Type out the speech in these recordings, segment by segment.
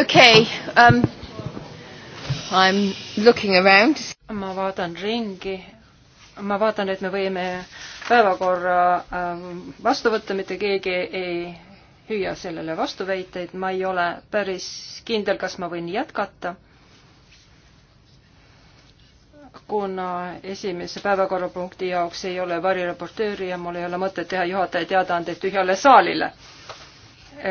okei okay, um,, I m looking around. ma vaatan ringi, ma vaatan, et me võime päevakorra ähm, vastu võtta, mitte keegi ei hüüa sellele vastuväiteid, ma ei ole päris kindel, kas ma võin jätkata. kuna esimese päevakorrapunkti jaoks ei ole variraportööri ja mul ei ole mõtet teha juhataja teadaandeid tühjale saalile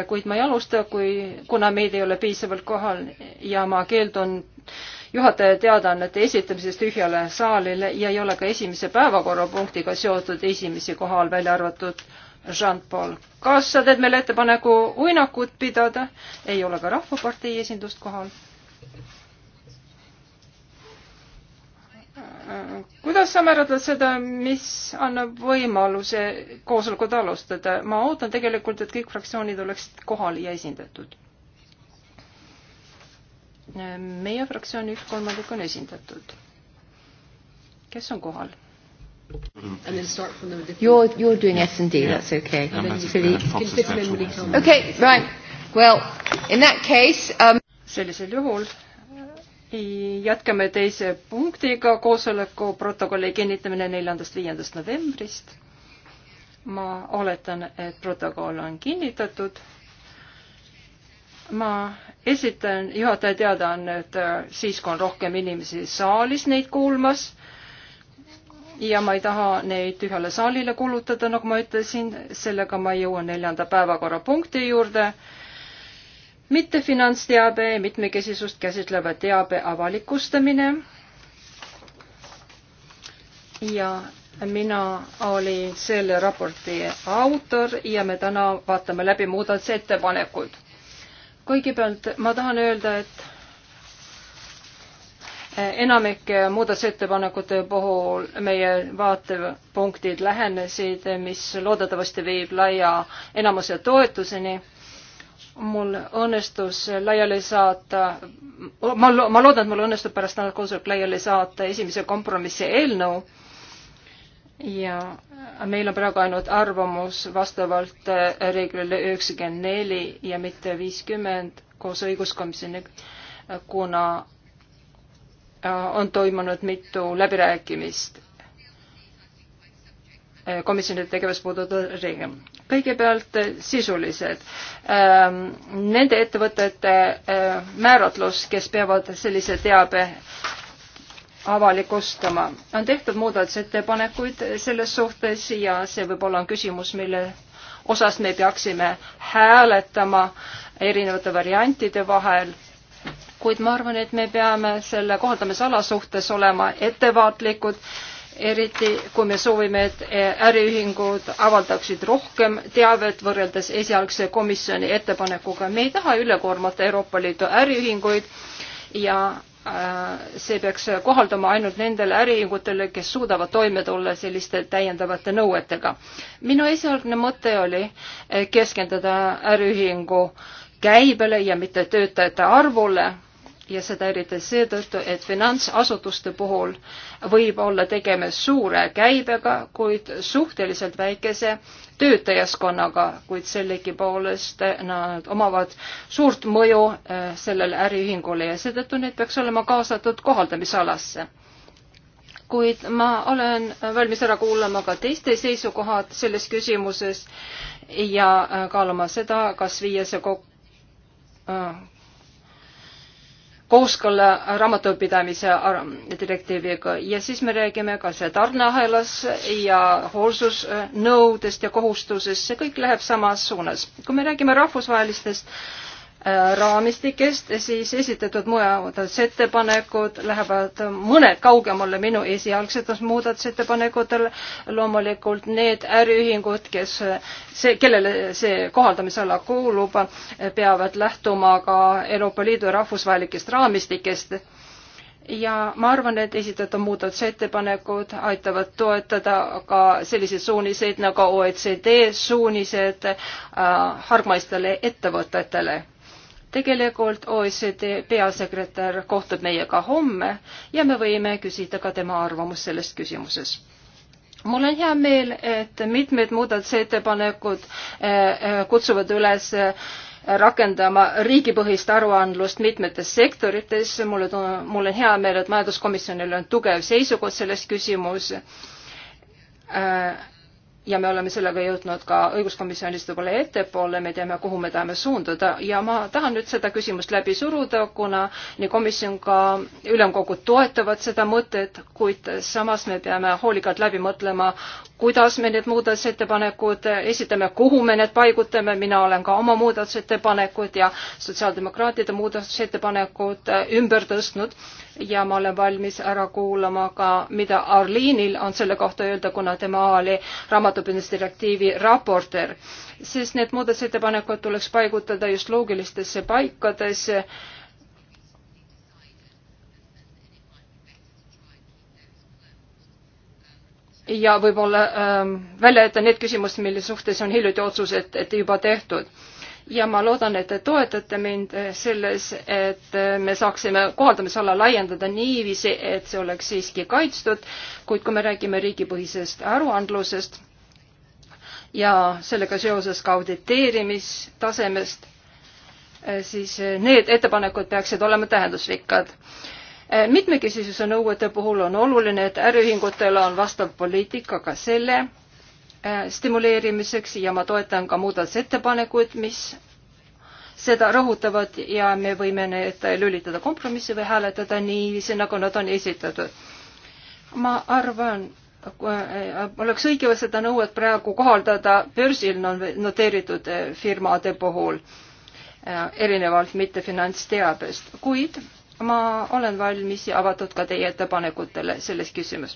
kuid ma ei alusta, kui, kuna meid ei ole piisavalt kohal ja ma keeldun juhataja teadaannete esitamisest tühjale saalile ja ei ole ka esimese päevakorrapunktiga seotud esimesi kohal, välja arvatud Jean-Paul. kas sa teed meile ettepaneku uinakut pidada? ei ole ka Rahvapartei esindust kohal kuidas sa määratled seda, mis annab võimaluse koosolekut alustada? ma ootan tegelikult, et kõik fraktsioonid oleksid kohal ja esindatud. meie fraktsiooni üks kolmandik on esindatud. kes on kohal? You are you are doing S and D. That's okay. Okay, right. Well, in that case um.... sellisel juhul jätkame teise punktiga, koosoleku protokolli kinnitamine neljandast, viiendast novembrist. ma oletan, et protokoll on kinnitatud. ma esitan juhataja teadaannet siis, kui on rohkem inimesi saalis neid kuulmas ja ma ei taha neid tühjale saalile kulutada, nagu ma ütlesin, sellega ma jõuan neljanda päevakorrapunkti juurde mitte finantsteabe ja mitmekesisust käsitleva teabe avalikustamine. ja mina olin selle raporti autor ja me täna vaatame läbi muudatusettepanekud. kõigepealt ma tahan öelda, et enamike muudatusettepanekute puhul meie vaatepunktid lähenesid, mis loodetavasti viib laia enamuse toetuseni mul õnnestus laiali saata, ma, ma loodan, et mul õnnestub pärast nädalat koosolek laiali saata esimese kompromissi eelnõu ja meil on praegu ainult arvamus vastavalt äh, reeglile üheksakümmend neli ja mitte viiskümmend koos õiguskomisjoniga, kuna äh, on toimunud mitu läbirääkimist äh, komisjonide tegevust puudutav reegel kõigepealt eh, sisulised. Ähm, nende ettevõtete eh, määratlus, kes peavad sellise teabe avalikustama. on tehtud muudatusettepanekuid selles suhtes ja see võib-olla on küsimus, mille osas me peaksime hääletama erinevate variantide vahel kuid ma arvan, et me peame selle kohaldamisala suhtes olema ettevaatlikud eriti kui me soovime, et äriühingud avaldaksid rohkem teavet võrreldes esialgse komisjoni ettepanekuga. me ei taha üle koormata Euroopa Liidu äriühinguid ja äh, see peaks kohalduma ainult nendele äriühingutele, kes suudavad toime tulla selliste täiendavate nõuetega. minu esialgne mõte oli äh, keskenduda äriühingu käibele ja mitte töötajate arvule ja seda eriti seetõttu, et finantsasutuste puhul võib olla tegemist suure käibega, kuid suhteliselt väikese töötajaskonnaga, kuid sellegipoolest nad omavad suurt mõju eh, sellele äriühingule ja seetõttu need peaks olema kaasatud kohaldamisalasse kuid ma olen valmis ära kuulama ka teiste seisukohad selles küsimuses ja eh, kaaluma seda, kas viia see kokku eh, kooskõlla raamatupidamise direktiiviga ja siis me räägime ka see tarneahelas ja hoolsusnõudest ja kohustusest, see kõik läheb samas suunas. kui me räägime rahvusvahelistest Äh, raamistikest, siis esitatud muudatusettepanekud lähevad mõned kaugemale minu esialgsetest muudatusettepanekutel. loomulikult need äriühingud, kes see, kellele see kohaldamisala kuulub, peavad lähtuma ka Euroopa Liidu rahvusvahelikest raamistikest ja ma arvan, et esitatud muudatusettepanekud aitavad toetada ka selliseid suuniseid nagu OECD suunised äh, hargmaistele ettevõtetele tegelikult OECD peasekretär kohtub meiega homme ja me võime küsida ka tema arvamust selles küsimuses mul on hea meel, et mitmed muudatusettepanekud eh, eh, kutsuvad üles eh, rakendama riigipõhist aruandlust mitmetes sektorites. mulle, mul on hea meel, et majanduskomisjonil on tugev seisukoht selles küsimuses ja me oleme sellega jõudnud ka õiguskomisjonist võib-olla ettepoole, me teame, kuhu me tahame suunduda ja ma tahan nüüd seda küsimust läbi suruda, kuna nii komisjon ka ülemkogud toetavad seda mõtet, kuid samas me peame hoolikalt läbi mõtlema, kuidas me need muudatusettepanekud esitame, kuhu me need paigutame, mina olen ka oma muudatusettepanekud ja sotsiaaldemokraatide muudatusettepanekud ümber tõstnud ja ma olen valmis ära kuulama ka, mida Arliinil on selle kohta öelda, kuna tema oli raamatupidamisdirektiivi raporter. siis need muudatusettepanekud tuleks paigutada just loogilistesse paikadesse. ja võib-olla ähm, välja jätta need küsimused, mille suhtes on hiljuti otsused juba tehtud ja ma loodan, et te toetate mind selles, et me saaksime kohaldamisala laiendada niiviisi, et see oleks siiski kaitstud, kuid kui me räägime riigipõhisest aruandlusest ja sellega seoses ka auditeerimistasemest, siis need ettepanekud peaksid olema tähendusrikkad mitmekesisuse nõuete puhul on oluline, et äriühingutel on vastav poliitika ka selle Äh, stimuleerimiseks ja ma toetan ka muudatusettepanekuid, mis seda rõhutavad ja me võime need lülitada kompromissi või hääletada niiviisi, nagu nad on esitatud. ma arvan, äh, oleks õige seda nõuet praegu kohaldada börsil noteeritud äh, firmade puhul erinevalt mittefinantsteabest, kuid ma olen valmis ja avatud ka teie ettepanekutele selles küsimus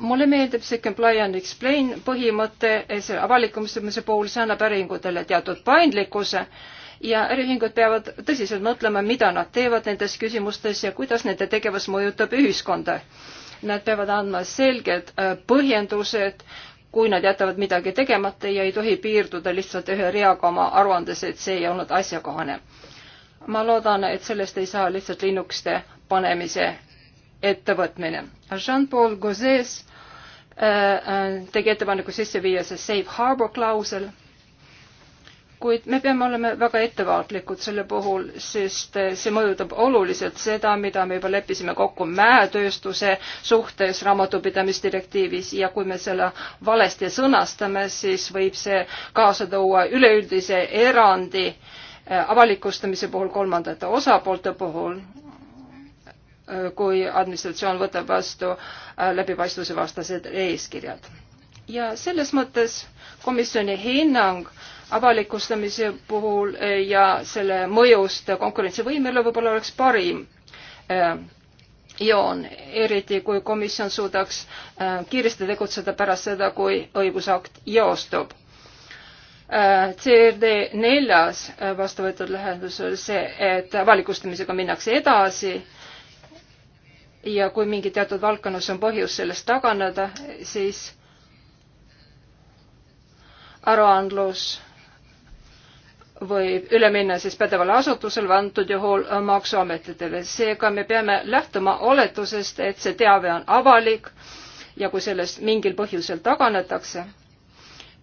mulle meeldib see comply and explain põhimõte, see avalikustamise puhul, see annab äriühingutele teatud paindlikkuse ja äriühingud peavad tõsiselt mõtlema, mida nad teevad nendes küsimustes ja kuidas nende tegevus mõjutab ühiskonda. Nad peavad andma selged äh, põhjendused, kui nad jätavad midagi tegemata ja ei tohi piirduda lihtsalt ühe reaga oma aruandes, et see ei olnud asjakohane. ma loodan, et sellest ei saa lihtsalt linnukeste panemise ettevõtmine. Jean-Paul Gauzes äh, äh, tegi ettepaneku sisse viia see safe harbor klausel, kuid me peame olema väga ettevaatlikud selle puhul, sest äh, see mõjutab oluliselt seda, mida me juba leppisime kokku mäetööstuse suhtes raamatupidamisdirektiivis ja kui me selle valesti sõnastame, siis võib see kaasa tuua üleüldise erandi avalikustamise puhul kolmandate osapoolte puhul kui administratsioon võtab vastu äh, läbipaistvuse vastased eeskirjad. ja selles mõttes komisjoni hinnang avalikustamise puhul äh, ja selle mõjust konkurentsivõimele võib-olla oleks parim äh, joon, eriti kui komisjon suudaks kiiresti tegutseda pärast seda, kui õigusakt jõostub. CRD neljas vastu võetud lahendus oli see, et avalikustamisega minnakse edasi äh, ja kui mingi teatud valdkonnas on põhjus sellest taganeda, siis aruandlus võib üle minna siis pädevale asutusele või antud juhul Maksuametitele. seega me peame lähtuma oletusest, et see teave on avalik ja kui sellest mingil põhjusel taganetakse,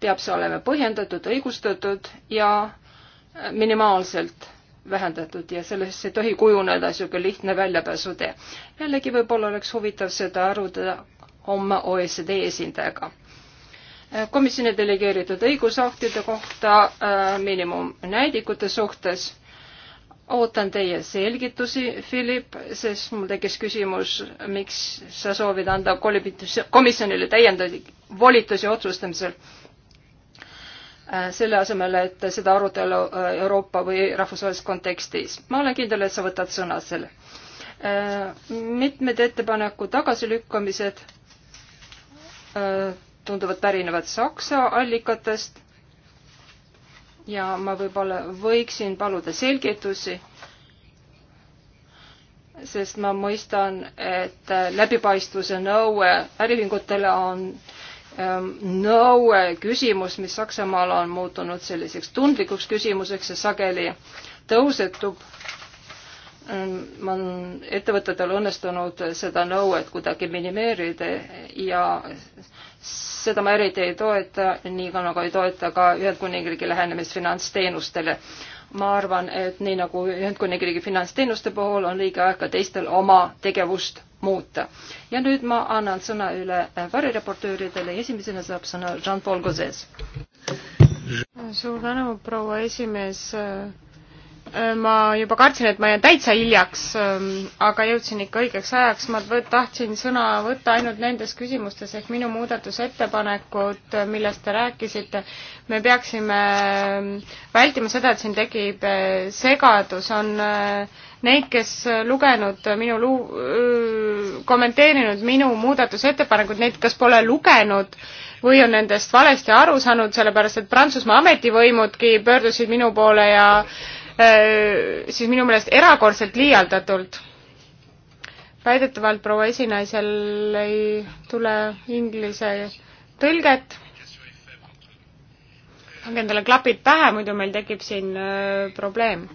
peab see olema põhjendatud, õigustatud ja minimaalselt vähendatud ja sellest ei tohi kujuneda niisugune lihtne väljapääsutee. jällegi võib-olla oleks huvitav seda arutada homme OECD esindajaga. Äh, komisjoni delegeeritud õigusaktide kohta äh, miinimumnäidikute suhtes ootan teie selgitusi, Philip, sest mul tekkis küsimus, miks sa soovid anda komisjonile täiendavaid volitusi otsustamisel Äh, selle asemel, et seda arutelu äh, Euroopa või rahvusvahelises kontekstis. ma olen kindel, et sa võtad sõna selle. Äh, mitmed ettepaneku tagasilükkamised tunduvad pärinevat Saksa allikatest ja ma võib-olla võiksin paluda selgitusi, sest ma mõistan, et läbipaistvuse nõue äriühingutele on äh, Ähm, nõue äh, küsimus, mis Saksamaal on muutunud selliseks tundlikuks küsimuseks ja sageli tõusetub. Ähm, ma olen ettevõtetel õnnestunud seda nõuet kuidagi minimeerida ja seda ma eriti ei toeta, nii nagu ei toeta ka Ühendkuningriigi lähenemist finantsteenustele. ma arvan, et nii nagu Ühendkuningriigi finantsteenuste puhul, on õige aeg ka teistel oma tegevust muuta. ja nüüd ma annan sõna üle äh, varireportööridele ja esimesena saab sõna Jean-Paul Gauzes. suur tänu, proua esimees. Äh, ma juba kartsin, et ma jään täitsa hiljaks, ähm, aga jõudsin ikka õigeks ajaks. ma tahtsin sõna võtta ainult nendes küsimustes ehk minu muudatusettepanekud, äh, millest te rääkisite. me peaksime ähm, vältima seda, et siin tekib segadus, on äh, neid, kes lugenud minu lu-, kommenteerinud minu muudatusettepanekuid, neid kas pole lugenud või on nendest valesti aru saanud, sellepärast et Prantsusmaa ametivõimudki pöördusid minu poole ja öö, siis minu meelest erakordselt liialdatult. väidetavalt proua esinaisel ei tule inglise tõlget pange endale klapid pähe, muidu meil tekib siin öö, probleem.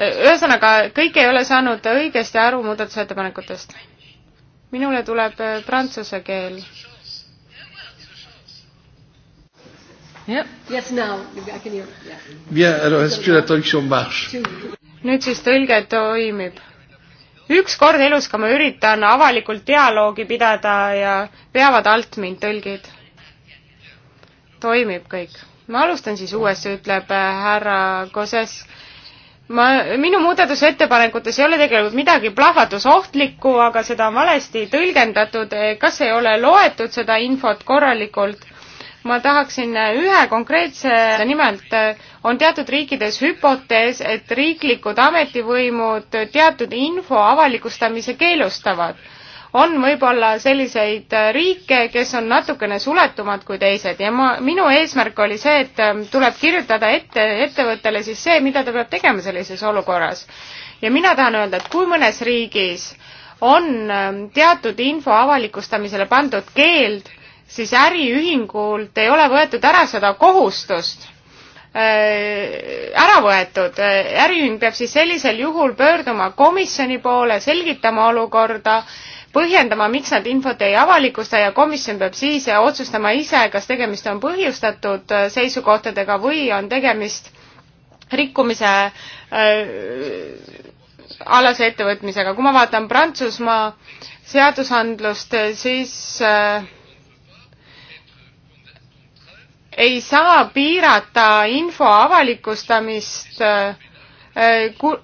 ühesõnaga, kõik ei ole saanud õigesti aru muudatusettepanekutest. minule tuleb äh, prantsuse keel. nüüd siis tõlge toimib. üks kord elus, kui ma üritan avalikult dialoogi pidada ja peavad alt mind tõlgid. toimib kõik. ma alustan siis uuesti, ütleb äh, härra Koses ma, minu muudatusettepanekutes ei ole tegelikult midagi plahvatusohtlikku, aga seda on valesti tõlgendatud, kas ei ole loetud seda infot korralikult. ma tahaksin ühe konkreetse, nimelt on teatud riikides hüpotees, et riiklikud ametivõimud teatud info avalikustamise keelustavad on võib-olla selliseid äh, riike, kes on natukene suletumad kui teised ja ma, minu eesmärk oli see, et ähm, tuleb kirjutada ette ettevõttele siis see, mida ta peab tegema sellises olukorras. ja mina tahan öelda, et kui mõnes riigis on ähm, teatud info avalikustamisele pandud keeld, siis äriühingult ei ole võetud ära seda kohustust äh, ära võetud. äriühing peab siis sellisel juhul pöörduma komisjoni poole, selgitama olukorda põhjendama, miks nad infot ei avalikusta ja komisjon peab siis otsustama ise, kas tegemist on põhjustatud äh, seisukohtadega või on tegemist rikkumise äh, alase ettevõtmisega. kui ma vaatan Prantsusmaa seadusandlust, äh, siis äh, ei saa piirata info avalikustamist äh, äh ku,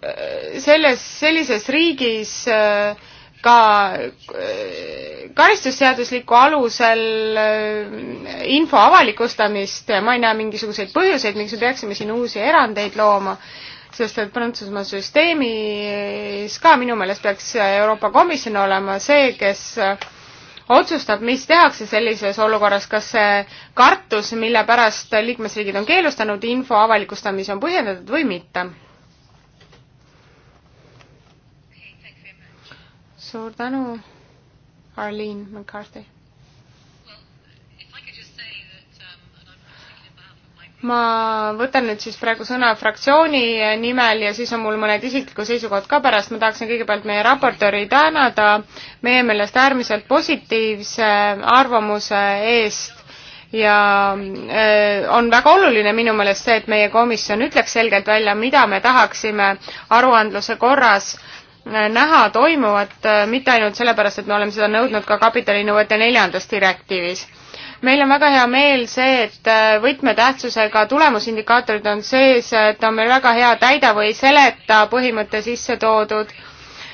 selles, sellises riigis äh, ka äh, karistusseadusliku alusel äh, info avalikustamist, ma ei näe mingisuguseid põhjuseid, miks me peaksime siin uusi erandeid looma, sest et Prantsusmaa süsteemis ka minu meelest peaks Euroopa Komisjon olema see, kes äh, otsustab, mis tehakse sellises olukorras, kas see kartus, mille pärast liikmesriigid on keelustanud info avalikustamise, on põhjendatud või mitte suur tänu, Arlene McCarthy. ma võtan nüüd siis praegu sõna fraktsiooni nimel ja siis on mul mõned isiklikud seisukohad ka pärast. ma tahaksin kõigepealt meie raportööri tänada meie meelest äärmiselt positiivse arvamuse eest ja äh, on väga oluline minu meelest see, et meie komisjon ütleks selgelt välja, mida me tahaksime aruandluse korras äh, näha toimuvat äh, mitte ainult sellepärast, et me oleme seda nõudnud ka kapitalinõuete neljandas direktiivis. meil on väga hea meel see, et äh, võtmetähtsusega tulemusindikaatorid on sees, et on meil väga hea täida või seleta põhimõte sisse toodud.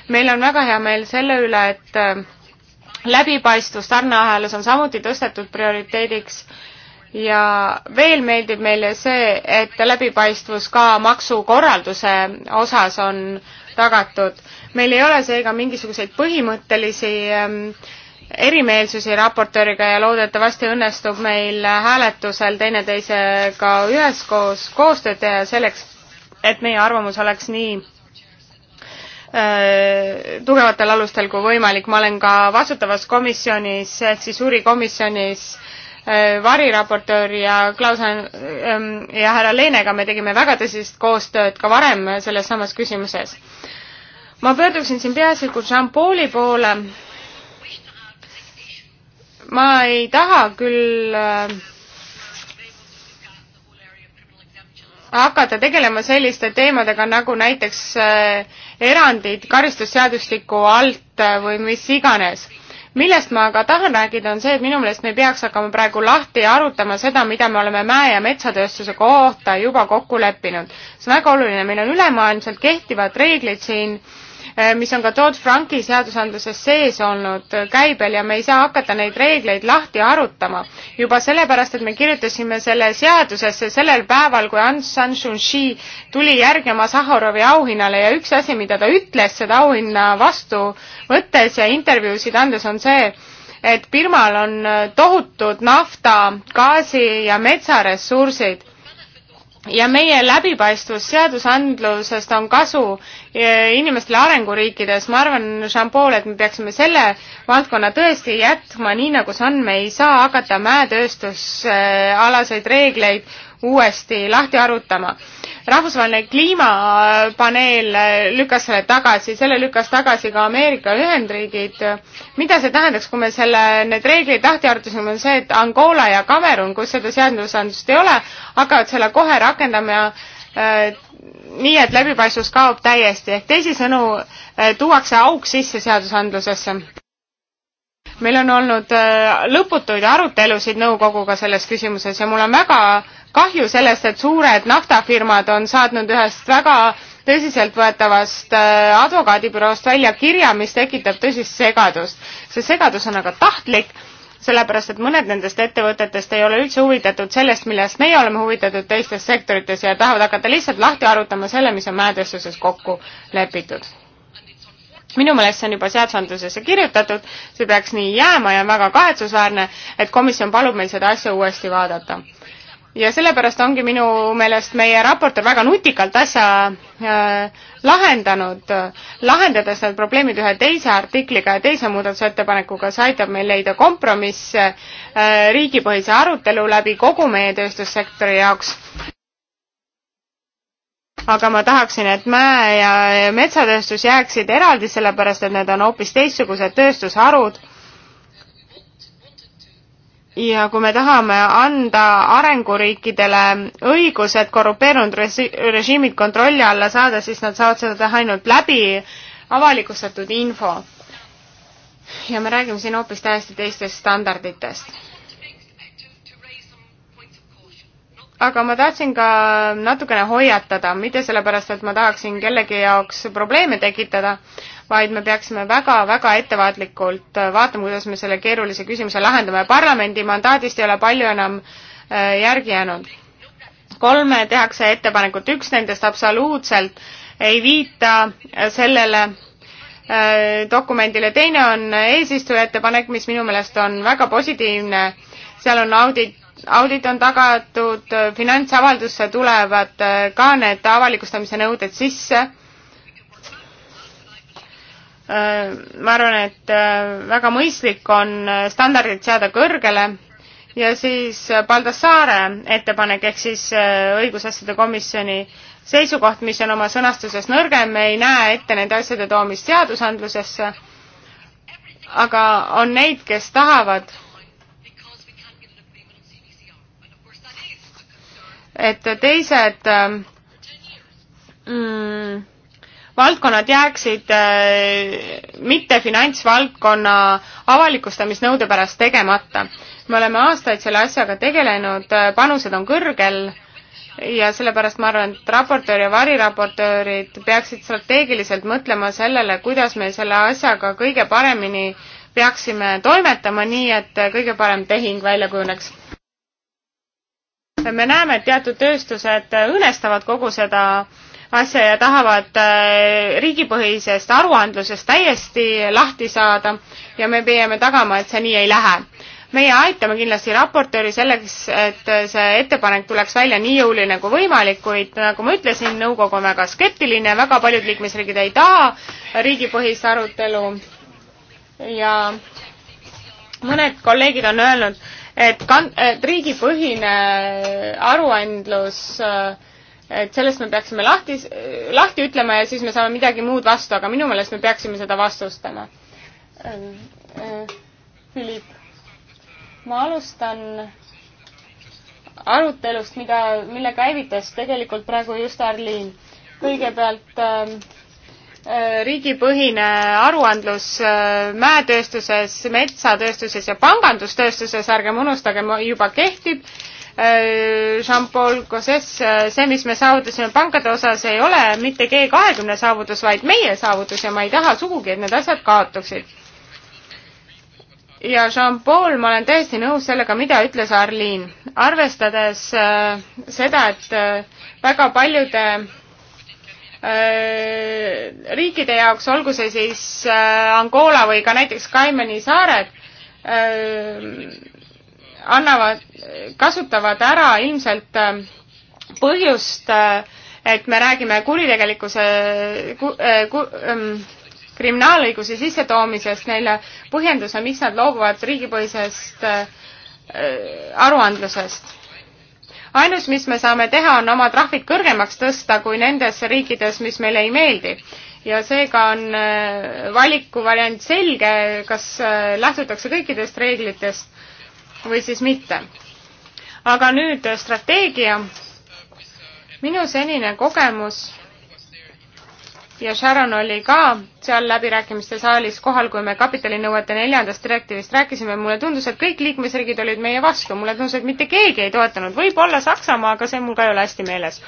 meil on väga hea meel selle üle, et äh, läbipaistvus tarneahelas on samuti tõstetud prioriteediks ja veel meeldib meile see, et läbipaistvus ka maksukorralduse osas on tagatud meil ei ole seega mingisuguseid põhimõttelisi ähm, erimeelsusi raportööriga ja loodetavasti õnnestub meil hääletusel teineteisega üheskoos koostööd teha selleks, et meie arvamus oleks nii äh, tugevatel alustel kui võimalik. ma olen ka vastutavas komisjonis ehk siis uurikomisjonis äh, variraportöör ja Klaus ähm, ja härra Leenega me tegime väga tõsist koostööd ka varem selles samas küsimuses ma pöörduksin siin peaasjalikult Jean-Pauli poole. ma ei taha küll äh, hakata tegelema selliste teemadega nagu näiteks äh, erandid karistusseadustiku alt äh, või mis iganes. millest ma aga tahan rääkida, on see, et minu meelest me ei peaks hakkama praegu lahti arutama seda, mida me oleme mäe- ja metsatööstuse kohta juba kokku leppinud. see on väga oluline, meil on ülemaailmselt kehtivad reeglid siin äh, Äh, mis on ka Dodd-Franki seadusandluses sees olnud äh, käibel ja me ei saa hakata neid reegleid lahti arutama. juba sellepärast, et me kirjutasime selle seadusesse sellel päeval, kui Aung San Suu Kyi tuli järgima Sahharovi auhinnale ja üks asi, mida ta ütles seda auhinna vastu võttes ja intervjuusid andes, on see, et Birmal on äh, tohutud nafta, gaasi ja metsaressursid ja meie läbipaistvus seadusandlusest on kasu e, inimestele arenguriikides, ma arvan, Jean-Paul, et me peaksime selle valdkonna tõesti jätma nii, nagu see on, me ei saa hakata mäetööstusalaseid reegleid uuesti lahti arutama. rahvusvaheline kliimapaneel lükkas selle tagasi, selle lükkas tagasi ka Ameerika Ühendriigid. mida see tähendaks, kui me selle, need reeglid lahti arutasime, on see, et Angola ja Kamerun, kus seda seadusandlust ei ole, hakkavad selle kohe rakendama ja äh, nii, et läbipaistvus kaob täiesti, ehk teisisõnu äh, tuuakse auk sisse seadusandlusesse meil on olnud äh, lõputuid arutelusid nõukoguga selles küsimuses ja mul on väga kahju sellest, et suured naftafirmad on saatnud ühest väga tõsiseltvõetavast äh, advokaadibüroost välja kirja, mis tekitab tõsist segadust. see segadus on aga tahtlik, sellepärast et mõned nendest ettevõtetest ei ole üldse huvitatud sellest, millest meie oleme huvitatud teistes sektorites ja tahavad hakata lihtsalt lahti arutama selle, mis on mäetööstuses kokku lepitud. minu meelest see on juba seadusandlusesse kirjutatud, see peaks nii jääma ja on väga kahetsusväärne, et komisjon palub meil seda asja uuesti vaadata ja sellepärast ongi minu meelest meie raportöör väga nutikalt asja äh, lahendanud, lahendades need probleemid ühe teise artikliga ja teise muudatusettepanekuga, see aitab meil leida kompromisse äh, riigipõhise arutelu läbi kogu meie tööstussektori jaoks. aga ma tahaksin, et mäe- ja metsatööstus jääksid eraldi, sellepärast et need on hoopis teistsugused tööstusharud ja kui me tahame anda arenguriikidele õigused korrupeerunud resi-, režiimid kontrolli alla saada, siis nad saavad seda teha ainult läbi avalikustatud info. ja me räägime siin hoopis täiesti teistest standarditest. aga ma tahtsin ka natukene hoiatada, mitte sellepärast, et ma tahaksin kellegi jaoks probleeme tekitada, vaid me peaksime väga-väga ettevaatlikult äh, vaatama, kuidas me selle keerulise küsimuse lahendame. parlamendi mandaadist ei ole palju enam äh, järgi jäänud. kolme tehakse ettepanekut, üks nendest absoluutselt ei viita sellele äh, dokumendile, teine on eesistuja ettepanek, mis minu meelest on väga positiivne, seal on audit audit on tagatud, finantsavaldusse tulevad ka need avalikustamise nõuded sisse Äh, ma arvan, et äh, väga mõistlik on äh, standardid seada kõrgele ja siis Paldassaare ettepanek ehk siis õigusasjade komisjoni seisukoht, mis on oma sõnastuses nõrgem, ei näe ette nende asjade toomist seadusandlusesse. aga on neid, kes tahavad, et teised mm, valdkonnad jääksid äh, mitte finantsvaldkonna avalikustamisnõude pärast tegemata. me oleme aastaid selle asjaga tegelenud, äh, panused on kõrgel ja sellepärast ma arvan, et raportöör ja variraportöörid peaksid strateegiliselt mõtlema sellele, kuidas me selle asjaga kõige paremini peaksime toimetama, nii et äh, kõige parem tehing välja kujuneks. me näeme, et teatud tööstused õõnestavad kogu seda äh, asja ja tahavad äh, riigipõhisest aruandlusest täiesti lahti saada ja me püüame tagama, et see nii ei lähe meie aitame kindlasti raportööri selleks, et see ettepanek tuleks välja nii jõuline kui võimalik, kuid nagu ma ütlesin, nõukogu on väga skeptiline, väga paljud liikmesriigid ei taha riigipõhist arutelu ja mõned kolleegid on öelnud, et kan-, et riigipõhine aruandlus äh, et sellest me peaksime lahti, lahti ütlema ja siis me saame midagi muud vastu, aga minu meelest me peaksime seda vastustama. Ähm, äh, Philipp, ma alustan arutelust, mida, mille käivitas tegelikult praegu just Arliin. kõigepealt ähm, äh, riigipõhine aruandlus äh, mäetööstuses, metsatööstuses ja pangandustööstuses, ärgem unustagem, juba kehtib Jean-Paul Gosses, äh, see, mis me saavutasime pankade osas, ei ole mitte G kahekümne saavutus, vaid meie saavutus ja ma ei taha sugugi, et need asjad kaotuksid. ja Jean-Paul, ma olen täiesti nõus sellega, mida ütles Arliin. arvestades äh, seda, et äh, väga paljude äh, riikide jaoks, olgu see siis äh, Angola või ka näiteks Kaimani saared, annavad, kasutavad ära ilmselt äh, põhjust, äh, et me räägime kuritegelikkuse ku, äh, ku, ähm, kriminaalõiguse sissetoomisest neile põhjenduse, miks nad loobuvad riigipõhisest aruandlusest. ainus, mis me saame teha, on oma trahvid kõrgemaks tõsta kui nendes riikides, mis meile ei meeldi ja seega on valikuvariant selge, kas lähtutakse kõikidest reeglitest või siis mitte. aga nüüd strateegia. minu senine kogemus ja Sharon oli ka seal läbirääkimiste saalis kohal, kui me kapitalinõuete neljandast direktiivist rääkisime, mulle tundus, et kõik liikmesriigid olid meie vastu, mulle tundus, et mitte keegi ei toetanud, võib-olla Saksamaa, aga see mul ka ei ole hästi meeles.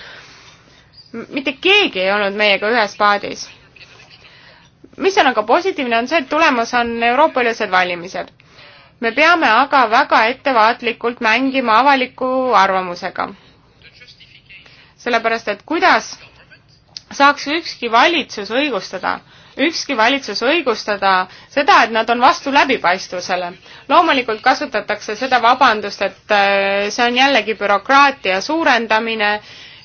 mitte keegi ei olnud meiega ühes paadis. mis on aga positiivne, on see, et tulemas on Euroopa-ülesed valimised me peame aga väga ettevaatlikult mängima avaliku arvamusega. sellepärast, et kuidas saaks ükski valitsus õigustada, ükski valitsus õigustada seda, et nad on vastu läbipaistvusele. loomulikult kasutatakse seda vabandust, et äh, see on jällegi bürokraatia suurendamine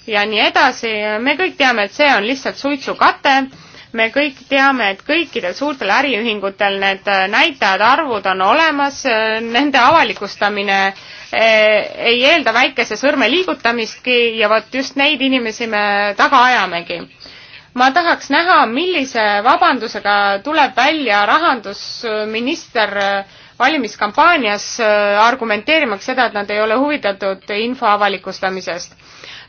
ja nii edasi, me kõik teame, et see on lihtsalt suitsukate me kõik teame, et kõikidel suurtel äriühingutel need äh, näitajad, arvud on olemas, äh, nende avalikustamine äh, ei eelda väikese sõrme liigutamistki ja vot just neid inimesi me taga ajamegi ma tahaks näha, millise vabandusega tuleb välja rahandusminister valimiskampaanias argumenteerimaks seda, et nad ei ole huvitatud info avalikustamisest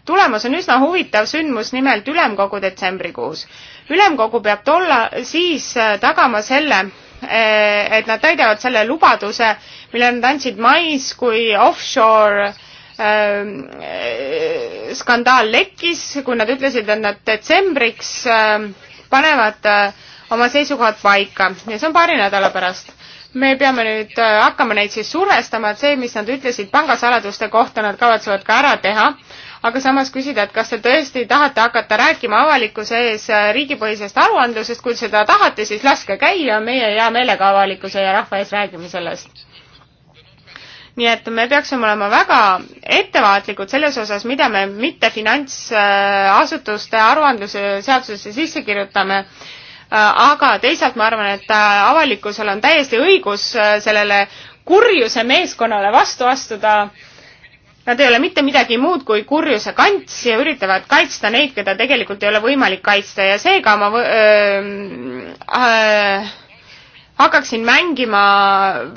tulemas on üsna huvitav sündmus, nimelt ülemkogu detsembrikuus. ülemkogu peab tolla, siis äh, tagama selle, äh, et nad täidavad selle lubaduse, mille nad andsid mais, kui offshore ähm, äh, skandaal lekkis, kui nad ütlesid, et nad detsembriks äh, panevad äh, oma seisukohad paika ja see on paari nädala pärast. me peame nüüd äh, hakkama neid siis survestama, et see, mis nad ütlesid pangasaladuste kohta, nad kavatsevad ka ära teha aga samas küsida, et kas te tõesti tahate hakata rääkima avalikkuse ees äh, riigipõhisest aruandlusest, kui seda tahate, siis laske käia, meie hea meelega avalikkuse ja rahva ees räägime sellest nii et me peaksime olema väga ettevaatlikud selles osas, mida me mitte finantsasutuste aruandluse seadusesse sisse kirjutame, äh, aga teisalt ma arvan, et äh, avalikkusel on täiesti õigus sellele kurjuse meeskonnale vastu astuda Nad ei ole mitte midagi muud kui kurjuse kants ja üritavad kaitsta neid, keda tegelikult ei ole võimalik kaitsta ja seega ma öö, äh, hakkaksin mängima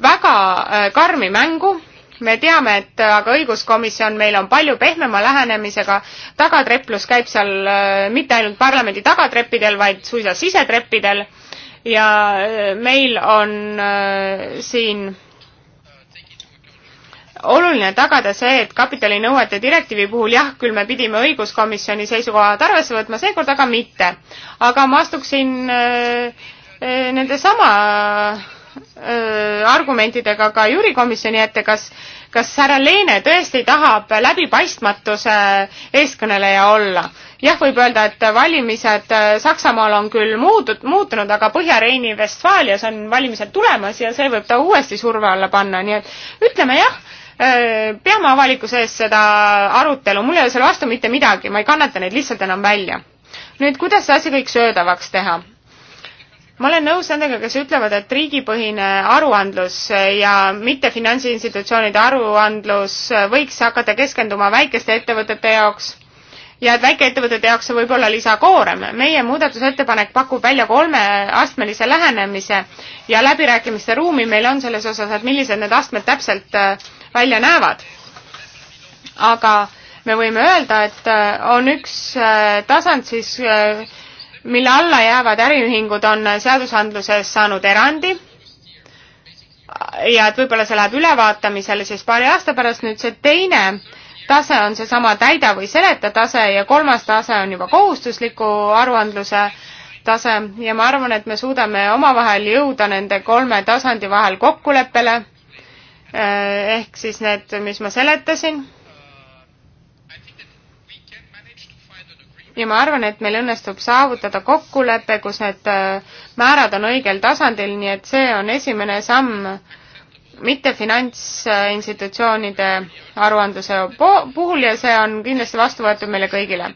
väga äh, karmi mängu. me teame, et aga õiguskomisjon meil on palju pehmema lähenemisega, tagatreplus käib seal äh, mitte ainult parlamendi tagatreppidel, vaid suisa sisetreppidel ja äh, meil on äh, siin oluline tagada see, et kapitalinõuete direktiivi puhul jah, küll me pidime õiguskomisjoni seisukohad arvesse võtma, seekord aga mitte. aga ma astuksin äh, äh nendesama äh, argumentidega ka juurikomisjoni ette, kas kas härra Leene tõesti tahab läbipaistmatuse eeskõneleja olla? jah, võib öelda, et valimised äh, Saksamaal on küll muudud, muutunud, aga Põhja-Reini Vestfaalias on valimised tulemas ja see võib ta uuesti surve alla panna, nii et ütleme jah Äh, peame avalikkuse ees seda arutelu, mul ei ole selle vastu mitte midagi, ma ei kannata neid lihtsalt enam välja. nüüd, kuidas see asi kõik söödavaks teha? ma olen nõus nendega, kes ütlevad, et riigipõhine aruandlus ja mitte finantsinstitutsioonide aruandlus võiks hakata keskenduma väikeste ettevõtete jaoks ja et väikeettevõtete jaoks see võib olla lisakoorem. meie muudatusettepanek pakub välja kolmeastmelise lähenemise ja läbirääkimiste ruumi meil on selles osas, et millised need astmed täpselt äh, välja näevad. aga me võime öelda, et äh, on üks äh, tasand siis, äh, mille alla jäävad äriühingud on seadusandluses saanud erandi ja et võib-olla see läheb ülevaatamisele siis paari aasta pärast, nüüd see teine tase on seesama täida või seleta tase ja kolmas tase on juba kohustusliku aruandluse tase ja ma arvan, et me suudame omavahel jõuda nende kolme tasandi vahel kokkuleppele Äh, ehk siis need, mis ma seletasin. ja ma arvan, et meil õnnestub saavutada kokkulepe, kus need äh, määrad on õigel tasandil, nii et see on esimene samm mitte finantsinstitutsioonide aruandluse puhul ja see on kindlasti vastuvõetud meile kõigile.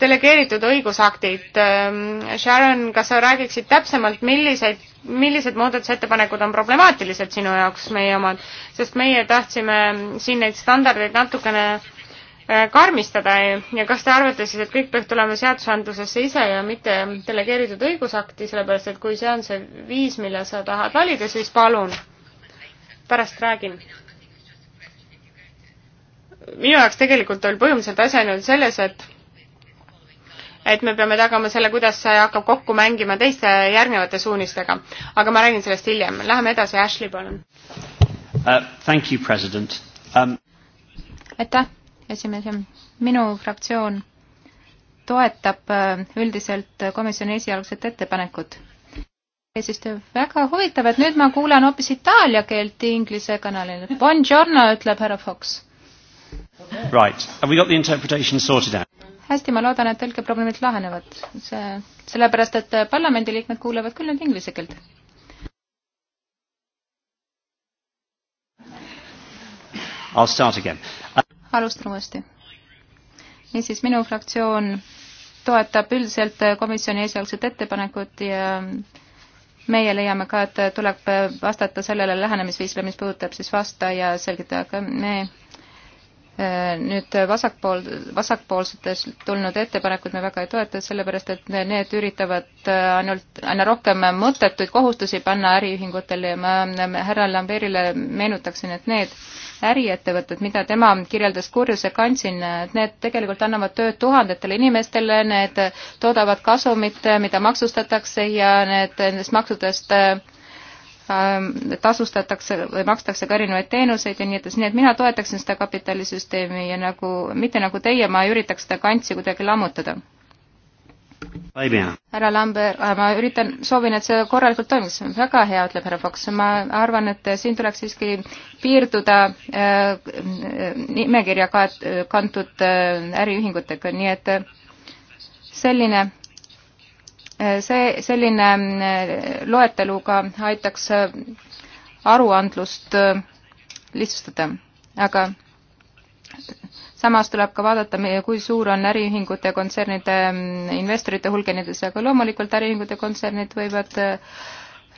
delegeeritud õigusaktid. Ähm, Sharon, kas sa räägiksid täpsemalt, milliseid millised muudatusettepanekud on problemaatilised sinu jaoks, meie omad, sest meie tahtsime siin neid standardeid natukene äh, karmistada ja kas te arvate siis, et kõik peaks tulema seadusandlusesse ise ja mitte delegeeritud õigusakti, sellepärast et kui see on see viis, mille sa tahad valida, siis palun, pärast räägin. minu jaoks tegelikult oli põhimõtteliselt asi ainult selles, et et me peame tagama selle, kuidas see hakkab kokku mängima teiste järgnevate suunistega. aga ma räägin sellest hiljem. Läheme edasi, Ashley, palun uh,. Thank you, president um.... aitäh, esimees. minu fraktsioon toetab uh, üldiselt komisjoni esialgset ettepanekut. eesistuja, väga huvitav, et nüüd ma kuulen hoopis itaalia keelt inglise kanalil. Buongiorno, ütleb härra Fox. Right, have we got the interpretation sorted out? hästi, ma loodan, et tõlkeprobleemid lahenevad. see, sellepärast, et parlamendiliikmed kuulevad küll nüüd inglise keelt. alustan uuesti. niisiis, minu fraktsioon toetab üldiselt komisjoni esialgset ettepanekut ja meie leiame ka, et tuleb vastata sellele lähenemisviisile, mis puudutab siis vastaja selgitajaga. me Äh, nüüd äh, vasakpool, vasakpoolsetest tulnud ettepanekuid me väga ei toeta, sellepärast et need üritavad äh, ainult, aina rohkem mõttetuid kohustusi panna äriühingutele ja ma härra Lamberile meenutaksin, et need äriettevõtted, mida tema kirjeldas kurjuse kantsina, et need tegelikult annavad tööd tuhandetele inimestele, need toodavad kasumit, mida maksustatakse ja need, nendest maksudest äh, Ähm, tasustatakse või makstakse ka erinevaid teenuseid ja nii edasi, nii et mina toetaksin seda kapitalisüsteemi ja nagu, mitte nagu teie, ma ei üritaks seda kantsi kuidagi lammutada. härra Lambert, äh, ma üritan, soovin, et see korralikult toimiks, väga hea, ütleb härra Fox, ma arvan, et siin tuleks siiski piirduda äh, nimekirja kaet-, äh, kantud äh, äriühingutega, nii et äh, selline Eh, see, selline eh, loetelu ka aitaks eh, aruandlust lihtsustada, aga samas tuleb ka vaadata, kui suur on äriühingute ja kontsernide mm, investorite hulk ja nii edasi, aga loomulikult äriühingud ja kontsernid võivad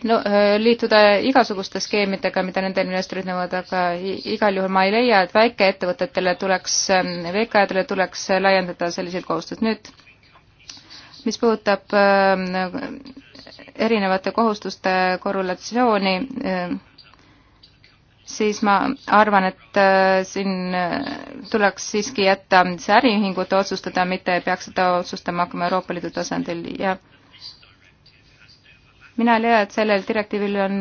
no liituda igasuguste skeemidega, mida nende investorid nõuavad, aga igal juhul ma ei leia, et väikeettevõtetele tuleks, mm, VKE-dele tuleks laiendada selliseid kohustusi. nüüd mis puudutab äh, erinevate kohustuste korrelatsiooni, äh, siis ma arvan, et äh, siin tuleks siiski jätta see äriühingute otsustada, mitte ei peaks seda otsustama hakkama Euroopa Liidu tasandil ja mina ei leia, et sellel direktiivil on,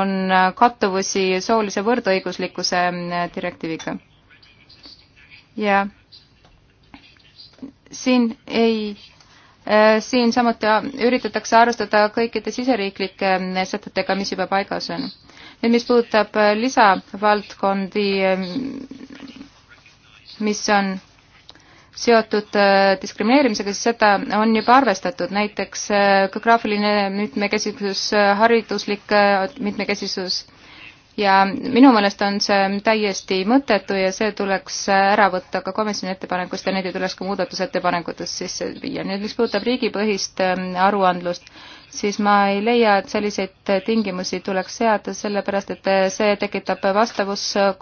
on kattuvusi soolise võrdõiguslikkuse direktiiviga. ja siin ei Äh, siin samuti üritatakse arvestada kõikide siseriiklike sätetega, mis juba paigas on. nüüd, mis puudutab äh, lisavaldkondi, ähm, mis on seotud äh, diskrimineerimisega, siis seda on juba arvestatud, näiteks geograafiline mitmekesisus, hariduslik mitmekesisus ja minu meelest on see täiesti mõttetu ja see tuleks ära võtta ka komisjoni ettepanekust ja need ei tuleks ka muudatusettepanekutest sisse viia. nüüd, mis puudutab riigipõhist ähm, aruandlust, siis ma ei leia, et selliseid tingimusi tuleks seada, sellepärast et äh, see tekitab vastavus äh,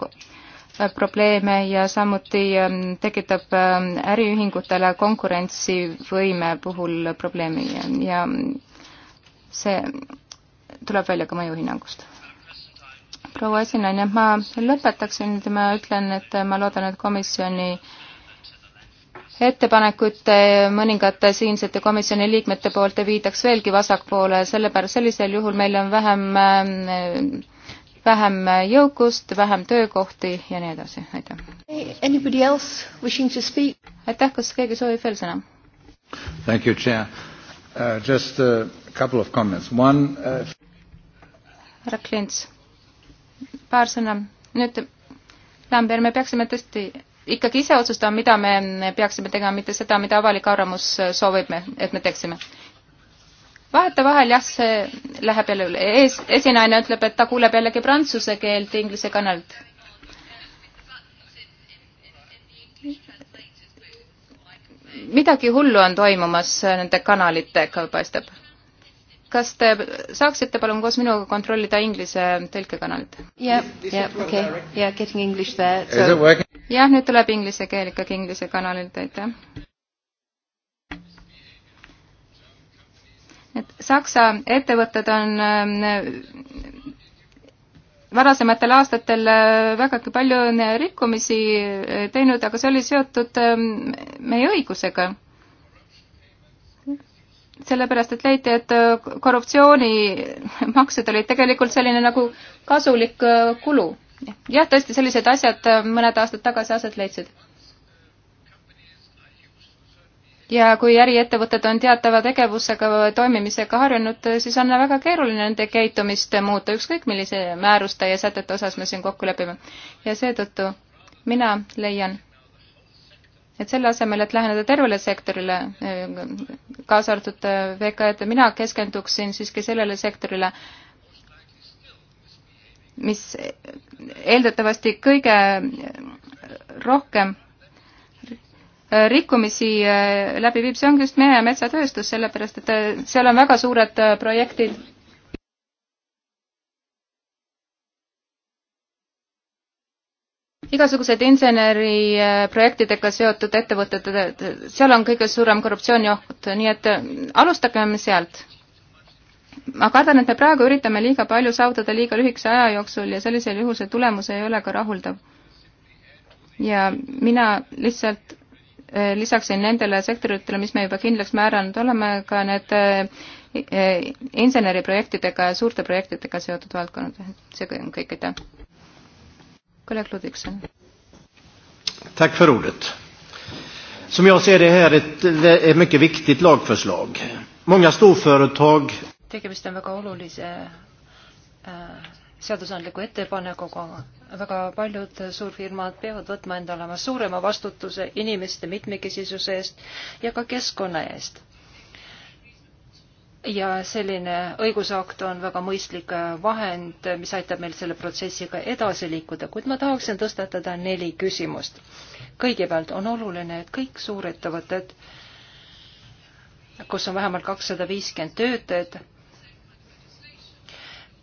probleeme ja samuti ähm, tekitab ähm, äriühingutele konkurentsivõime puhul probleemi ja see tuleb välja ka mõjuhinnangust proua esinaine, ma lõpetaksin nüüd ja ma ütlen, et ma loodan, et komisjoni ettepanekut mõningate siinsete komisjoni liikmete poolt viidaks veelgi vasakpoole, sellepärast sellisel juhul meil on vähem, vähem jõukust, vähem töökohti ja nii edasi, aitäh. aitäh, kas keegi soovib veel sõna? Thank you, Chair. Uh, just a couple of comments. One uh... härra Klints paar sõna. nüüd, Lambert, me peaksime tõesti ikkagi ise otsustama, mida me peaksime tegema, mitte seda, mida avalik arvamus soovib me, et me teeksime. vahetevahel jah, see läheb jälle üle, ees, esinaine ütleb, et ta kuuleb jällegi prantsuse keelt inglise kanalilt. midagi hullu on toimumas nende kanalitega, paistab kas te saaksite palun koos minuga kontrollida inglise tõlkekanalit? jah, nüüd tuleb inglise keel ikkagi inglise kanalilt, aitäh. et Saksa ettevõtted on ähm, varasematel aastatel äh, vägagi palju äh, rikkumisi äh, teinud, aga see oli seotud ähm, meie õigusega sellepärast, et leiti, et äh, korruptsioonimaksud olid tegelikult selline nagu kasulik äh, kulu. jah, tõesti, sellised asjad äh, mõned aastad tagasi aset leidsid. ja kui äriettevõtted on teatava tegevusega, toimimisega harjunud, siis on väga keeruline nende käitumist muuta, ükskõik millise määruste ja sätete osas me siin kokku lepime. ja seetõttu mina leian, et selle asemel, et läheneda tervele sektorile, kaasa arvatud äh, VKE-d, mina keskenduksin siiski sellele sektorile, mis eeldatavasti kõige rohkem rikkumisi äh, läbi viib, see on just meie metsatööstus, sellepärast et äh, seal on väga suured projektid igasugused inseneriprojektidega seotud ettevõtted, seal on kõige suurem korruptsioonioht, nii et äh, alustagem sealt. ma kardan, et me praegu üritame liiga palju saavutada liiga lühikese aja jooksul ja sellisel juhul see tulemus ei ole ka rahuldav. ja mina lihtsalt äh, lisaksin nendele sektoritele, mis me juba kindlaks määranud oleme, ka need äh, inseneriprojektidega ja suurte projektidega seotud valdkonnad, see on kõik, aitäh! kolleeg Ludvigson. Tack för ordet. Som jag ser det här ett, ett mycket viktigt lagförslag. Många storföretag tegemist on väga olulise äh, seadusandliku ettepanekuga. väga paljud suurfirmad peavad võtma endale oma suurema vastutuse inimeste mitmekesisuse eest ja ka keskkonna eest ja selline õigusakt on väga mõistlik vahend, mis aitab meil selle protsessiga edasi liikuda, kuid ma tahaksin tõstatada neli küsimust. kõigepealt on oluline, et kõik suurettevõtted, kus on vähemalt kakssada viiskümmend töötajat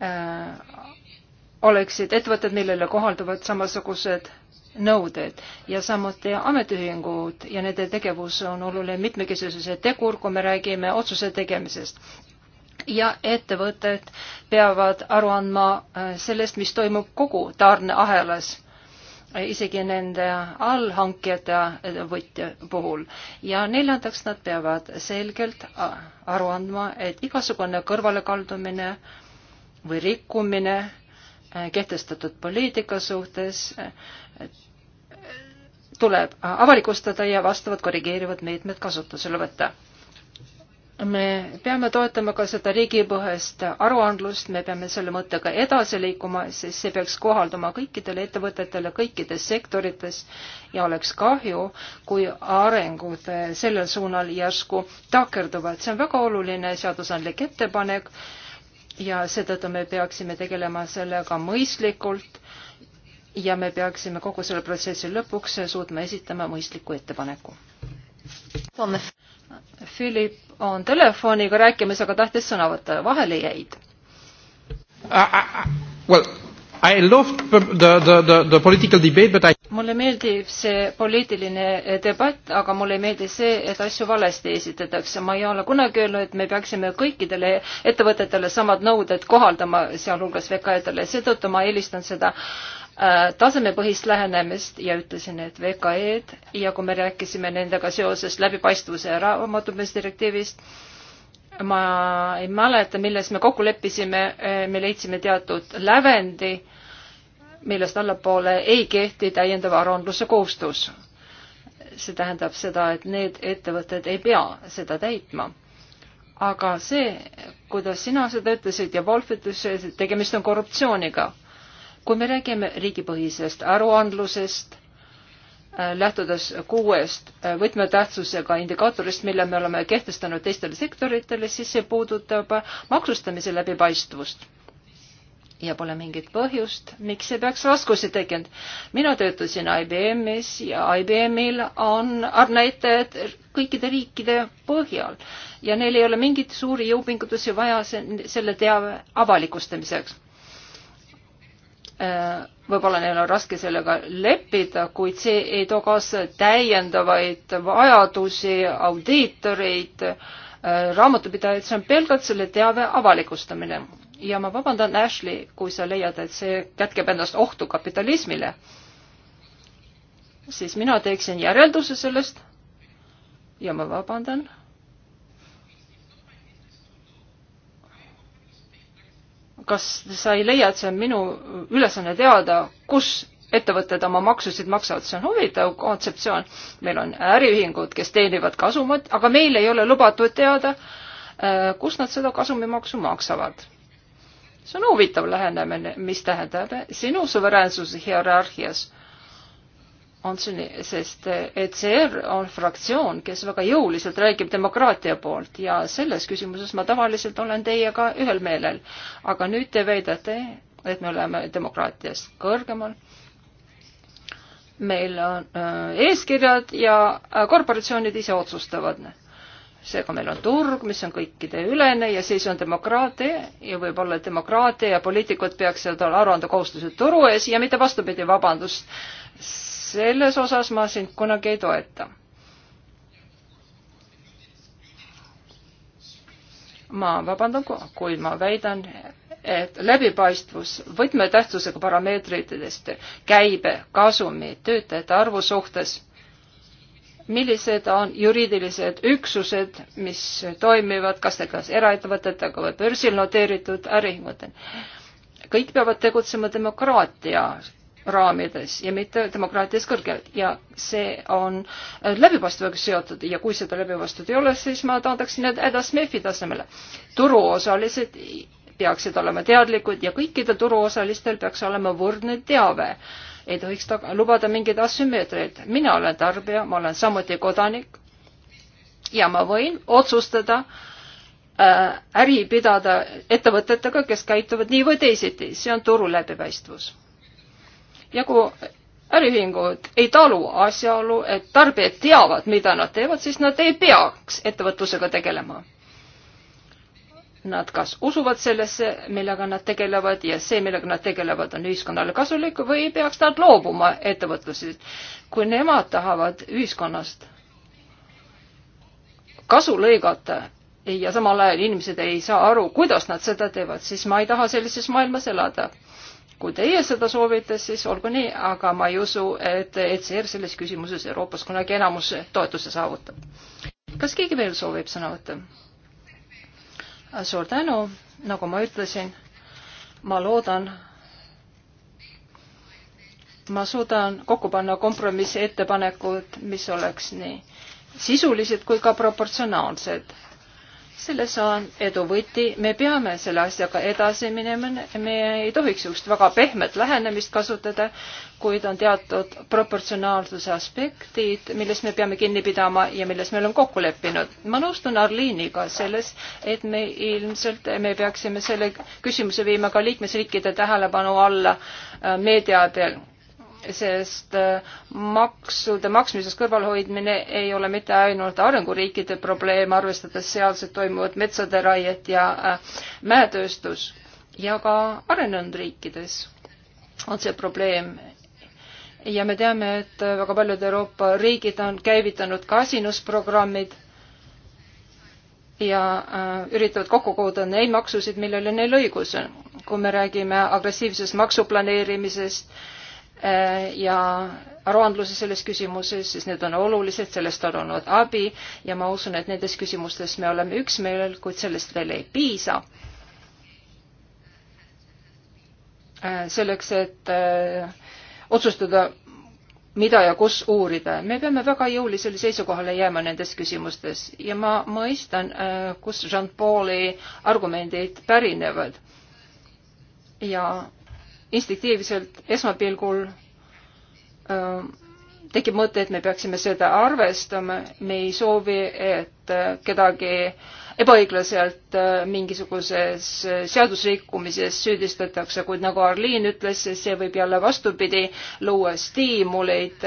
äh,, oleksid ettevõtted, millele kohalduvad samasugused nõuded ja samuti ametiühingud ja nende tegevus on oluline mitmekesisuse tegur, kui me räägime otsuse tegemisest. ja ettevõtted peavad aru andma äh, sellest, mis toimub kogu tarneahelas, äh, isegi nende allhankijate äh, võtja puhul. ja neljandaks, nad peavad selgelt aru andma, et igasugune kõrvalekaldumine või rikkumine kehtestatud poliitika suhtes tuleb avalikustada ja vastavad korrigeerivad meetmed kasutusele võtta. me peame toetama ka seda riigipõhest aruandlust, me peame selle mõttega edasi liikuma, sest see peaks kohalduma kõikidele ettevõtetele kõikides sektorites ja oleks kahju, kui arengud sellel suunal järsku takerduvad. see on väga oluline seadusandlik ettepanek ja seetõttu me peaksime tegelema sellega mõistlikult ja me peaksime kogu selle protsessi lõpuks suutma esitama mõistliku ettepaneku. Philip on telefoniga rääkimas, aga tahtis sõna võtta, vahele jäid uh,. Uh, uh well, I loved the, the, the, the political debate, but I mulle meeldib see poliitiline debatt, aga mulle ei meeldi see, et asju valesti esitatakse. ma ei ole kunagi öelnud, et me peaksime kõikidele ettevõtetele samad nõuded kohaldama, sealhulgas VKE-dele, seetõttu ma eelistan seda äh, Äh, tasemepõhist lähenemist ja ütlesin, et VKE-d ja kui me rääkisime nendega seoses läbipaistvuse ja raamatupidamisdirektiivist, ma ei mäleta, milles me kokku leppisime, äh, me leidsime teatud lävendi, millest allapoole ei kehti täiendava aruandluse kohustus. see tähendab seda, et need ettevõtted ei pea seda täitma aga see, kuidas sina seda ütlesid ja Wolf ütles, et tegemist on korruptsiooniga kui me räägime riigipõhisest aruandlusest, äh, lähtudes kuuest äh, võtmetähtsusega indikaatorist, mille me oleme kehtestanud teistele sektoritele, siis see puudutab äh, maksustamise läbipaistvust ja pole mingit põhjust, miks see peaks raskusi tekkinud. mina töötasin IBM-is ja IBM-il on näitajad kõikide riikide põhjal ja neil ei ole mingeid suuri jõupingutusi vaja selle teave avalikustamiseks Äh, võib-olla neil on raske sellega leppida, kuid see ei too kaasa täiendavaid vajadusi, audiitoreid, äh, raamatupidajaid, see on pelgalt selle teave avalikustamine. ja ma vabandan, Ashley, kui sa leiad, et see kätkeb endast ohtu kapitalismile, siis mina teeksin järelduse sellest ja ma vabandan kas sa ei leia, et see on minu ülesanne teada, kus ettevõtted oma maksusid maksavad, see on huvitav kontseptsioon. meil on äriühingud, kes teenivad kasumit, aga meil ei ole lubatud teada, äh, kus nad seda kasumimaksu maksavad. see on huvitav lähenemine, mis tähendab sinu suveräänsuse hierarhias Antoni, sest eh, ECR on fraktsioon, kes väga jõuliselt räägib demokraatia poolt ja selles küsimuses ma tavaliselt olen teiega ühel meelel. aga nüüd te väidate, et me oleme demokraatiast kõrgemal. meil on eh, eeskirjad ja eh, korporatsioonid ise otsustavad. seega meil on turg, mis on kõikide ülene ja siis on demokraatia ja võib-olla demokraatia ja poliitikud peaksid aru anda kohustused turu ees ja mitte vastupidi, vabandust selles osas ma sind kunagi ei toeta. ma vabandan, kui ma väidan, et läbipaistvus võtmetähtsusega parameetritest käibe, kasumi, töötajate arvu suhtes millised on juriidilised üksused, mis toimivad, kas te kas eraettevõtetega või börsil noteeritud äriühingutega. kõik peavad tegutsema demokraatia raamides ja mitte demokraatias kõrgelt ja see on äh, läbipaistvaga seotud ja kui seda läbipaistvat ei ole, siis ma taandaksin need hädas MEF-i tasemele. turuosalised peaksid olema teadlikud ja kõikidel turuosalistel peaks olema võrdne teave. ei tohiks lubada mingeid asümmeetreid. mina olen tarbija, ma olen samuti kodanik ja ma võin otsustada äh, äri pidada ettevõtetega, kes käituvad nii või teisiti. see on turu läbipaistvus ja kui äriühingud ei talu asjaolu, et tarbijad teavad, mida nad teevad, siis nad ei peaks ettevõtlusega tegelema. Nad kas usuvad sellesse, millega nad tegelevad ja see, millega nad tegelevad, on ühiskonnale kasulik või peaks nad loobuma ettevõtlusest. kui nemad tahavad ühiskonnast kasu lõigata ja samal ajal inimesed ei saa aru, kuidas nad seda teevad, siis ma ei taha sellises maailmas elada kui teie seda soovite, siis olgu nii, aga ma ei usu, et ECR selles küsimuses Euroopas kunagi enamuse toetuse saavutab. kas keegi veel soovib sõna võtta? suur tänu, nagu ma ütlesin, ma loodan, ma suudan kokku panna kompromissettepanekud, mis oleks nii sisulised kui ka proportsionaalsed selles on edu võti, me peame selle asjaga edasi minema, me ei tohiks just väga pehmet lähenemist kasutada, kuid on teatud proportsionaalsuse aspektid, millest me peame kinni pidama ja milles me oleme kokku leppinud. ma nõustun Arliiniga selles, et me ilmselt, me peaksime selle küsimuse viima ka liikmesriikide tähelepanu alla äh, meediatel sest äh, maksude maksmisest kõrvalhoidmine ei ole mitte ainult arenguriikide probleem, arvestades sealset toimuvat metsade raiet ja äh, mäetööstus ja ka arenenud riikides on see probleem. ja me teame, et väga paljud Euroopa riigid on käivitanud kasinusprogrammid ja äh, üritavad kokku koguda neid maksusid, millele neil õigus on. kui me räägime agressiivsest maksuplaneerimisest äh,, Äh, ja aruandluse selles küsimuses, sest need on olulised, sellest on olnud abi ja ma usun, et nendes küsimustes me oleme üksmeelel, kuid sellest veel ei piisa. Äh, selleks, et äh, otsustada, mida ja kus uurida. me peame väga jõulisele seisukohale jääma nendes küsimustes ja ma mõistan, kust Jean-Pauli argumendid pärinevad. ja instinktiivselt esmapilgul tekib mõte, et me peaksime seda arvestama, me ei soovi, et Äh, kedagi ebaõiglaselt äh, mingisuguses äh, seadusrikkumises süüdistatakse, kuid nagu Arliin ütles, see võib jälle vastupidi luua stiimuleid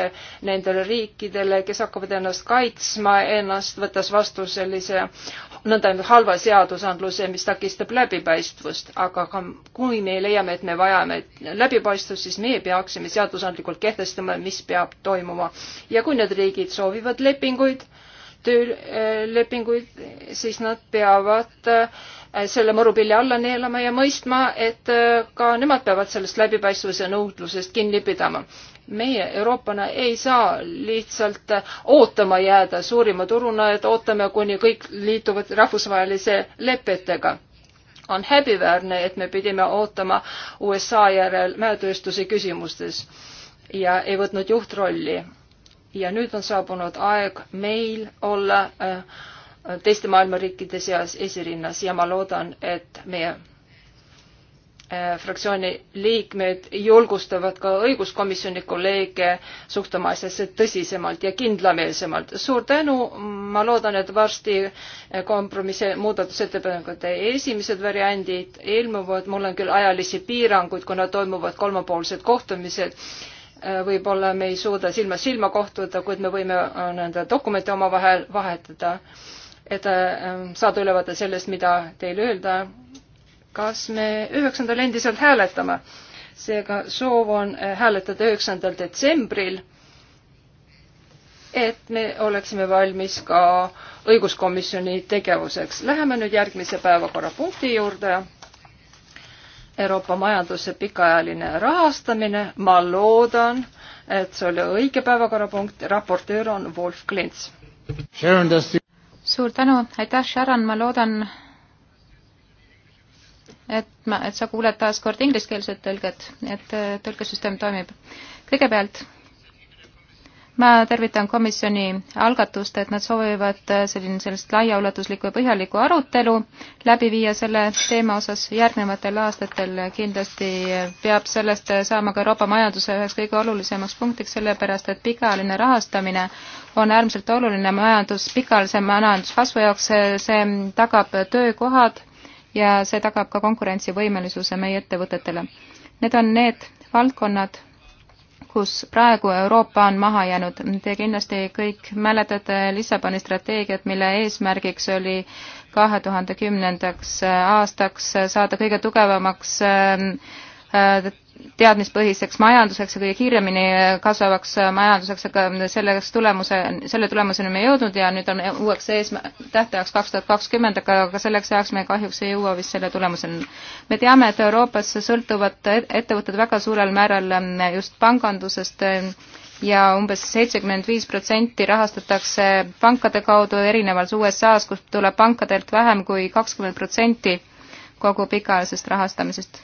nendele riikidele, kes hakkavad ennast kaitsma, ennast võttes vastu sellise nõnda halva seadusandluse, mis takistab läbipaistvust. aga ka kui me leiame, et me vajame läbipaistvust, siis meie peaksime seadusandlikult kehtestama, mis peab toimuma. ja kui need riigid soovivad lepinguid, töölepinguid, siis nad peavad äh, selle murupilli alla neelama ja mõistma, et äh, ka nemad peavad sellest läbipaistvuse nõudlusest kinni pidama. meie Euroopana ei saa lihtsalt ootama jääda suurima turuna, et ootame, kuni kõik liituvad rahvusvahelise lepetega on häbiväärne, et me pidime ootama USA järel mäetööstuse küsimustes ja ei võtnud juhtrolli ja nüüd on saabunud aeg meil olla äh, teiste maailma riikide seas esirinnas ja ma loodan, et meie äh, fraktsiooni liikmed julgustavad ka õiguskomisjoni kolleege suhtuma asjasse tõsisemalt ja kindlameelsemalt. suur tänu, ma loodan, et varsti äh, kompromissi muudatusettepanekute esimesed variandid ilmuvad, mul on küll ajalisi piiranguid, kuna toimuvad kolmapoolsed kohtumised Äh, võib-olla me ei suuda silmast silma kohtuda, kuid me võime äh, nende dokumente omavahel vahetada, et äh, ähm, saada ülevaate sellest, mida teil öelda. kas me üheksandal endiselt hääletame? seega soov on hääletada üheksandal detsembril, et me oleksime valmis ka õiguskomisjoni tegevuseks. Läheme nüüd järgmise päevakorrapunkti juurde Euroopa majanduse pikaajaline rahastamine, ma loodan, et see oli õige päevakorrapunkt, raportöör on Wolf Klints. suur tänu, aitäh, Sharon, ma loodan, et ma, et sa kuuled taas kord ingliskeelset tõlget, et tõlkesüsteem toimib. kõigepealt ma tervitan komisjoni algatust, et nad soovivad äh, selline, sellist laiaulatuslikku ja põhjalikku arutelu läbi viia selle teema osas järgnevatel aastatel. kindlasti äh, peab sellest äh, saama ka Euroopa majanduse üheks kõige olulisemaks punktiks, sellepärast et pikaajaline rahastamine on äärmiselt oluline majandus, pikaajalise majanduskasvu jaoks, see tagab töökohad ja see tagab ka konkurentsivõimelisuse meie ettevõtetele. Need on need valdkonnad, kus praegu Euroopa on maha jäänud. Te kindlasti kõik mäletate Lissaboni strateegiat, mille eesmärgiks oli kahe tuhande kümnendaks aastaks saada kõige tugevamaks äh, äh, teadmispõhiseks majanduseks ja kõige kiiremini kasvavaks majanduseks, aga selleks tulemuse, selle tulemuseni me ei jõudnud ja nüüd on uueks eesmä-, tähtajaks kaks tuhat kakskümmend, aga, aga selleks ajaks me kahjuks ei jõua vist selle tulemuseni. me teame, et Euroopas sõltuvad e-, ettevõtted väga suurel määral ähm, just pangandusest ähm, ja umbes seitsekümmend viis protsenti rahastatakse pankade kaudu, erinevalt USA-s, kus tuleb pankadelt vähem kui kakskümmend protsenti kogu pikaajalisest rahastamisest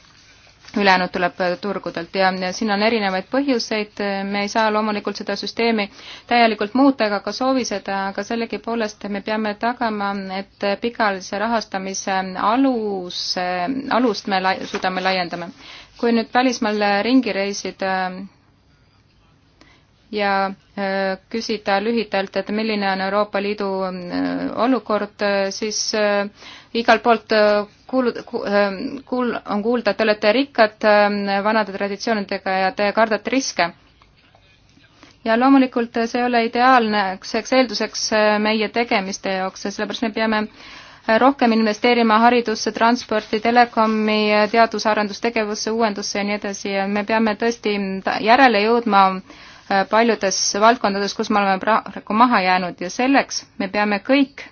ülejäänud tuleb turgudelt ja siin on erinevaid põhjuseid, me ei saa loomulikult seda süsteemi täielikult muuta ega ka soovi seda, aga sellegipoolest me peame tagama, et pikaajalise rahastamise alus, alust me lai, suudame laiendama. kui nüüd välismaal ringi reisida ja äh, küsida lühidalt, et milline on Euroopa Liidu äh, olukord, äh, siis igalt poolt kuulud, ähm, kuul-, on kuulda, et te olete rikkad ähm, vanade traditsioonidega ja te kardate riske. ja loomulikult äh, see ei ole ideaalseks eelduseks äh, meie tegemiste jaoks, sellepärast me peame äh, rohkem investeerima haridusse, transporti, telekomi, teadus-arendustegevusse, uuendusse ja nii edasi ja me peame tõesti järele jõudma paljudes valdkondades, kus me oleme praegu maha jäänud ja selleks me peame kõik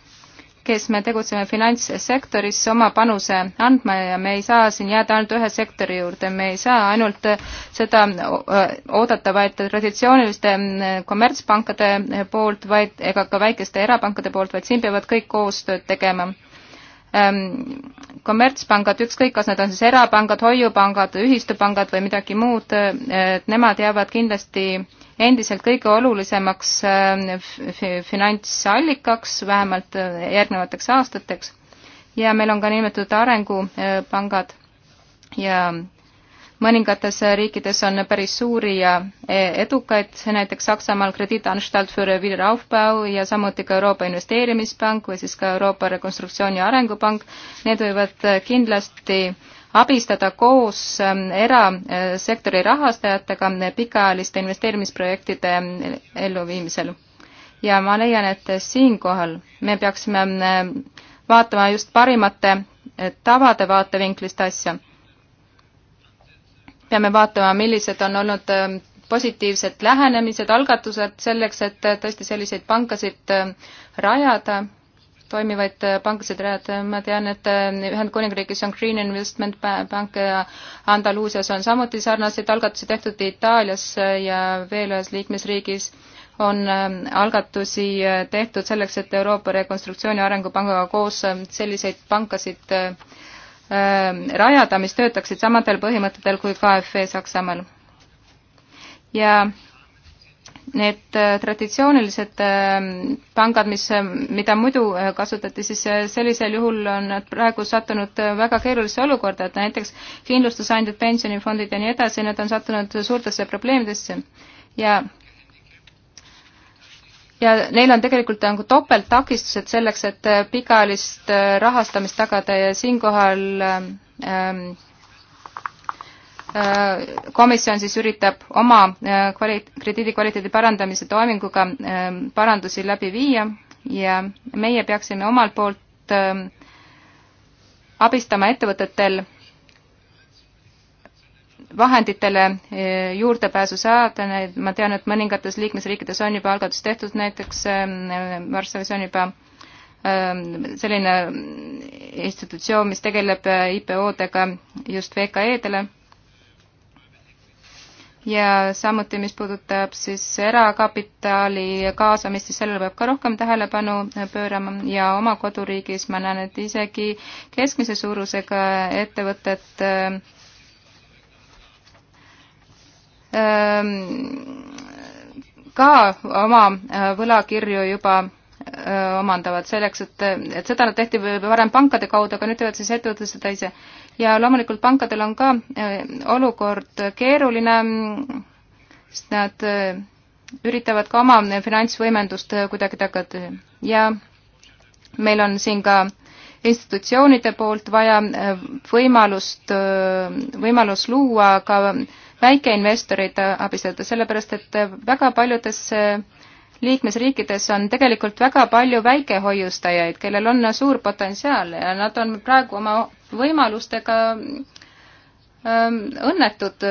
kes me tegutseme finantssektoris, oma panuse andma ja me ei saa siin jääda ainult ühe sektori juurde, me ei saa ainult seda oodata vaid traditsiooniliste kommertspankade poolt, vaid ega ka väikeste erapankade poolt, vaid siin peavad kõik koostööd tegema Ähm, kommertspangad, ükskõik, kas need on siis erapangad, hoiupangad, ühistupangad või midagi muud, et nemad jäävad kindlasti endiselt kõige olulisemaks ähm, finantsallikaks, vähemalt äh, järgnevateks aastateks. ja meil on ka nimetatud arengupangad ja mõningates riikides on päris suuri ja e, edukaid, näiteks Saksamaal Krediitanstalt für Wiederaufbau ja samuti ka Euroopa Investeerimispank või siis ka Euroopa Rekonstruktsiooni ja Arengupank, need võivad e, kindlasti abistada koos e, erasektori rahastajatega pikaajaliste investeerimisprojektide elluviimisel. ja ma leian, et siinkohal me peaksime vaatama just parimate tavade vaatevinklist asja peame vaatama, millised on olnud ähm, positiivsed lähenemised, algatused selleks, et äh, tõesti selliseid pankasid äh, rajada, toimivaid äh, pankasid rajada, ma tean, et Ühendkuningriigis on Green Investment Bank ja Andaluusias on samuti sarnaseid algatusi tehtud, Itaalias ja veel ühes liikmesriigis on ähm, algatusi tehtud selleks, et Euroopa Rekonstruktsiooni Arengupangaga koos selliseid pankasid Ähm, rajada, mis töötaksid samadel põhimõtetel kui KFV Saksamaal. ja need äh, traditsioonilised ähm, pangad, mis, äh, mida muidu äh, kasutati, siis sellisel juhul on nad praegu sattunud väga keerulisse olukorda, et näiteks kindlustusandjad, pensionifondid ja nii edasi, need on sattunud suurtesse probleemidesse ja ja neil on tegelikult nagu topelttakistused selleks, et äh, pikaajalist äh, rahastamist tagada ja siinkohal ähm, ähm äh, komisjon siis üritab oma kvali-, krediidi kvaliteedi parandamise toiminguga ähm, parandusi läbi viia ja meie peaksime omalt poolt ähm, abistama ettevõtetel vahenditele eh, juurdepääsu saada, ma tean, et mõningates liikmesriikides on juba algatus tehtud, näiteks ehm, Varssavis on juba ehm, selline institutsioon, mis tegeleb eh, IPO-dega just VKE-dele ja samuti, mis puudutab siis erakapitali kaasamist, siis sellele peab ka rohkem tähelepanu eh, pöörama ja oma koduriigis ma näen, et isegi keskmise suurusega ettevõtted et ehm, Ehm, ka oma äh, võlakirju juba äh, omandavad selleks, et, et seda tehti varem pankade kaudu, aga nüüd teevad siis ettevõtted seda ise. ja loomulikult pankadel on ka äh, olukord keeruline, sest nad üritavad ka oma finantsvõimendust kuidagi tagada ja meil on siin ka institutsioonide poolt vaja võimalust, võimalus luua ka äh, väikeinvestoreid abistada, sellepärast et väga paljudes eh, liikmesriikides on tegelikult väga palju väikehoiustajaid, kellel on suur potentsiaal ja nad on praegu oma võimalustega ehm, õnnetud,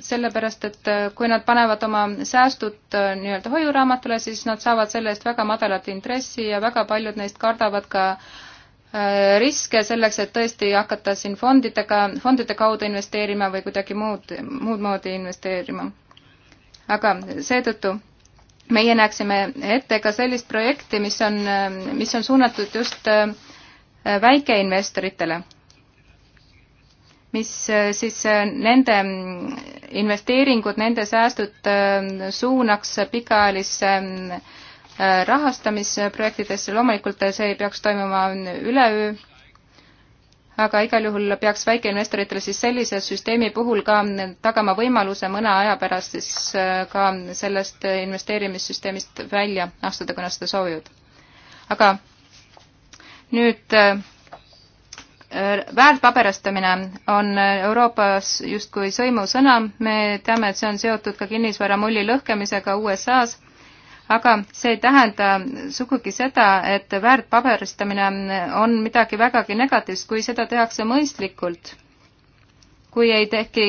sellepärast et eh, kui nad panevad oma säästud eh, nii-öelda hoiuraamatule, siis nad saavad selle eest väga madalat intressi ja väga paljud neist kardavad ka äh, Äh, riske selleks, et tõesti hakata siin fondidega, fondide kaudu investeerima või kuidagi muud, muud moodi investeerima. aga seetõttu meie näeksime ette ka sellist projekti, mis on, mis on suunatud just äh, väikeinvestoritele, mis äh, siis nende investeeringud, nende säästud suunaks pikaajalisse Äh, rahastamisprojektidesse, loomulikult äh, see ei peaks toimuma üleöö, aga igal juhul peaks väikeinvestoritele siis sellise süsteemi puhul ka tagama võimaluse mõne aja pärast siis äh, ka sellest investeerimissüsteemist välja astuda, kui nad seda soovivad. aga nüüd väärtpaberastamine on Euroopas justkui sõimusõna, me teame, et see on seotud ka kinnisvara mulli lõhkemisega USA-s aga see ei tähenda sugugi seda, et väärtpaberistamine on midagi vägagi negatiivset, kui seda tehakse mõistlikult. kui ei teki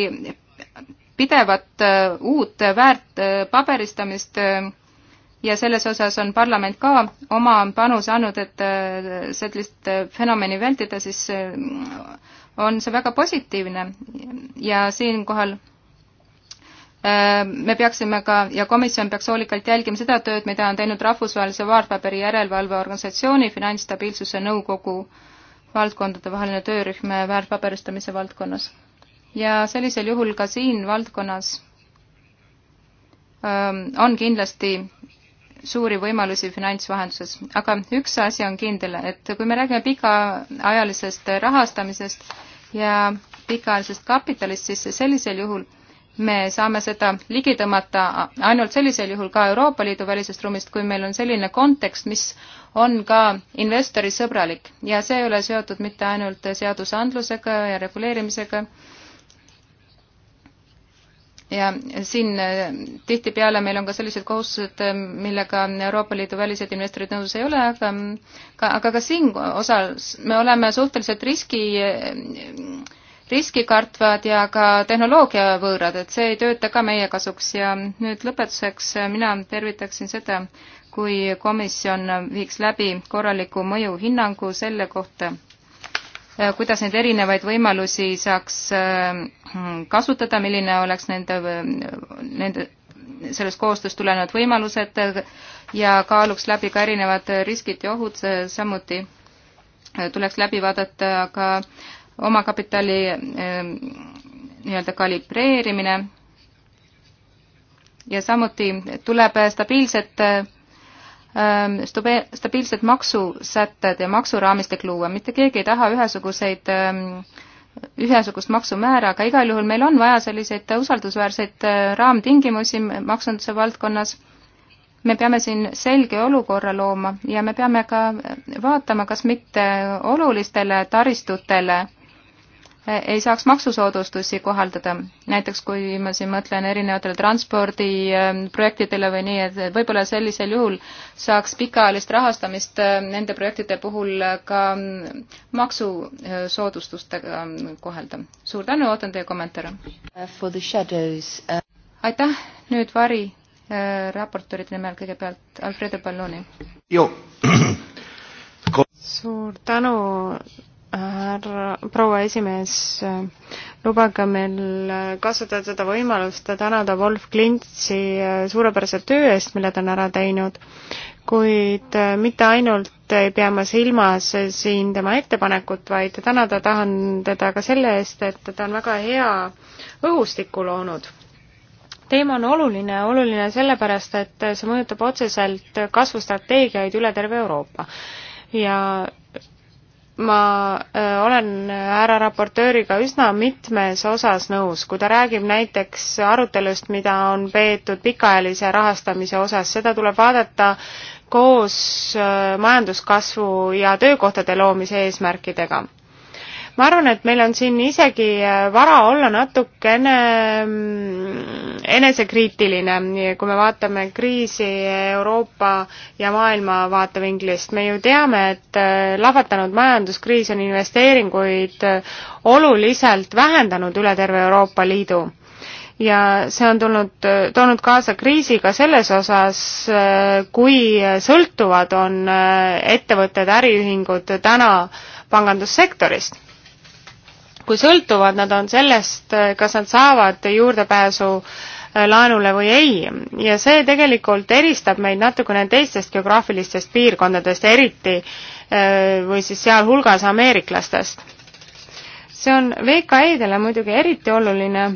pidevat äh, uut väärtpaberistamist äh, ja selles osas on parlament ka oma panuse andnud, et äh, sellist fenomeni vältida, siis on see väga positiivne ja siinkohal Äh, me peaksime ka ja komisjon peaks hoolikalt jälgima seda tööd, mida on teinud Rahvusvahelise Vaartpaberi Järelevalveorganisatsiooni Finantsstabiilsuse Nõukogu valdkondade vaheline töörühm väärtpaberistamise valdkonnas. ja sellisel juhul ka siin valdkonnas ähm, on kindlasti suuri võimalusi finantsvahenduses, aga üks asi on kindel, et kui me räägime pikaajalisest rahastamisest ja pikaajalisest kapitalist, siis sellisel juhul me saame seda ligi tõmmata ainult sellisel juhul ka Euroopa Liidu välisest ruumist, kui meil on selline kontekst, mis on ka investori sõbralik ja see ei ole seotud mitte ainult seadusandlusega ja reguleerimisega. ja siin äh, tihtipeale meil on ka sellised kohustused, äh, millega Euroopa Liidu välised investorid nõus ei ole, aga ka, aga ka siin osas me oleme suhteliselt riski äh, riski kartvad ja ka tehnoloogiavõõrad, et see ei tööta ka meie kasuks ja nüüd lõpetuseks mina tervitaksin seda, kui komisjon viiks läbi korraliku mõjuhinnangu selle kohta, äh, kuidas neid erinevaid võimalusi saaks äh, kasutada, milline oleks nende, nende, sellest koostööst tulenevad võimalused ja kaaluks läbi ka erinevad riskid ja ohud, äh, samuti tuleks läbi vaadata ka omakapitali ehm, nii-öelda kalibreerimine ja samuti tuleb stabiilset ehm, stabiilsed maksusätted ja maksuraamistik luua, mitte keegi ei taha ühesuguseid, ehm, ühesugust maksumäära, aga igal juhul meil on vaja selliseid usaldusväärseid raamtingimusi maksunduse valdkonnas. me peame siin selge olukorra looma ja me peame ka vaatama, kas mitte olulistele taristutele äh, ei saaks maksusoodustusi kohaldada. näiteks kui ma siin mõtlen erinevatele transpordiprojektidele või nii, et võib-olla sellisel juhul saaks pikaajalist rahastamist äh, nende projektide puhul ka maksusoodustustega kohelda. suur tänu, ootan teie kommentaare. Uh, uh, aitäh, nüüd Vari äh, raportööride nimel kõigepealt Alfredo Palloni. suur tänu härra, proua esimees, lubage meil kasutada seda võimalust ja tänada Wolf Klintsi suurepärase töö eest, mille ta on ära teinud, kuid mitte ainult ei pea ma silmas siin tema ettepanekut, vaid tänada tahan teda ka selle eest, et ta on väga hea õhustiku loonud teema on oluline, oluline sellepärast, et see mõjutab otseselt kasvustrateegiaid üle terve Euroopa. ja ma äh, olen härra raportööriga üsna mitmes osas nõus, kui ta räägib näiteks arutelust, mida on peetud pikaajalise rahastamise osas, seda tuleb vaadata koos äh, majanduskasvu ja töökohtade loomise eesmärkidega ma arvan, et meil on siin isegi äh, vara olla natukene mm, enesekriitiline, kui me vaatame kriisi Euroopa ja maailma vaatevinklist. me ju teame, et äh, lahvatanud majanduskriis on investeeringuid äh, oluliselt vähendanud üle terve Euroopa Liidu ja see on tulnud, toonud kaasa kriisi ka selles osas, kui sõltuvad on ettevõtted, äriühingud täna pangandussektorist kui sõltuvad nad on sellest, kas nad saavad juurdepääsu äh, laenule või ei. ja see tegelikult eristab meid natukene teistest geograafilistest piirkondadest, eriti äh, või siis sealhulgas ameeriklastest. see on VKE-dele muidugi eriti oluline,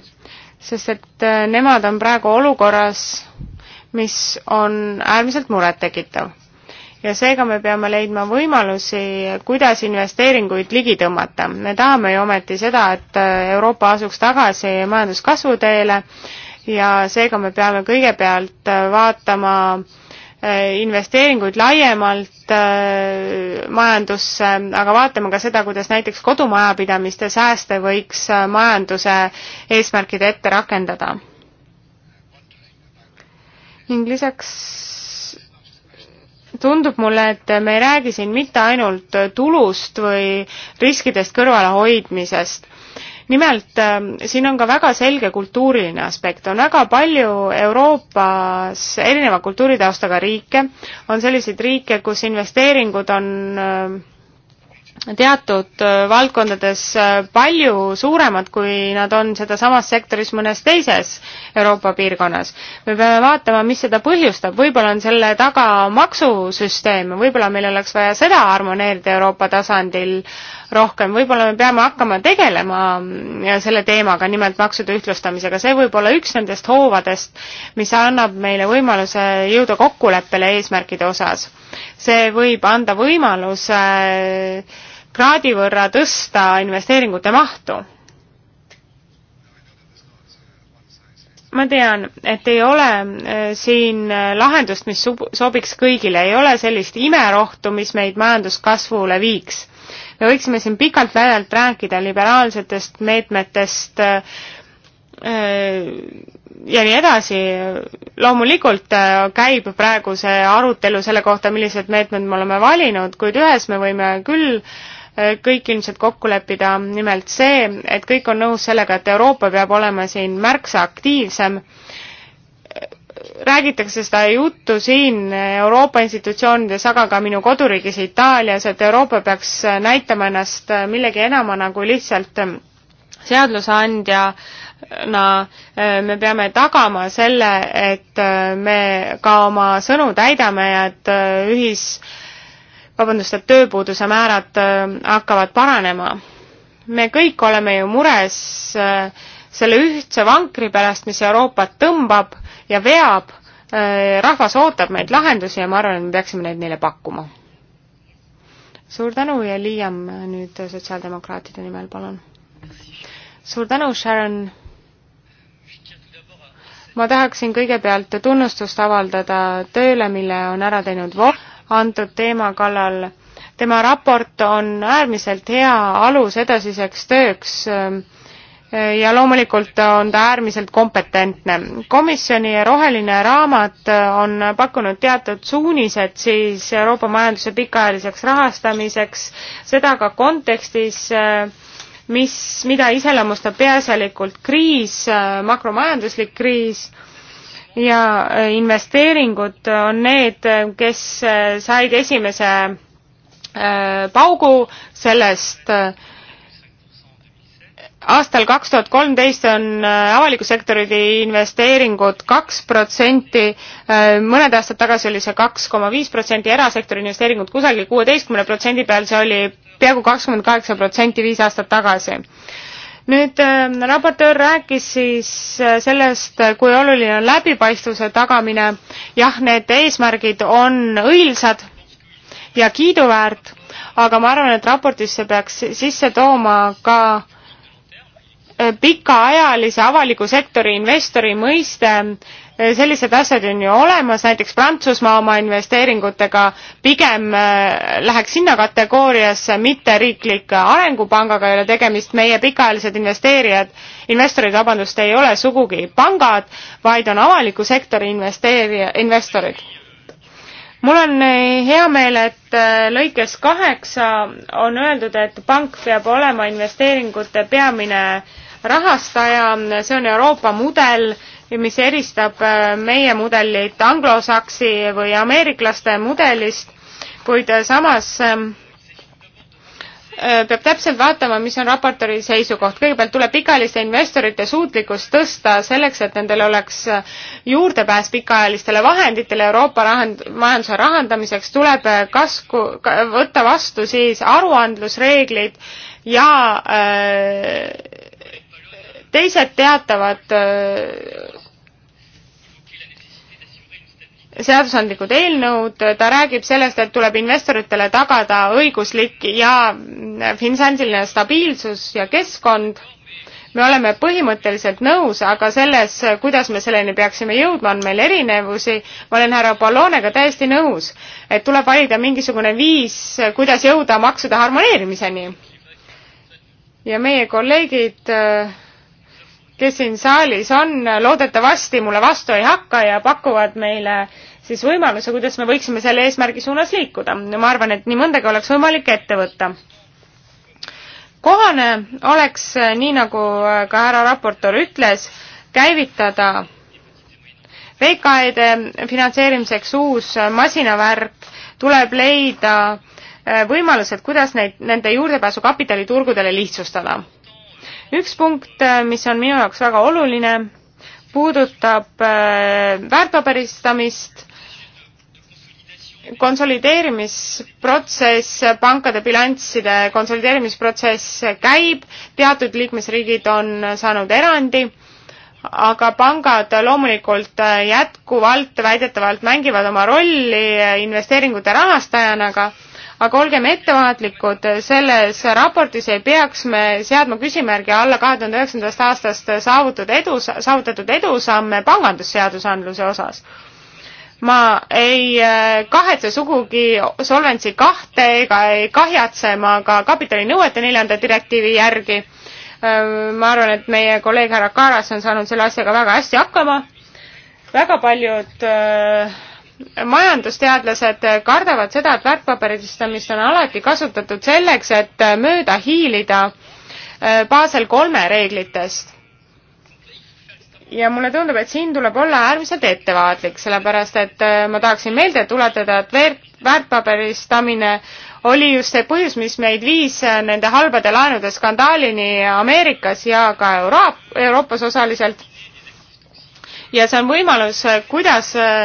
sest et äh, nemad on praegu olukorras, mis on äärmiselt murettekitav ja seega me peame leidma võimalusi, kuidas investeeringuid ligi tõmmata. me tahame ju ometi seda, et Euroopa asuks tagasi majanduskasvu teele ja seega me peame kõigepealt vaatama eh, investeeringuid laiemalt eh, majandusse, aga vaatame ka seda, kuidas näiteks kodumajapidamiste sääste võiks eh, majanduse eesmärkide ette rakendada. ning lisaks tundub mulle, et me ei räägi siin mitte ainult tulust või riskidest kõrvalehoidmisest. nimelt ähm, siin on ka väga selge kultuuriline aspekt, on väga palju Euroopas erineva kultuuritaustaga riike, on selliseid riike, kus investeeringud on ähm, teatud äh, valdkondades äh, palju suuremad, kui nad on seda samas sektoris mõnes teises Euroopa piirkonnas. me peame vaatama, mis seda põhjustab, võib-olla on selle taga maksusüsteem, võib-olla meil oleks vaja seda harmoneerida Euroopa tasandil rohkem, võib-olla me peame hakkama tegelema mm, selle teemaga, nimelt maksude ühtlustamisega, see võib olla üks nendest hoovadest, mis annab meile võimaluse jõuda kokkuleppele eesmärkide osas see võib anda võimaluse äh, kraadi võrra tõsta investeeringute mahtu. ma tean, et ei ole äh, siin äh, lahendust, mis sobiks kõigile, ei ole sellist imerohtu, mis meid majanduskasvule viiks. me võiksime siin pikalt-laialt rääkida liberaalsetest meetmetest, ja nii edasi. loomulikult äh, käib praegu see arutelu selle kohta, millised meetmed me oleme valinud, kuid ühes me võime küll äh, kõik ilmselt kokku leppida, nimelt see, et kõik on nõus sellega, et Euroopa peab olema siin märksa aktiivsem. räägitakse seda juttu siin Euroopa institutsioonides, aga ka minu koduriigis Itaalias, et Euroopa peaks äh, näitama ennast millegi enamana kui lihtsalt seadusandja äh, na äh, me peame tagama selle, et äh, me ka oma sõnu täidame ja et äh, ühis, vabandust, et tööpuuduse määrad hakkavad paranema. me kõik oleme ju mures selle ühtse vankri pärast, mis Euroopat tõmbab ja veab. rahvas ootab meilt lahendusi ja ma arvan, et me peaksime neid neile pakkuma. suur tänu ja Liiam nüüd sotsiaaldemokraatide nimel, palun. suur tänu, Sharon ma tahaksin kõigepealt tunnustust avaldada tööle, mille on ära teinud Vol- antud teema kallal. tema raport on äärmiselt hea alus edasiseks tööks ähm, ja loomulikult on ta äärmiselt kompetentne. komisjoni roheline raamat on pakkunud teatud suunised siis Euroopa majanduse pikaajaliseks rahastamiseks, seda ka kontekstis äh, mis, mida iseloomustab peaasjalikult kriis, äh, makromajanduslik kriis ja äh, investeeringud on need, kes äh, said esimese paugu sellest aastal kaks tuhat kolmteist on avaliku sektori investeeringud kaks protsenti, mõned aastad tagasi oli see kaks koma viis protsenti, erasektori investeeringud kusagil kuueteistkümne protsendi peal, see oli peaaegu kakskümmend kaheksa protsenti viis aastat tagasi nüüd äh, raportöör rääkis siis äh, sellest, kui oluline on läbipaistvuse tagamine. jah, need eesmärgid on õilsad ja kiiduväärt, aga ma arvan, et raportisse peaks sisse tooma ka äh, pikaajalise avaliku sektori investori mõiste äh, Äh, sellised asjad on ju olemas, näiteks Prantsusmaa oma investeeringutega pigem äh, läheks sinna kategooriasse, mitte riiklike arengupangaga ei ole tegemist, meie pikaajalised investeerijad, investorid, vabandust, ei ole sugugi pangad, vaid on avaliku sektori investeerija, investorid. mul on äh, hea meel, et lõikes kaheksa on öeldud, et pank peab olema investeeringute peamine rahastaja, see on Euroopa mudel mis eristab äh, meie mudelit anglosaksi või ameeriklaste mudelist, kuid äh, samas ähm, äh, peab täpselt vaatama, mis on raportööri seisukoht. kõigepealt tuleb pikaajaliste investorite suutlikkust tõsta selleks, et nendel oleks juurdepääs pikaajalistele vahenditele Euroopa rahand-, majanduse rahandamiseks, tuleb kasku, võtta vastu siis aruandlusreeglid ja öö, teised teatavad öö, seadusandlikud eelnõud, ta räägib sellest, et tuleb investoritele tagada õiguslik ja finantsiline stabiilsus ja keskkond. me oleme põhimõtteliselt nõus, aga selles, kuidas me selleni peaksime jõudma, on meil erinevusi. ma olen härra Pallonega täiesti nõus, et tuleb valida mingisugune viis, kuidas jõuda maksude harmoneerimiseni. ja meie kolleegid äh, kes siin saalis on, loodetavasti mulle vastu ei hakka ja pakuvad meile siis võimaluse, kuidas me võiksime selle eesmärgi suunas liikuda. ma arvan, et nii mõndagi oleks võimalik ette võtta. kohane oleks, eh, nii nagu eh, ka härra raportöör ütles, käivitada VKE-de finantseerimiseks uus eh, masinavärk, tuleb leida võimalused, kuidas neid, nende juurdepääsu kapitaliturgudele lihtsustada üks punkt, äh, mis on minu jaoks väga oluline, puudutab äh, väärtpaberistamist, konsolideerimisprotsess, pankade bilansside konsolideerimisprotsess käib, teatud liikmesriigid on saanud erandi, aga pangad loomulikult äh, jätkuvalt väidetavalt mängivad oma rolli investeeringute rahastajana, aga aga olgem ettevaatlikud, selles raportis ei peaks me seadma küsimärgi alla kahe tuhande üheksandast aastast saavutud edu, saavutatud edusamme pangandusseadusandluse osas. ma ei äh, kahetse sugugi Solvency kahte ega ei kahjatse ma ka kapitalinõuete neljanda direktiivi järgi. Äh, ma arvan, et meie kolleeg härra Kaaras on saanud selle asjaga väga hästi hakkama. väga paljud öö, äh, majandusteadlased kardavad seda, et väärtpaberistamist on alati kasutatud selleks, et mööda hiilida äh, Basel kolme reeglitest. ja mulle tundub, et siin tuleb olla äärmiselt ettevaatlik, sellepärast et äh, ma tahaksin meelde tuletada, et väärtpaberistamine oli just see põhjus, mis meid viis äh, nende halbade laenude skandaalini Ameerikas ja ka Euroop-, Euroopas osaliselt ja see on võimalus, kuidas äh,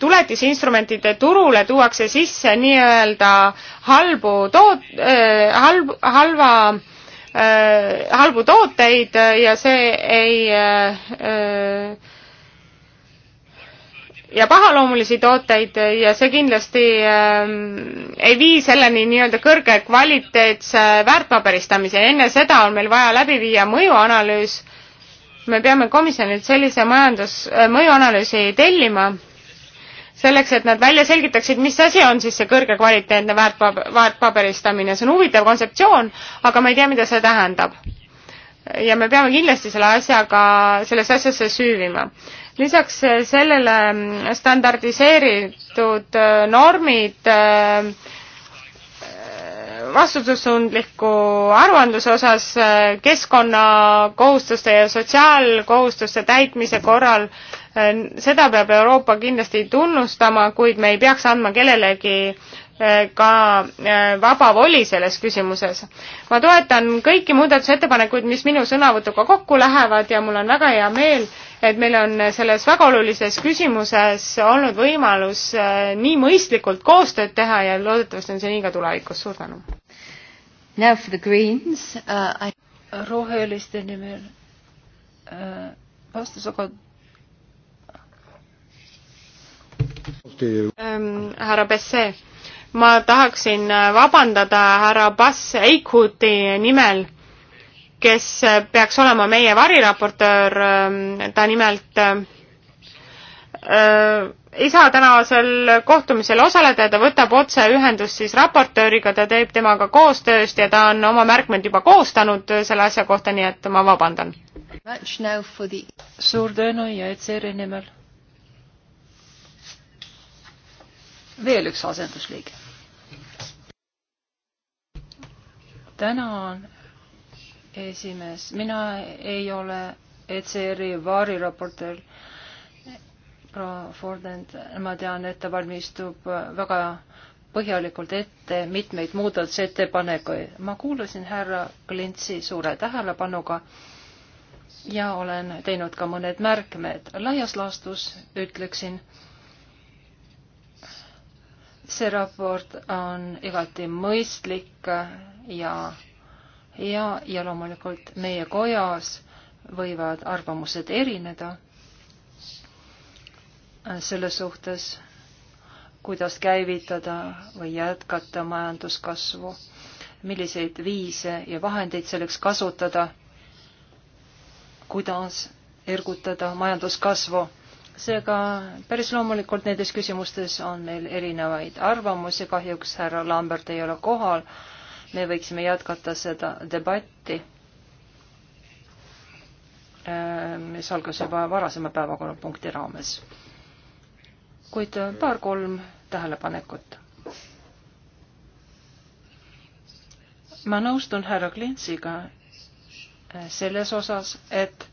tuletisinstrumentide turule tuuakse sisse nii-öelda halbu toot-, äh, halb, halva äh, halbu tooteid ja see ei ja pahaloomulisi tooteid ja see kindlasti ähm, ei vii selleni nii-öelda kõrge kvaliteetse väärtpaberistamise. enne seda on meil vaja läbi viia mõjuanalüüs äh, me peame komisjonilt sellise majandus, äh, mõjuanalüüsi tellima, selleks, et nad välja selgitaksid, mis asi on siis see kõrgekvaliteetne väärtpab-, väärtpaberistamine, see on huvitav kontseptsioon, aga ma ei tea, mida see tähendab. ja me peame kindlasti selle asjaga, sellesse asjasse süüvima. lisaks äh, sellele mm, standardiseeritud äh, normid äh, vastutustundliku aruandluse osas äh, keskkonnakohustuste ja sotsiaalkohustuste täitmise korral, äh, seda peab Euroopa kindlasti tunnustama, kuid me ei peaks andma kellelegi äh, ka vaba voli selles küsimuses. ma toetan kõiki muudatusettepanekuid, mis minu sõnavõtuga kokku lähevad ja mul on väga hea meel, et meil on selles väga olulises küsimuses olnud võimalus äh, nii mõistlikult koostööd teha ja loodetavasti on see nii ka tulevikus. suur tänu! Now for the Greens uh,. I... roheliste nimel uh, äh, vastusega ähm,. härra Besse, ma tahaksin äh, vabandada härra Bass Eikhuti nimel kes peaks olema meie variraportöör, ähm, ta nimelt äh, ei saa tänasel kohtumisel osaleda ja ta võtab otse ühendust siis raportööriga, ta teeb temaga koostööst ja ta on oma märkmed juba koostanud äh, selle asja kohta, nii et ma vabandan. suur tänu ja ETSR-i nimel. veel üks asendusliige. tänan esimees, mina ei ole ECR-i vaariraportöör proua Fordent, ma tean, et ta valmistub väga põhjalikult ette mitmeid muudatusettepanekuid. ma kuulasin härra Klintsi suure tähelepanuga ja olen teinud ka mõned märkmed. laias laastus ütleksin, see raport on igati mõistlik ja ja, ja loomulikult meie kojas võivad arvamused erineda selles suhtes, kuidas käivitada või jätkata majanduskasvu, milliseid viise ja vahendeid selleks kasutada, kuidas ergutada majanduskasvu. seega päris loomulikult nendes küsimustes on meil erinevaid arvamusi, kahjuks härra Lambert ei ole kohal me võiksime jätkata seda debatti, äh, mis algas juba varasema päevakorrapunkti raames. kuid äh, paar-kolm tähelepanekut. ma nõustun härra Klintsiga äh, selles osas, et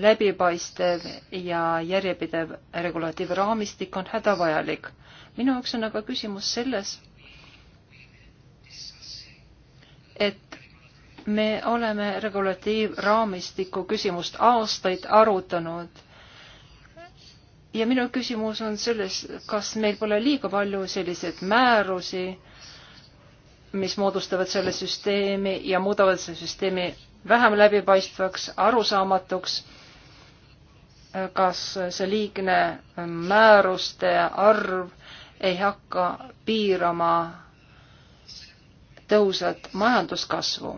läbipaistev ja järjepidev regulatiivraamistik on hädavajalik. minu jaoks on aga küsimus selles, et me oleme regulatiivraamistiku küsimust aastaid arutanud ja minu küsimus on selles, kas meil pole liiga palju selliseid määrusi, mis moodustavad selle süsteemi ja muudavad selle süsteemi vähem läbipaistvaks, arusaamatuks. kas see liigne määruste arv ei hakka piirama tõusvat majanduskasvu.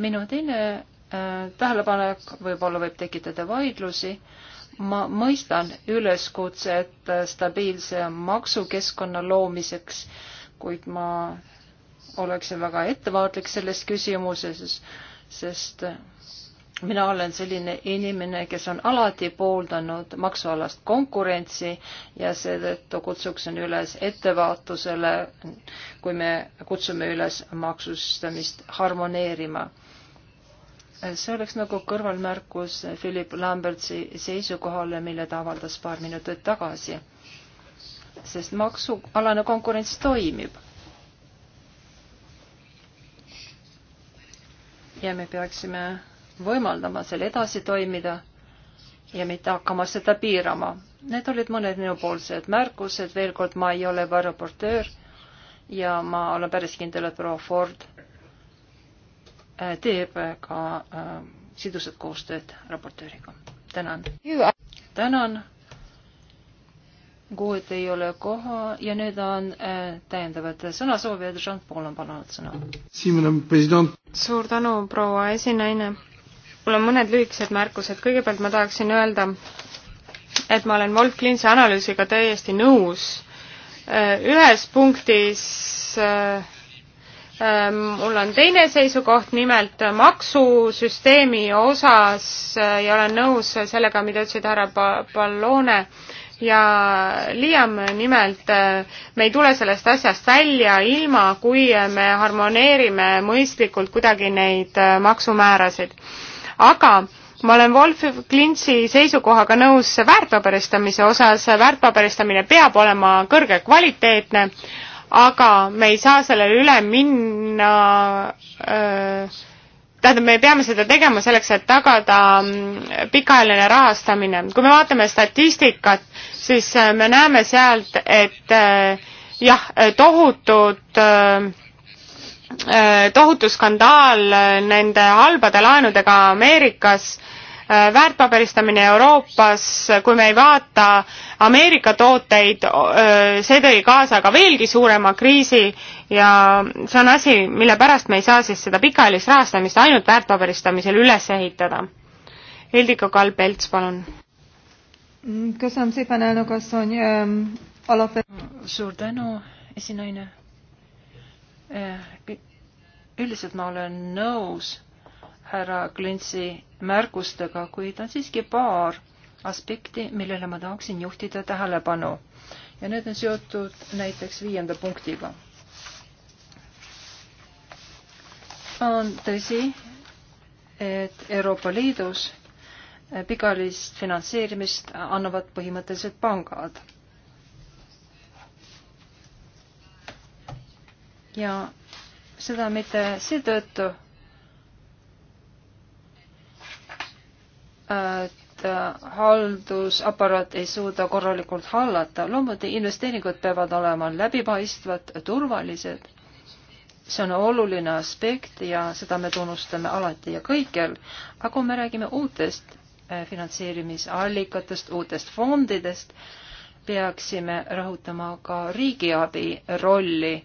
minu teine äh, tähelepanek võib-olla võib tekitada vaidlusi. ma mõistan üleskutset äh, stabiilse maksukeskkonna loomiseks, kuid ma oleksin väga ettevaatlik selles küsimuses, sest äh, mina olen selline inimene, kes on alati pooldanud maksualast konkurentsi ja seetõttu kutsuksin üles ettevaatusele, kui me kutsume üles maksustamist harmoneerima. see oleks nagu kõrvalmärkus Philip Lambertsi seisukohale, mille ta avaldas paar minutit tagasi. sest maksualane konkurents toimib ja me peaksime võimaldama seal edasi toimida ja mitte hakkama seda piirama. Need olid mõned minupoolsed märkused, veel kord, ma ei ole raportöör ja ma olen päris kindel, et proua Ford äh, teeb ka äh, sidusat koostööd raportööriga. tänan. tänan. kuud ei ole koha ja nüüd on äh, täiendavad sõnasoovijad, Jean-Paul on palunud sõna. suur tänu, proua esinaine mul on mõned lühikesed märkused, kõigepealt ma tahaksin öelda, et ma olen Wolf Klinsi analüüsiga täiesti nõus. Äh, ühes punktis äh, äh, mul on teine seisukoht, nimelt maksusüsteemi osas ja olen nõus sellega, mida ütlesid härra Pallone ja Liam nimelt, me ei tule sellest asjast välja ilma, kui me harmoneerime mõistlikult kuidagi neid maksumäärasid aga ma olen Wolf Klintsi seisukohaga nõus väärtpaberistamise osas, väärtpaberistamine peab olema kõrge kvaliteetne, aga me ei saa sellele üle minna öö, äh, tähendab, me peame seda tegema selleks, et tagada mm, pikaajaline rahastamine. kui me vaatame statistikat, siis äh, me näeme sealt, et äh, jah, tohutud äh, Äh, tohutu skandaal äh, nende halbade laenudega Ameerikas, äh, väärtpaberistamine Euroopas, kui me ei vaata Ameerika tooteid, see tõi kaasa ka veelgi suurema kriisi ja see on asi, mille pärast me ei saa siis seda pikaajalist rahastamist ainult väärtpaberistamisel üles ehitada. Hildiko Kalb-Elts, palun. Mm, suur tänu, esinaine Eh, üldiselt ma olen nõus härra Klintsi märkustega, kuid on siiski paar aspekti, millele ma tahaksin juhtida tähelepanu ja need on seotud näiteks viienda punktiga. on tõsi, et Euroopa Liidus pikaajalist finantseerimist annavad põhimõtteliselt pangad ja seda mitte seetõttu, et äh, haldusaparaat ei suuda korralikult hallata. loomulikult investeeringud peavad olema läbipaistvad, turvalised. see on oluline aspekt ja seda me tunnustame alati ja kõikjal. aga kui me räägime uutest äh, finantseerimisallikatest, uutest fondidest, peaksime rõhutama ka riigiabi rolli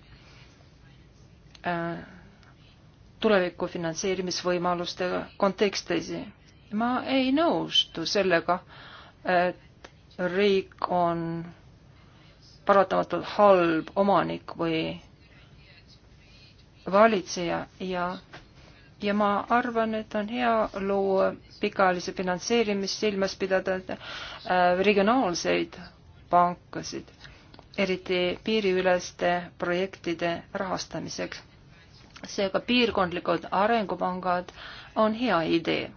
Äh, tuleviku finantseerimisvõimaluste kontekstis. ma ei nõustu sellega, et riik on paratamatult halb omanik või valitseja ja, ja ma arvan, et on hea luua pikaajalise finantseerimist silmas pidada äh, regionaalseid pankasid, eriti piiriüleste projektide rahastamiseks seega piirkondlikud arengupangad on hea idee.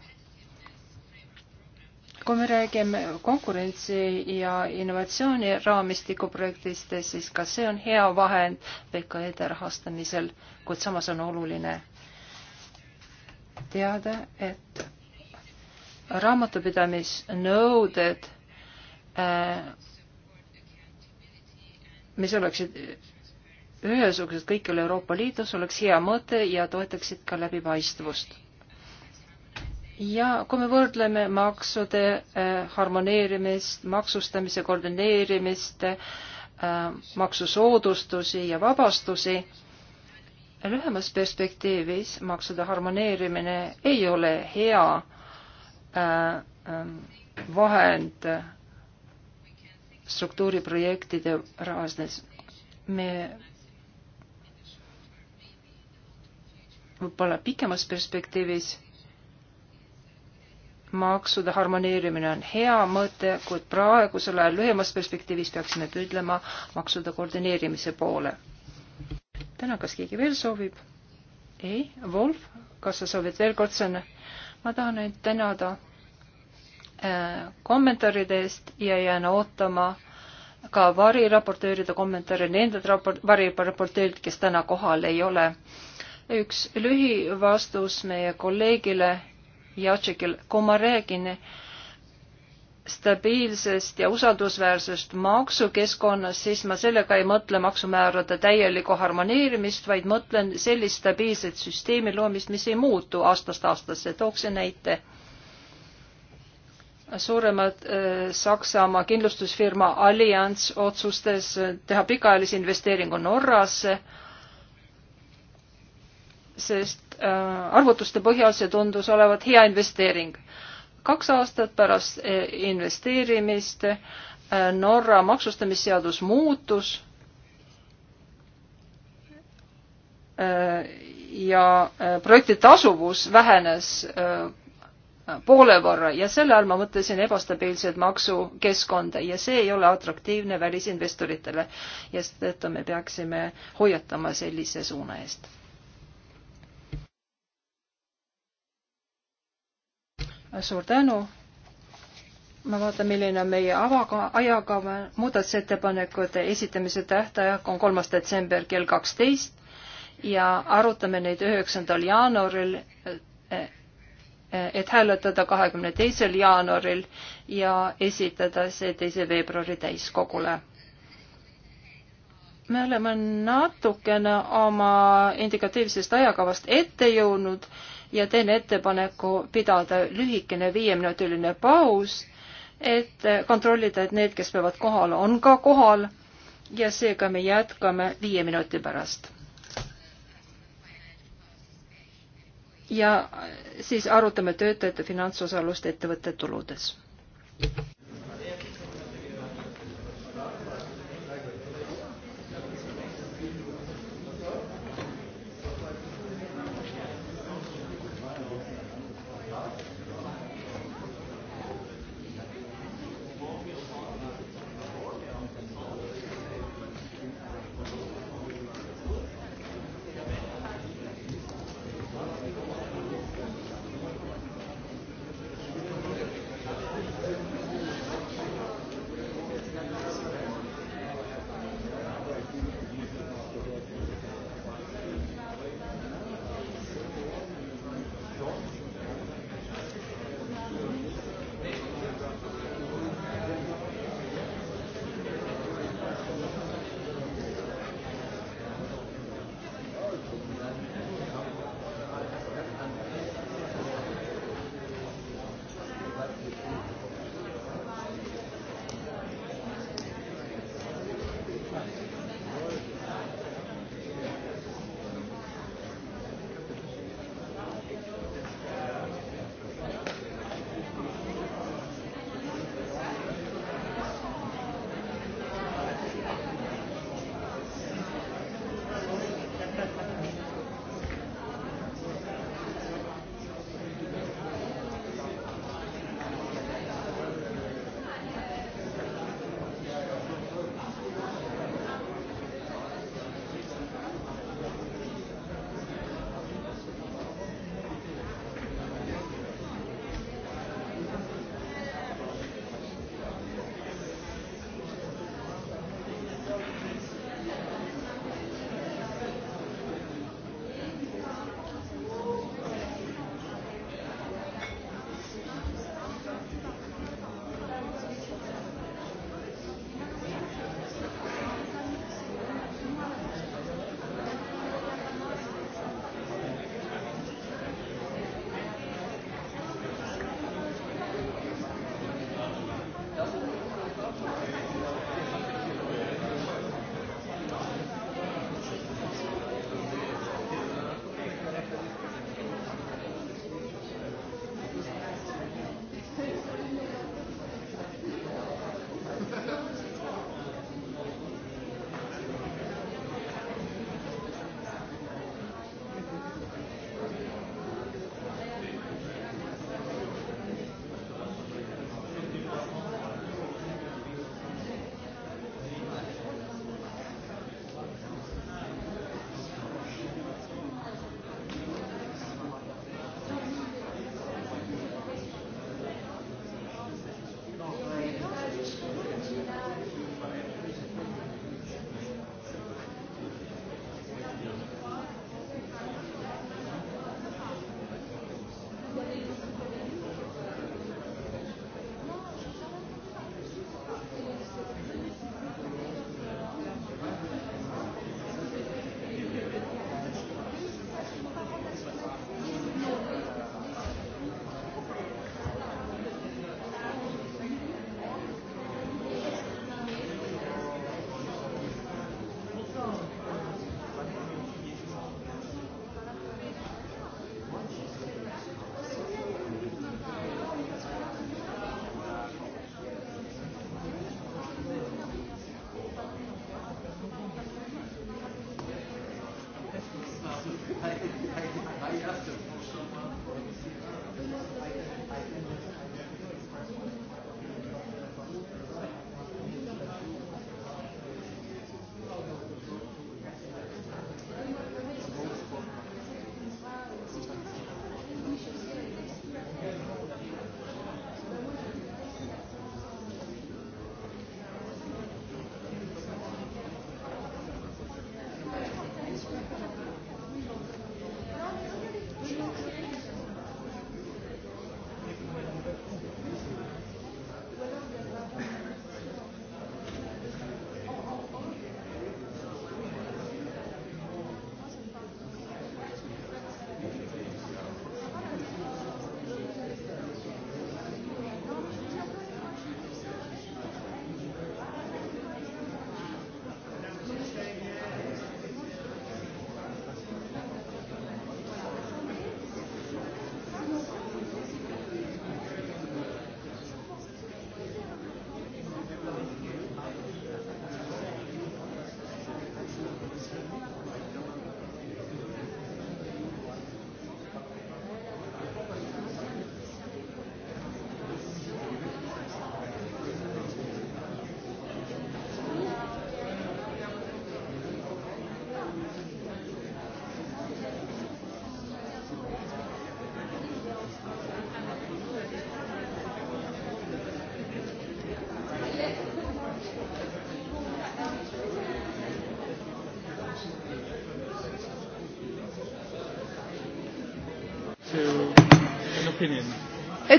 kui me räägime konkurentsi ja innovatsiooni raamistiku projektist, siis ka see on hea vahend PKE-de rahastamisel, kuid samas on oluline teada, et raamatupidamisnõuded, äh, mis oleksid ühesugused kõikjal Euroopa Liidus, oleks hea mõte ja toetaksid ka läbipaistvust. ja kui me võrdleme maksude äh, harmoneerimist, maksustamise koordineerimist, äh, maksusoodustusi ja vabastusi, lühemas perspektiivis maksude harmoneerimine ei ole hea äh, vahend struktuuriprojektide rahastamisel me võib-olla pikemas perspektiivis maksude harmoneerimine on hea mõte, kuid praegusel ajal lühemas perspektiivis peaksime püüdlema maksude koordineerimise poole. täna, kas keegi veel soovib? ei, Wolf, kas sa soovid veel kord sõna? ma tahan neid tänada äh, kommentaaride eest ja jään ootama ka variraportööride kommentaare, nendelt raport-, variraportöörid, kes täna kohal ei ole äh, üks lühivastus meie kolleegile Jacekil Komaregini stabiilsest ja usaldusväärsest maksukeskkonnast, siis ma sellega ei mõtle maksumäärade täielikku harmoneerimist, vaid mõtlen sellist stabiilset süsteemi loomist, mis ei muutu aastast aastasse. tooksin näite. suuremad äh, Saksamaa kindlustusfirma Allianz otsustas teha pikaajalise investeeringu Norrasse äh,, sest äh, arvutuste põhjal see tundus olevat hea investeering. kaks aastat pärast äh, investeerimist äh, Norra maksustamisseadus muutus ja projekti tasuvus vähenes poole võrra ja selle all ma mõtlesin ebastabiilset maksukeskkonda ja see ei ole atraktiivne välisinvestoritele ja seetõttu me peaksime hoiatama sellise suuna eest suur tänu. ma vaatan, milline on meie avaga, ajakava. muudatusettepanekute esitamise tähtaeg on kolmas detsember kell kaksteist ja arutame neid üheksandal jaanuaril, et hääletada kahekümne teisel jaanuaril ja esitada see teise veebruari täiskogule me oleme natukene oma indikatiivsest ajakavast ette jõudnud ja teen ettepaneku pidada lühikene viieminutiline paus, et kontrollida, et need, kes peavad kohal, on ka kohal ja seega me jätkame viie minuti pärast. ja siis arutame töötajate finantsosalust ettevõtte tuludes.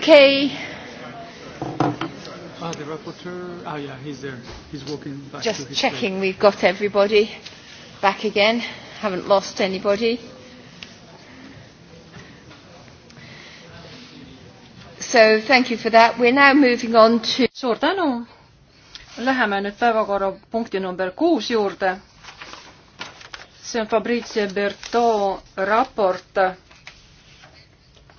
Okay. Ah, the rapporteur. Ah, yeah, he's there. He's walking back. Just to his checking place. we've got everybody back again. Haven't lost anybody. So thank you for that. We're now moving on to. suur tänu. Läheme nüüd päevakorrapunkti number kuus juurde. see on Fabrice Berthaud raport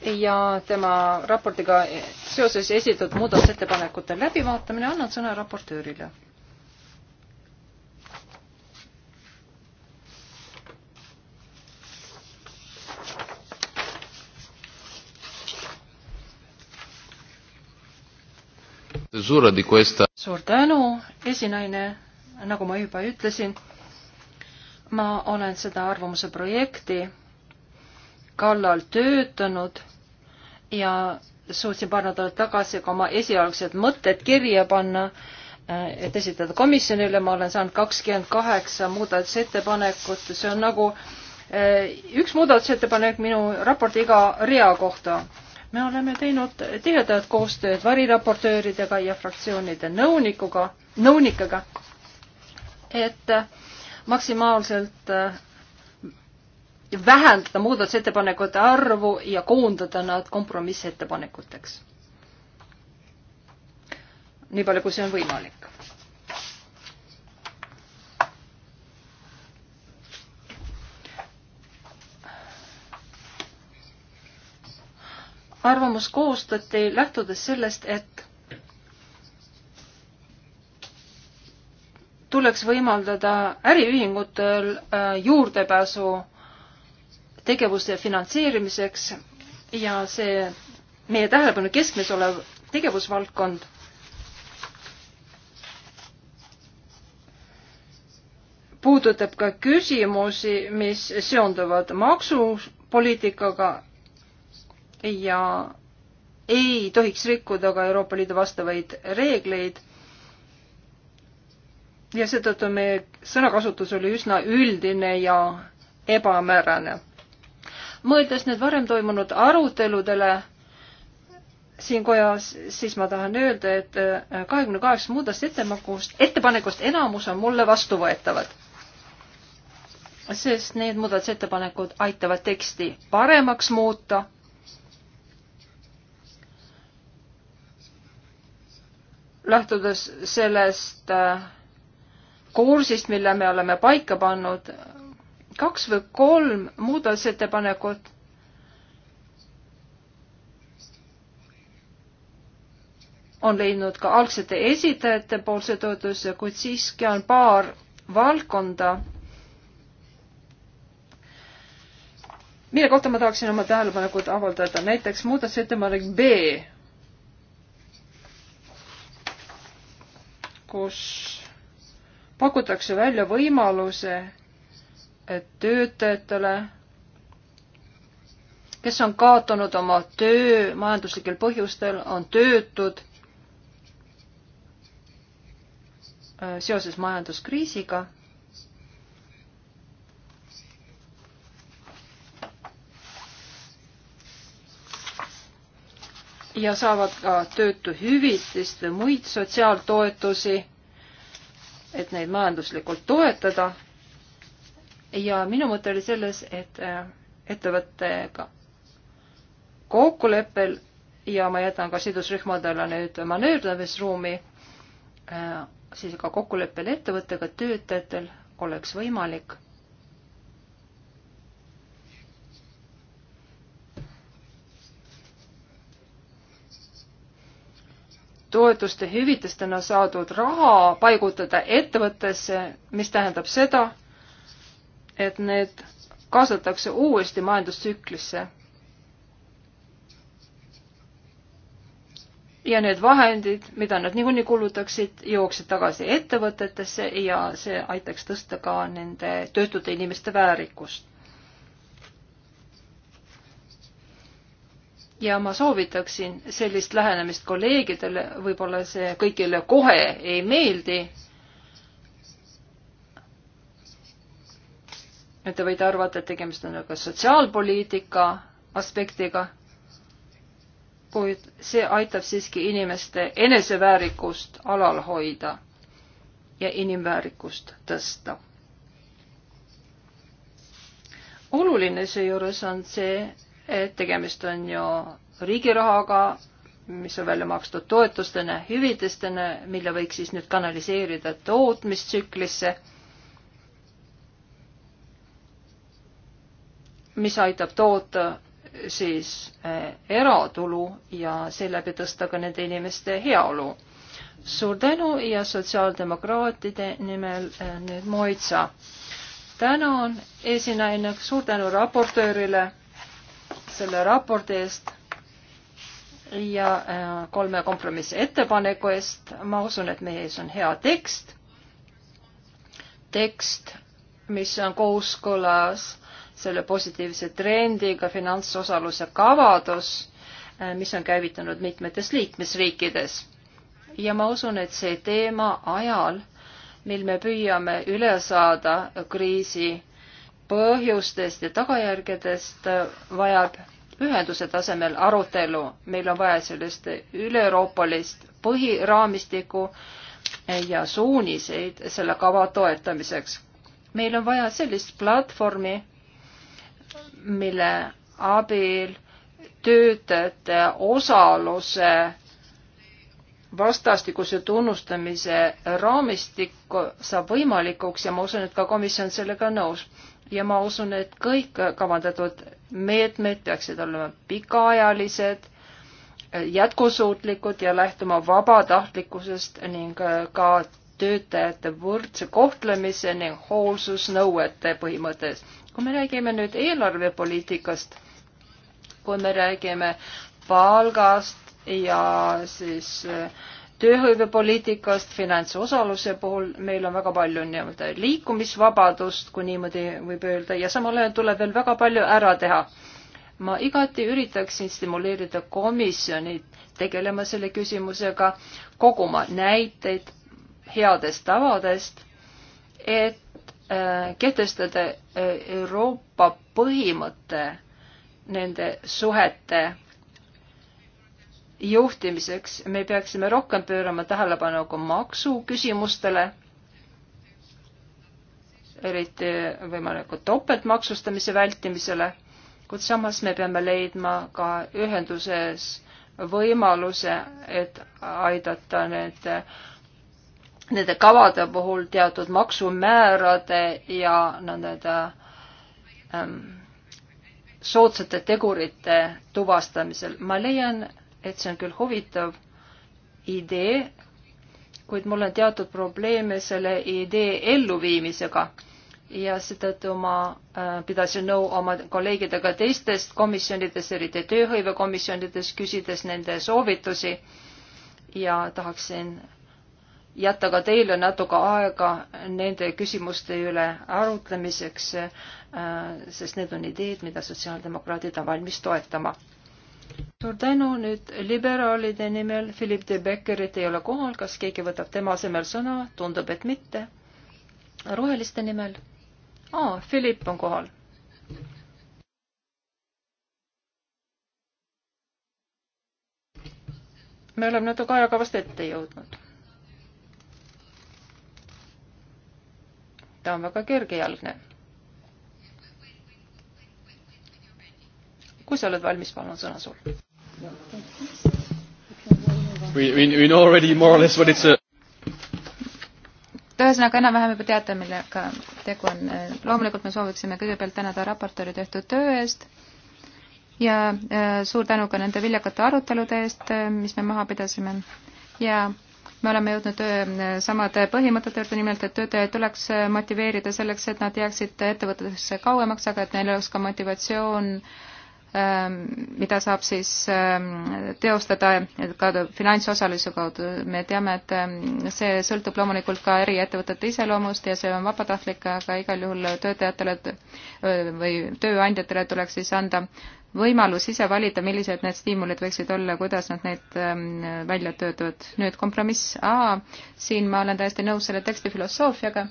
ja tema raportiga seoses esitatud muudatusettepanekute läbivaatamine, annan sõna raportöörile. suur tänu, esinaine, nagu ma juba ütlesin, ma olen seda arvamuse projekti kallal töötanud ja suutsin paar nädalat tagasi ka oma esialgsed mõtted kirja panna, äh, et esitada komisjonile, ma olen saanud kakskümmend kaheksa muudatusettepanekut, see on nagu äh, üks muudatusettepanek minu raporti iga rea kohta. me oleme teinud tihedat koostööd variraportööridega ja fraktsioonide nõunikuga, nõunikega, et maksimaalselt äh, vähendada muudatusettepanekute arvu ja koondada nad kompromissettepanekuteks. nii palju, kui see on võimalik. arvamus koostati lähtudes sellest, et tuleks võimaldada äriühingutel äh, juurdepääsu tegevuste finantseerimiseks ja see meie tähelepanu keskmes olev tegevusvaldkond puudutab ka küsimusi, mis seonduvad maksupoliitikaga ja ei tohiks rikkuda ka Euroopa Liidu vastavaid reegleid. ja seetõttu meie sõnakasutus oli üsna üldine ja ebamäärane mõeldes nüüd varem toimunud aruteludele siin kojas, siis ma tahan öelda, et äh, kahekümne kaheksa muudatusettepanekust, ettepanekust enamus on mulle vastuvõetavad. sest need muudatusettepanekud aitavad teksti paremaks muuta lähtudes sellest äh, kursist, mille me oleme paika pannud, kaks või kolm muudatusettepanekut on leidnud ka algsete esitajate poolse toetuse, kuid siiski on paar valdkonda, mille kohta ma tahaksin oma tähelepanekud avaldada, näiteks muudatusettepanek B, kus pakutakse välja võimaluse töötajatele, kes on kaotanud oma töö majanduslikel põhjustel, on töötud äh, seoses majanduskriisiga ja saavad ka töötuhüvitist või muid sotsiaaltoetusi, et neid majanduslikult toetada ja minu mõte oli selles, et äh, ettevõttega kokkuleppel ja ma jätan ka sidusrühmadele nüüd manööverdamisruumi, äh, siis ka kokkuleppel ettevõttega töötajatel oleks võimalik toetuste hüvitistena saadud raha paigutada ettevõttesse, mis tähendab seda, et need kaasatakse uuesti majandustsüklisse. ja need vahendid, mida nad niikuinii kulutaksid, jooksid tagasi ettevõtetesse ja see aitaks tõsta ka nende töötute inimeste väärikust. ja ma soovitaksin sellist lähenemist kolleegidele, võib-olla see kõigile kohe ei meeldi nüüd te võite arvata, et tegemist on ka nagu sotsiaalpoliitika aspektiga, kuid see aitab siiski inimeste eneseväärikust alal hoida ja inimväärikust tõsta. oluline seejuures on see, et tegemist on ju riigi rahaga, mis on välja makstud toetustena, hüvitistena, mille võiks siis nüüd kanaliseerida tootmistsüklisse mis aitab toota siis eh, eratulu ja seeläbi tõsta ka nende inimeste heaolu. suur tänu ja sotsiaaldemokraatide nimel eh, nüüd Moitsa. tänan esinaine, suur tänu raportöörile selle raporti eest ja eh, kolme kompromissettepaneku eest. ma usun, et meie ees on hea tekst, tekst, mis on kooskõlas selle positiivse trendiga finantsosaluse kavadus, eh, mis on käivitunud mitmetes liikmesriikides. ja ma usun, et see teema ajal, mil me püüame üle saada kriisi põhjustest ja tagajärgedest, vajab ühenduse tasemel arutelu. meil on vaja sellist üleeuroopalist põhiraamistikku ja suuniseid selle kava toetamiseks. meil on vaja sellist platvormi, mille abil töötajate osaluse vastastikuse tunnustamise raamistik saab võimalikuks ja ma usun, et ka komisjon sellega nõus. ja ma usun, et kõik kavandatud meetmed peaksid olema pikaajalised, jätkusuutlikud ja lähtuma vabatahtlikkusest ning ka töötajate võrdse kohtlemise ning hoolsusnõuete põhimõttest kui me räägime nüüd eelarvepoliitikast, kui me räägime palgast ja siis äh, tööhõivepoliitikast, finantsosaluse puhul meil on väga palju nii-öelda liikumisvabadust, kui niimoodi võib öelda, ja samal ajal tuleb veel väga palju ära teha. ma igati üritaksin stimuleerida komisjoni tegelema selle küsimusega, koguma näiteid headest tavadest, et Äh, kehtestada äh, Euroopa põhimõte nende suhete juhtimiseks. me peaksime rohkem pöörama tähelepanu ka maksuküsimustele, eriti võimaliku topeltmaksustamise vältimisele, kuid samas me peame leidma ka ühenduses võimaluse, et aidata need nende kavade puhul teatud maksumäärade ja nende ähm, soodsate tegurite tuvastamisel. ma leian, et see on küll huvitav idee, kuid mul on teatud probleeme selle idee elluviimisega ja seetõttu ma äh, pidasin nõu oma kolleegidega teistest komisjonidest, eriti tööhõivekomisjonidest, küsides nende soovitusi ja tahaksin jätta ka teile natuke aega nende küsimuste üle arutlemiseks, äh, sest need on ideed, mida sotsiaaldemokraadid on valmis toetama. suur tänu, nüüd liberaalide nimel Philip de Beckerit ei ole kohal, kas keegi võtab tema asemel sõna, tundub, et mitte. roheliste nimel, aa, Philip on kohal me oleme natuke ajakavast ette jõudnud. ta on väga kergejalgne. kui sa oled valmis, palun sõna sul. We, we, we know already more or less what it's a ühesõnaga enam-vähem juba teate, millega tegu on. loomulikult me sooviksime kõigepealt tänada raportööri tehtud töö eest ja äh, suur tänu ka nende viljakate arutelude eest, äh, mis me maha pidasime ja me oleme jõudnud äh, samade põhimõtete juurde, nimelt et töötajaid tuleks äh, motiveerida selleks, et nad jääksid ettevõtetesse kauemaks, aga et neil oleks ka motivatsioon ähm, mida saab siis ähm, teostada ka finantsosaluse kaudu. me teame, et ähm, see sõltub loomulikult ka eri ettevõtete iseloomust ja see on vabatahtlik, aga igal juhul töötajatele äh, või tööandjatele tuleks siis anda võimalus ise valida, millised need stiimulid võiksid olla, kuidas nad neid ähm, välja töötavad. nüüd kompromiss A, siin ma olen täiesti nõus selle teksti filosoofiaga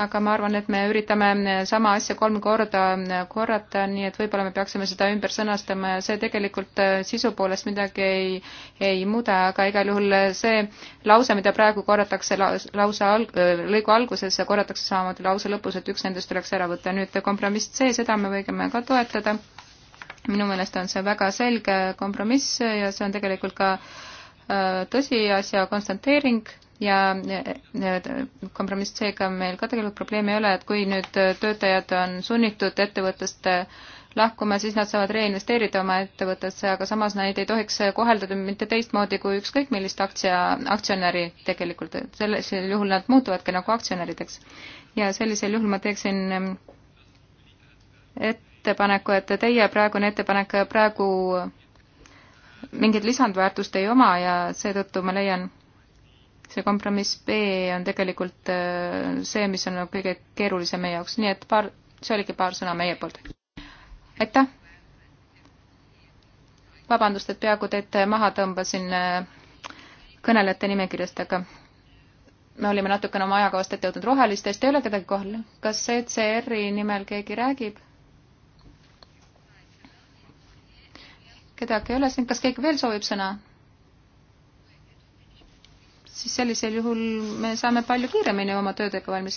aga ma arvan, et me üritame sama asja kolm korda korrata, nii et võib-olla me peaksime seda ümber sõnastama ja see tegelikult äh, sisu poolest midagi ei, ei muuda, aga igal juhul äh, see lause, mida praegu korratakse lause alg-, äh, lõigu alguses ja korratakse samamoodi lause lõpus, et üks nendest tuleks ära võtta. nüüd kompromiss C, seda me võime ka toetada. minu meelest on see väga selge kompromiss ja see on tegelikult ka tõsiasja konstanteering ja e, e, kompromiss seega meil ka tegelikult probleemi ei ole, et kui nüüd töötajad on sunnitud ettevõttest e, lahkuma, siis nad saavad reinvesteerida oma ettevõttesse, aga samas neid ei tohiks koheldada mitte teistmoodi kui ükskõik millist aktsia, aktsionäri tegelikult, et sellisel juhul nad muutuvadki nagu aktsionärideks. ja sellisel juhul ma teeksin ettepaneku, et teie praegune ettepanek praegu mingit lisandväärtust ei oma ja seetõttu ma leian, see kompromiss B on tegelikult äh, see, mis on nagu kõige keerulisem meie jaoks, nii et paar, see oligi paar sõna meie poolt. aitäh! vabandust, et peaaegu teid maha tõmbasin äh, kõnelejate nimekirjast, aga me olime natukene oma ajakavast ette jõudnud. rohelistest ei ole kedagi kohal. kas ECR-i nimel keegi räägib? kedagi ei ole siin. kas keegi veel soovib sõna? siis sellisel juhul me saame palju kiiremini oma töödega valmis.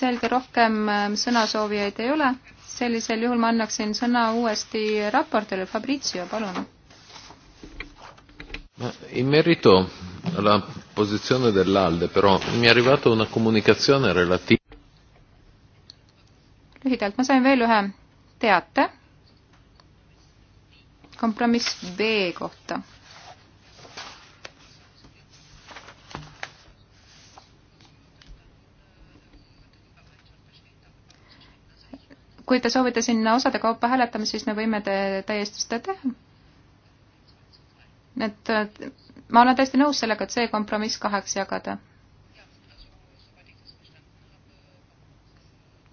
selge, rohkem ähm, sõnasoovijaid ei ole. sellisel juhul ma annaksin sõna uuesti raportööle Fabrizio, palun. In merito alla posizione dell'Alde, però mi è arrivata una comunicazione relativa. lühidalt, ma sain veel ühe teate kompromiss B kohta kui te soovite sinna osade kaupa hääletamist, siis me võime te täiesti seda teha. et ma olen täiesti nõus sellega, et see kompromiss kaheks jagada.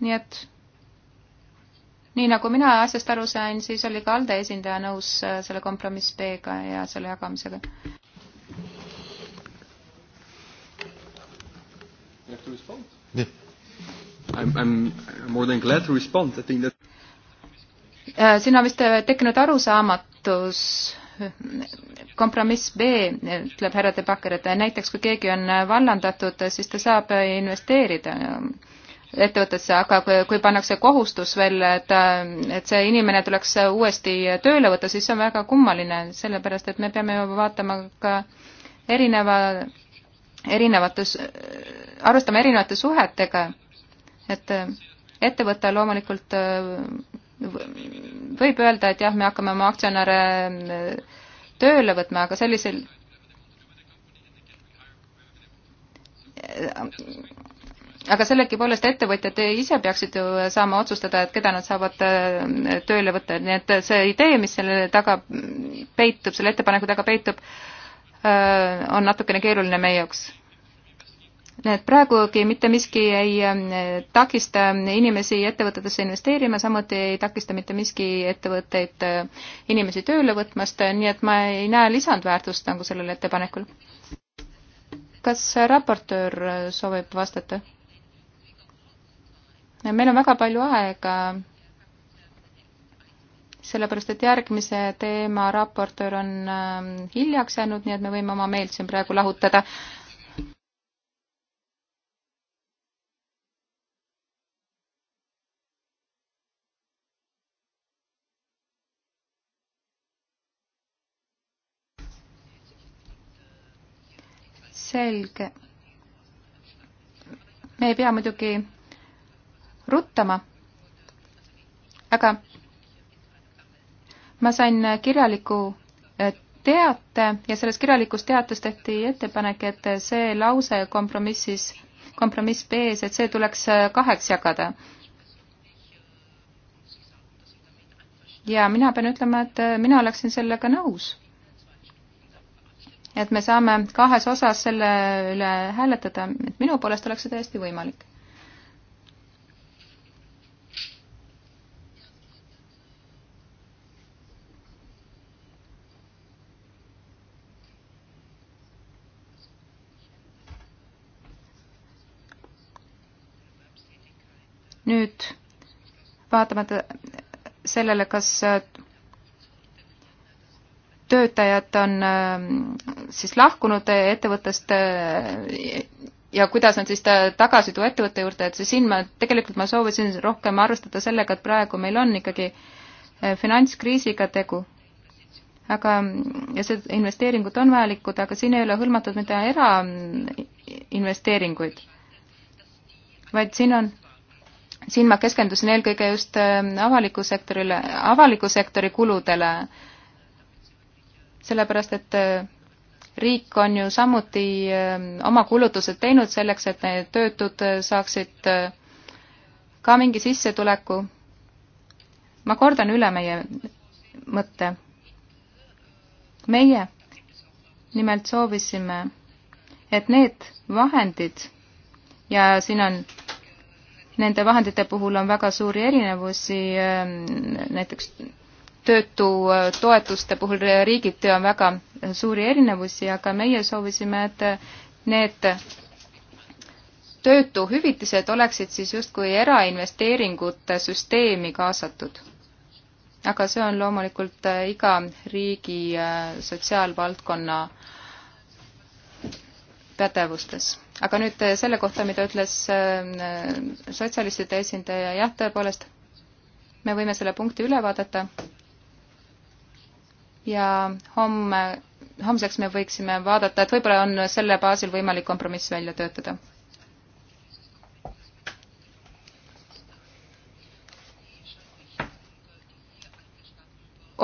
nii et nii nagu mina asjast aru sain, siis oli ka ALDE esindaja nõus äh, selle kompromiss B-ga ja selle jagamisega. jah, tuli spond. I'm, I'm more than glad to respond. I think that äh, siin on vist äh, tekkinud arusaamatus, kompromiss B, ütleb härra De Backer, et näiteks kui keegi on vallandatud, siis ta saab investeerida ettevõttesse, aga kui, kui pannakse kohustus veel, et, et see inimene tuleks uuesti tööle võtta, siis see on väga kummaline, sellepärast et me peame ju vaatama ka erineva, erinevates, arvestama erinevate suhetega et äh, ettevõte loomulikult äh, võib öelda, et jah, me hakkame oma aktsionäre äh, tööle võtma, aga sellisel aga sellegipoolest ettevõtjad ise peaksid ju saama otsustada, et keda nad saavad tööle võtta, nii et see idee, mis selle taga peitub, selle ettepaneku taga peitub, on natukene keeruline meie jaoks et praegugi mitte miski ei ähm, takista inimesi ettevõtetesse investeerima, samuti ei takista mitte miski ettevõtteid äh, inimesi tööle võtmast, nii et ma ei näe lisandväärtust nagu sellel ettepanekul. kas raportöör äh, soovib vastata? meil on väga palju aega, sellepärast et järgmise teema raportöör on ähm, hiljaks jäänud, nii et me võime oma meelt siin praegu lahutada selge. me ei pea muidugi ruttama, aga ma sain kirjaliku eh, teate ja selles kirjalikus teates tehti ettepanek, et see lause kompromissis, kompromiss B-s, et see tuleks eh, kaheks jagada. ja mina pean ütlema, et eh, mina oleksin sellega nõus et me saame kahes osas selle üle hääletada, et minu poolest oleks see täiesti võimalik. nüüd vaatamata sellele, kas töötajad on siis lahkunud ettevõttest äh, ja kuidas nad siis ta tagasi tuua ettevõtte juurde, et siin ma tegelikult ma soovisin rohkem arvestada sellega, et praegu meil on ikkagi äh, finantskriisiga tegu. aga, ja see, investeeringud on vajalikud, aga siin ei ole hõlmatud mitte erainvesteeringuid, vaid siin on siin ma keskendusin eelkõige just äh, avaliku sektorile, avaliku sektori kuludele, sellepärast et riik on ju samuti ähm, oma kulutused teinud selleks, et need töötud äh, saaksid äh, ka mingi sissetuleku. ma kordan üle meie mõtte. meie nimelt soovisime, et need vahendid ja siin on nende vahendite puhul on väga suuri erinevusi, ähm, näiteks töötutoetuste puhul riigiti on väga suuri erinevusi, aga meie soovisime, et need töötuhüvitised oleksid siis justkui erainvesteeringute süsteemi kaasatud. aga see on loomulikult äh, iga riigi äh, sotsiaalvaldkonna pädevustes. aga nüüd äh, selle kohta, mida ütles sotsialistide esindaja, jah, tõepoolest, me võime selle punkti üle vaadata ja homme homseks me võiksime vaadata, et võib-olla on selle baasil võimalik kompromiss välja töötada.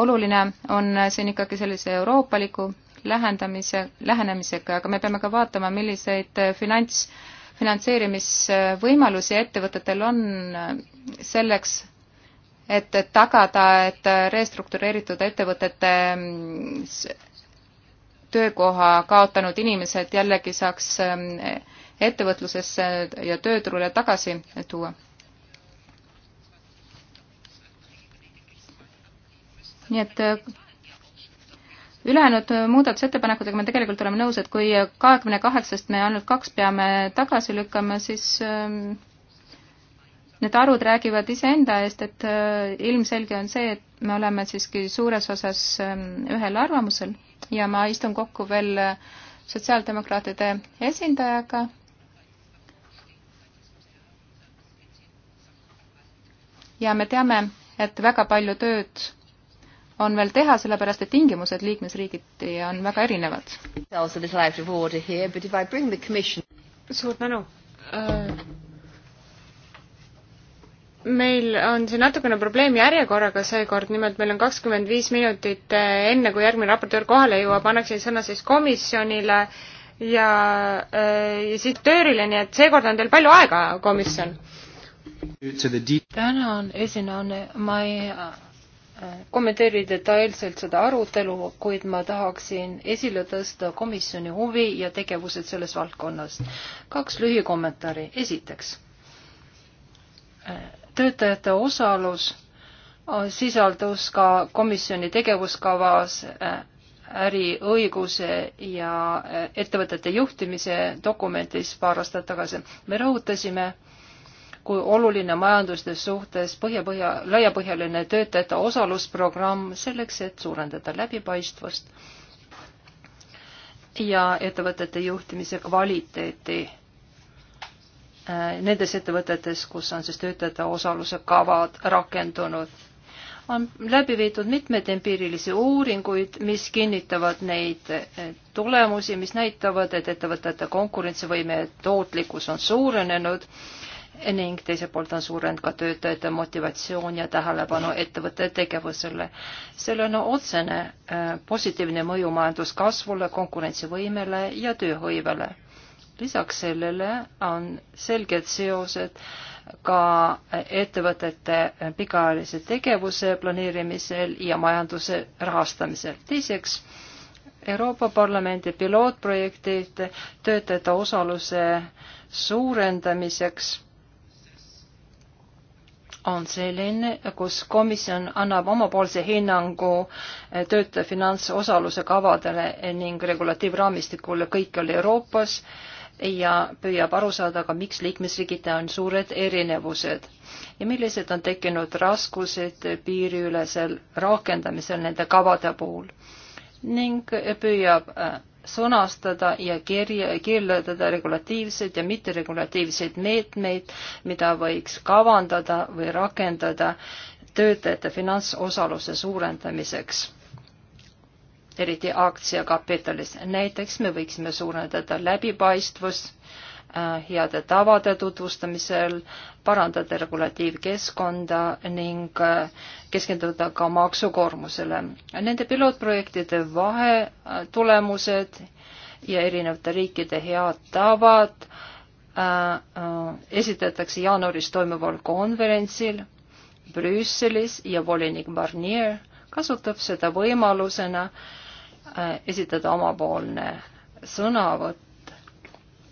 oluline on siin ikkagi sellise euroopaliku lähendamise, lähenemisega, aga me peame ka vaatama, milliseid finants, finantseerimisvõimalusi ettevõtetel on selleks, et tagada, et restruktureeritud ettevõtete töökoha kaotanud inimesed jällegi saaks ähm, ettevõtlusesse ja tööturule tagasi tuua. nii et äh, ülejäänud muudatusettepanekutega me tegelikult oleme nõus, et kui kahekümne kaheksast me ainult kaks peame tagasi lükkama, siis ähm, need arvud räägivad iseenda eest, et äh, ilmselge on see, et me oleme siiski suures osas ähm, ühel arvamusel ja ma istun kokku veel sotsiaaldemokraatide esindajaga. ja me teame, et väga palju tööd on veel teha, sellepärast et tingimused liikmesriigiti on väga erinevad. suur tänu äh, meil on siin natukene probleem järjekorraga seekord, nimelt meil on kakskümmend viis minutit eh, enne, kui järgmine raportöör kohale jõuab, annaksin sõna siis komisjonile ja, eh, ja siis töörile, nii et seekord on teil palju aega, komisjon. tänan, esinejana, ma ei eh, kommenteeri detailselt seda arutelu, kuid ma tahaksin esile tõsta komisjoni huvi ja tegevused selles valdkonnas. kaks lühikommentaari, esiteks töötajate osalus äh, sisaldus ka komisjoni tegevuskavas äh, äriõiguse ja äh, ettevõtete juhtimise dokumentis paar aastat tagasi. me rõhutasime, kui oluline majandustes suhtes põhja-põhja, laiapõhjaline töötajate osalusprogramm selleks, et suurendada läbipaistvust ja ettevõtete juhtimise kvaliteeti Äh, nendes ettevõtetes, kus on siis töötajate osaluse kavad rakendunud. on läbi viidud mitmeid empiirilisi uuringuid, mis kinnitavad neid äh, tulemusi, mis näitavad, et ettevõtete konkurentsivõime ja tootlikkus on suurenenud ning teiselt poolt on suurenenud ka töötajate motivatsioon ja tähelepanu ettevõtte tegevusele. sellel on otsene äh, positiivne mõju majanduskasvule, konkurentsivõimele ja tööhõivele lisaks sellele on selged seosed ka ettevõtete pikaajalise tegevuse planeerimisel ja majanduse rahastamisel. teiseks, Euroopa Parlamendi pilootprojektid töötajate osaluse suurendamiseks on selline, kus komisjon annab omapoolse hinnangu töötaja finantsosaluse kavadele ning regulatiivraamistikule kõikjal Euroopas äh, ja püüab aru saada ka, miks liikmesriigid on suured erinevused ja millised on tekkinud raskused piiriülesel rakendamisel nende kavade puhul ning püüab äh, sõnastada ja kirja, kirjeldada regulatiivseid ja mitteregulatiivseid meetmeid, mida võiks kavandada või rakendada töötajate finantsosaluse suurendamiseks eriti aktsiakapitalis. näiteks me võiksime suurendada läbipaistvust äh, heade tavade tutvustamisel, parandada regulatiivkeskkonda ning äh, keskenduda ka maksukoormusele. Nende pilootprojektide vahetulemused äh, ja erinevate riikide head tavad esitatakse jaanuaris toimuval konverentsil Brüsselis ja volinik Barnier kasutab seda võimalusena äh, Äh, esitada omapoolne sõnavõtt,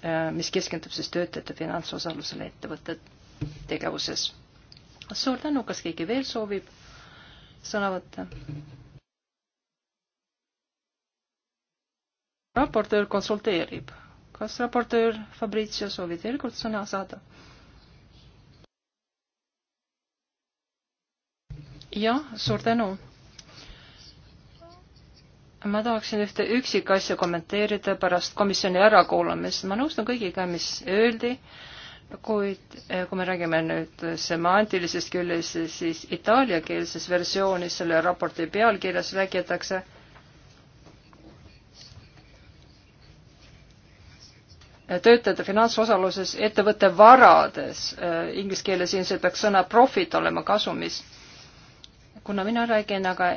äh, mis keskendub siis töötajate finantsosalusele ettevõtte tegevuses. suur tänu, kas keegi veel soovib sõna võtta? raportöör konsulteerib. kas raportöör Fabrizio soovib veel kord sõna saada? jah, suur tänu ma tahaksin ühte üksikasja kommenteerida pärast komisjoni ärakuulamist. ma nõustun kõigiga, mis öeldi, kuid eh, kui me räägime nüüd semantilisest küljest, siis itaaliakeelses versioonis selle raporti pealkirjas räägitakse eh, töötajate finantsosaluses ettevõtte varades, eh, inglise keeles ilmselt peaks sõna profit olema kasumis. kuna mina räägin aga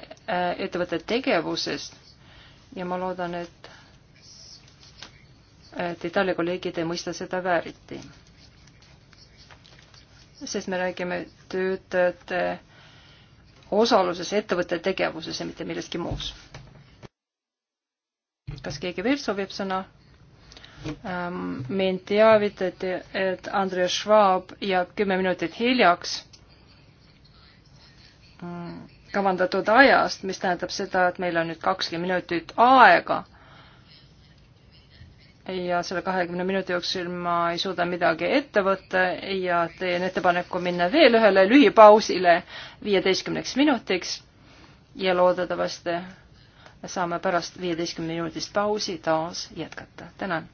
ettevõtte tegevusest, ja ma loodan, et, et Itaalia kolleegid ei mõista seda vääriti. sest me räägime töötajate osaluses ettevõtte tegevuses ja mitte milleski muus. kas keegi veel soovib sõna? Ähm, mind teavitati, et Andres Schwab jääb kümme minutit hiljaks kavandatud ajast, mis tähendab seda, et meil on nüüd kakskümmend minutit aega. ja selle kahekümne minuti jooksul ma ei suuda midagi ette võtta ja teen ettepaneku minna veel ühele lühipausile viieteistkümneks minutiks ja loodetavasti saame pärast viieteistkümne minutist pausi taas jätkata. tänan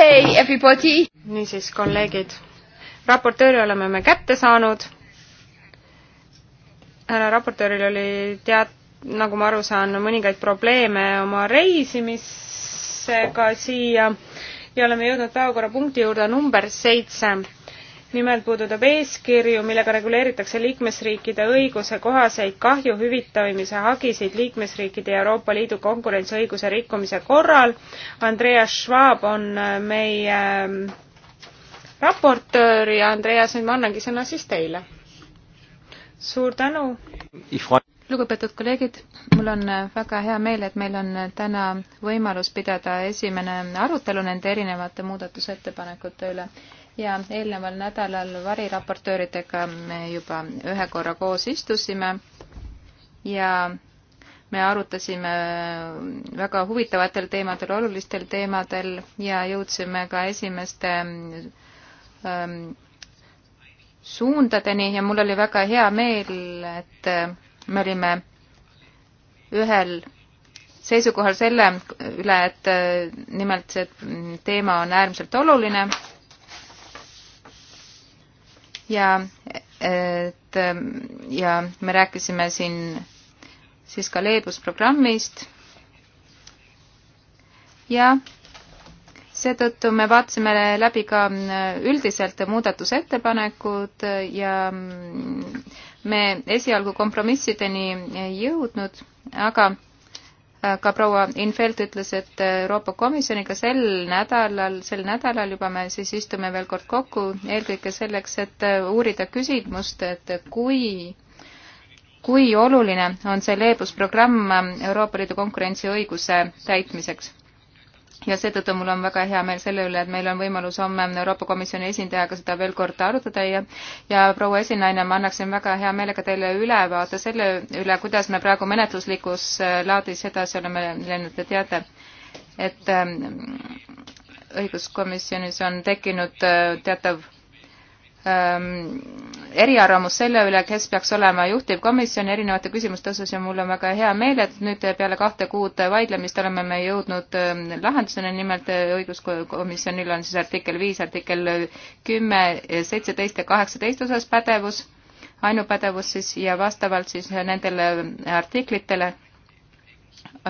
okay, everybody. niisiis, kolleegid, raportööri oleme me kätte saanud. härra raportööril oli tead-, nagu ma aru saan, mõningaid probleeme oma reisimisega siia ja oleme jõudnud päevakorrapunkti juurde number seitse nimelt puudutab eeskirju, millega reguleeritakse liikmesriikide õiguse kohaseid kahju hüvitamise hagisid liikmesriikide ja Euroopa Liidu konkurentsiõiguse rikkumise korral Andreas Schwab on äh, meie ähm, raportöör ja Andreas, nüüd ma annangi sõna siis teile. suur tänu! lugupeetud kolleegid, mul on äh, väga hea meel, et meil on äh, täna võimalus pidada esimene arutelu nende erinevate muudatusettepanekute üle ja eelneval nädalal variraportööridega me juba ühe korra koos istusime ja me arutasime väga huvitavatel teemadel, olulistel teemadel ja jõudsime ka esimeste ähm, suundadeni ja mul oli väga hea meel, et me olime ühel seisukohal selle üle, et äh, nimelt see teema on äärmiselt oluline ja et äh, ja me rääkisime siin siis ka Leedus programmist. ja seetõttu me vaatasime läbi ka äh, üldiselt muudatusettepanekud äh, ja mm, me esialgu kompromissideni ei jõudnud, aga äh, ka proua Infeld ütles, et Euroopa Komisjoniga sel nädalal, sel nädalal juba me siis istume veel kord kokku, eelkõige selleks, et uurida küsimust, et kui kui oluline on see leebusprogramm Euroopa Liidu konkurentsiõiguse täitmiseks. ja seetõttu mul on väga hea meel selle üle, et meil on võimalus homme Euroopa Komisjoni esindajaga seda veel kord arutada ja ja proua esinaine, ma annaksin väga hea meelega teile ülevaate selle üle, kuidas me praegu menetluslikus äh, laadis edasi oleme läinud, te teate, et ähm, õiguskomisjonis on tekkinud äh, teatav Ähm, eriarvamus selle üle, kes peaks olema juhtivkomisjon erinevate küsimuste osas ja mul on väga hea meel, et nüüd peale kahte kuud vaidlemist oleme me jõudnud ähm, lahenduseni, nimelt äh, õiguskomisjonil on siis artikkel viis, artikkel kümme, seitseteist ja kaheksateist osas pädevus, ainupädevus siis ja vastavalt siis nendele artiklitele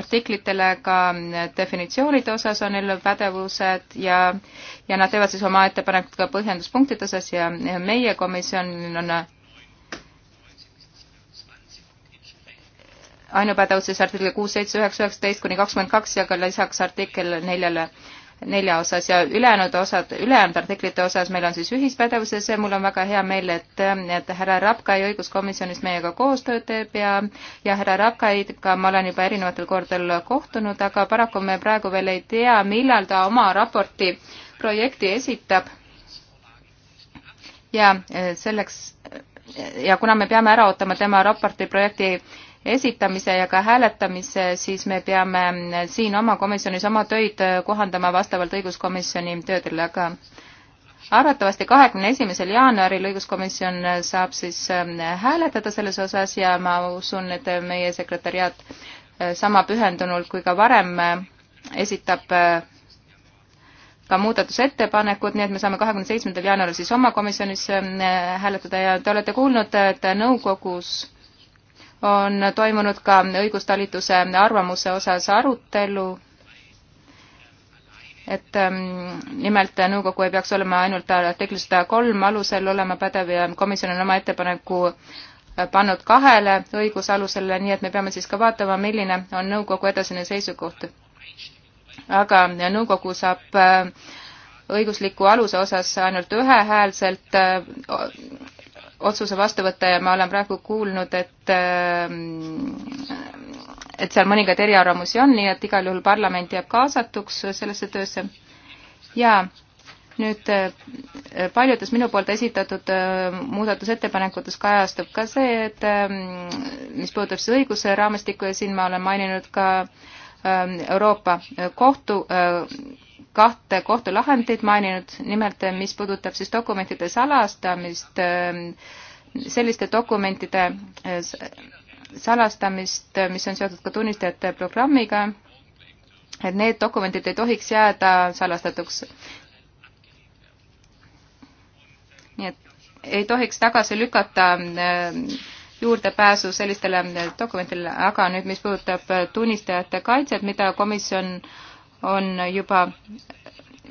artiklitele ka definitsioonide osas on neil pädevused ja, ja nad teevad siis oma ettepanekud ka põhjenduspunktide osas ja meie komisjon on ainupädevus siis artikli kuus, seitse, üheksa, üheksateist kuni kakskümmend kaks ja ka lisaks artikkel neljale nelja osas ja ülejäänud osad, ülejäänud artiklite osas meil on siis ühispädevuses ja mul on väga hea meel, et, et härra Rapkai õiguskomisjonist meiega koostööd teeb ja ja härra Rapkaiga ma olen juba erinevatel kordadel kohtunud, aga paraku me praegu veel ei tea, millal ta oma raporti projekti esitab. ja eh, selleks eh, ja kuna me peame ära ootama tema raporti projekti esitamise ja ka hääletamise, siis me peame siin oma komisjonis oma töid äh, kohandama vastavalt õiguskomisjoni töödele, aga arvatavasti kahekümne esimesel jaanuaril õiguskomisjon äh, saab siis ähm, hääletada selles osas ja ma usun, et meie sekretäriaat äh, sama pühendunult kui ka varem esitab ka muudatusettepanekud, nii et me saame kahekümne seitsmendal jaanuaril siis oma komisjonis hääletada ja te olete kuulnud, et nõukogus on toimunud ka õigustalituse arvamuse osas arutelu, et ähm, nimelt nõukogu ei peaks olema ainult artikli sada kolm alusel olema pädev ja komisjon on oma ettepaneku äh, pannud kahele õigusalusele, nii et me peame siis ka vaatama, milline on nõukogu edasine seisukoht. aga nõukogu saab äh, õigusliku aluse osas ainult ühehäälselt äh, otsuse vastu võtta ja ma olen praegu kuulnud, et äh, et seal mõningaid eriarvamusi on, nii et igal juhul parlament jääb kaasatuks sellesse töösse. ja nüüd äh, paljudes minu poolt esitatud äh, muudatusettepanekutes kajastub ka see, et mis puudutab siis õiguse raamistikku ja siin ma olen maininud ka Euroopa kohtu kahte kohtulahendit maininud, nimelt mis puudutab siis dokumentide salastamist, äh, selliste dokumentide äh, salastamist, äh, mis on seotud ka tunnistajate programmiga, et need dokumendid ei tohiks jääda salastatuks. nii et ei tohiks tagasi lükata juurdepääsu sellistele dokumentidele, aga nüüd, mis puudutab tunnistajate kaitset, mida komisjon äh, on juba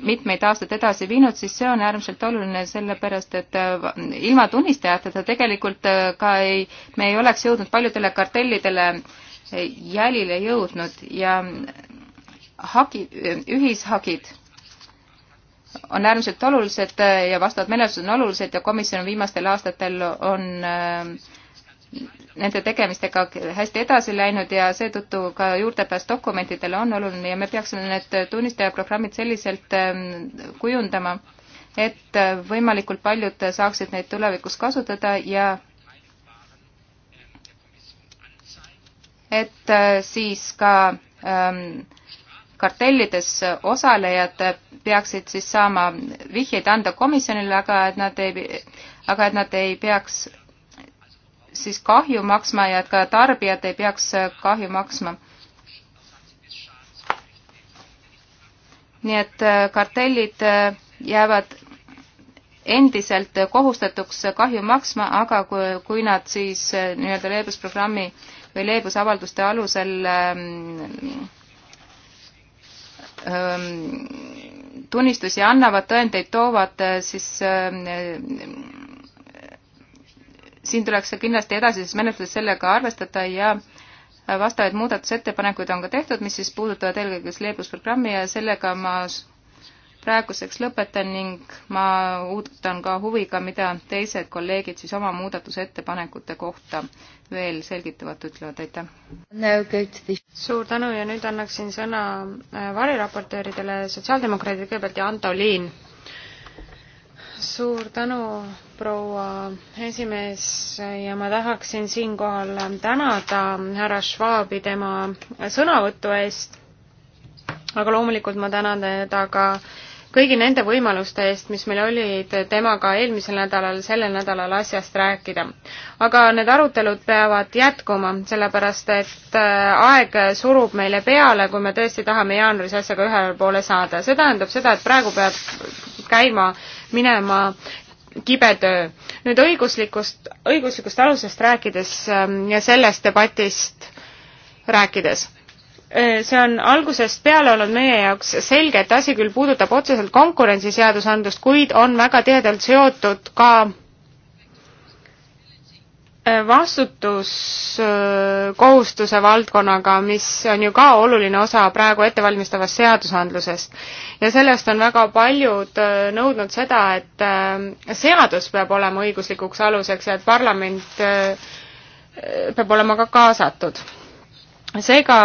mitmeid aastaid edasi viinud, siis see on äärmiselt oluline, sellepärast et äh, ilma tunnistajateta tegelikult äh, ka ei, me ei oleks jõudnud paljudele kartellidele äh, jälile jõudnud ja hagi, ühishagid on äärmiselt olulised ja vastavad menetlused on olulised ja komisjon viimastel aastatel on äh, nende tegemistega hästi edasi läinud ja seetõttu ka juurdepääs dokumentidele on oluline ja me peaksime need tunnistajaprogrammid selliselt ähm, kujundama, et äh, võimalikult paljud saaksid neid tulevikus kasutada ja et äh, siis ka ähm, kartellides osalejad peaksid siis saama vihjeid anda komisjonile, aga et nad ei, aga et nad ei peaks siis kahju maksma ja et ka tarbijad ei peaks äh, kahju maksma. nii et äh, kartellid äh, jäävad endiselt kohustatuks kahju maksma, aga kui, kui nad siis nii-öelda leebusprogrammi või leebusavalduste alusel ähm, ähm, tunnistusi annavad, tõendeid toovad, siis ähm, siin tuleks kindlasti edasises menetluses sellega arvestada ja vastavaid muudatusettepanekuid on ka tehtud, mis siis puudutavad eelkõige leebusprogrammi ja sellega ma praeguseks lõpetan ning ma ootan ka huviga, mida teised kolleegid siis oma muudatusettepanekute kohta veel selgitavat ütlevad, aitäh no,! suur tänu ja nüüd annaksin sõna äh, variraportööridele, sotsiaaldemokraadid kõigepealt ja Anto Liin suur tänu, proua esimees ja ma tahaksin siinkohal tänada härra Schwabi tema sõnavõtu eest. aga loomulikult ma tänan teda ka kõigi nende võimaluste eest, mis meil olid temaga eelmisel nädalal, sellel nädalal asjast rääkida. aga need arutelud peavad jätkuma, sellepärast et äh, aeg surub meile peale, kui me tõesti tahame jaanuaris asjaga ühele poole saada. see tähendab seda, et praegu peab käima äh, minema kibetöö. nüüd õiguslikust, õiguslikust alusest rääkides ähm, ja sellest debatist rääkides äh, see on algusest peale olnud meie jaoks selge, et asi küll puudutab otseselt konkurentsiseadusandlust, kuid on väga tihedalt seotud ka vastutuskohustuse valdkonnaga, mis on ju ka oluline osa praegu ettevalmistavast seadusandlusest. ja sellest on väga paljud äh, nõudnud seda, et äh, seadus peab olema õiguslikuks aluseks ja et parlament äh, peab olema ka kaasatud. seega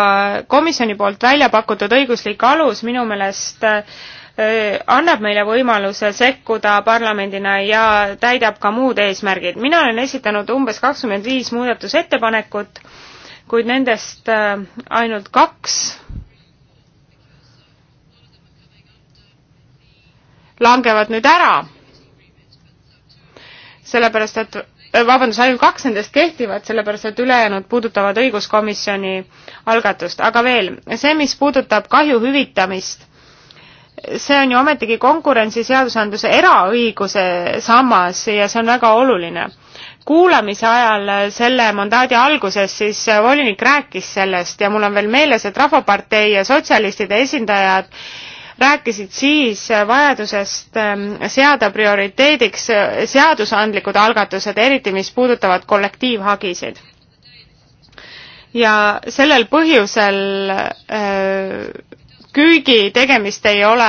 komisjoni poolt välja pakutud õiguslik alus minu meelest äh, annab meile võimaluse sekkuda parlamendina ja täidab ka muud eesmärgid. mina olen esitanud umbes kakskümmend viis muudatusettepanekut, kuid nendest ainult kaks langevad nüüd ära. sellepärast, et vabandust, ainult kaks nendest kehtivad, sellepärast et ülejäänud puudutavad õiguskomisjoni algatust, aga veel, see, mis puudutab kahju hüvitamist see on ju ometigi konkurentsiseadusandluse eraõiguse sammas ja see on väga oluline. kuulamise ajal selle mandaadi alguses siis volinik rääkis sellest ja mul on veel meeles, et Rahvapartei ja sotsialistide esindajad rääkisid siis vajadusest ähm, seada prioriteediks seadusandlikud algatused, eriti mis puudutavad kollektiivhagisid. ja sellel põhjusel öö, äh, kuigi tegemist ei ole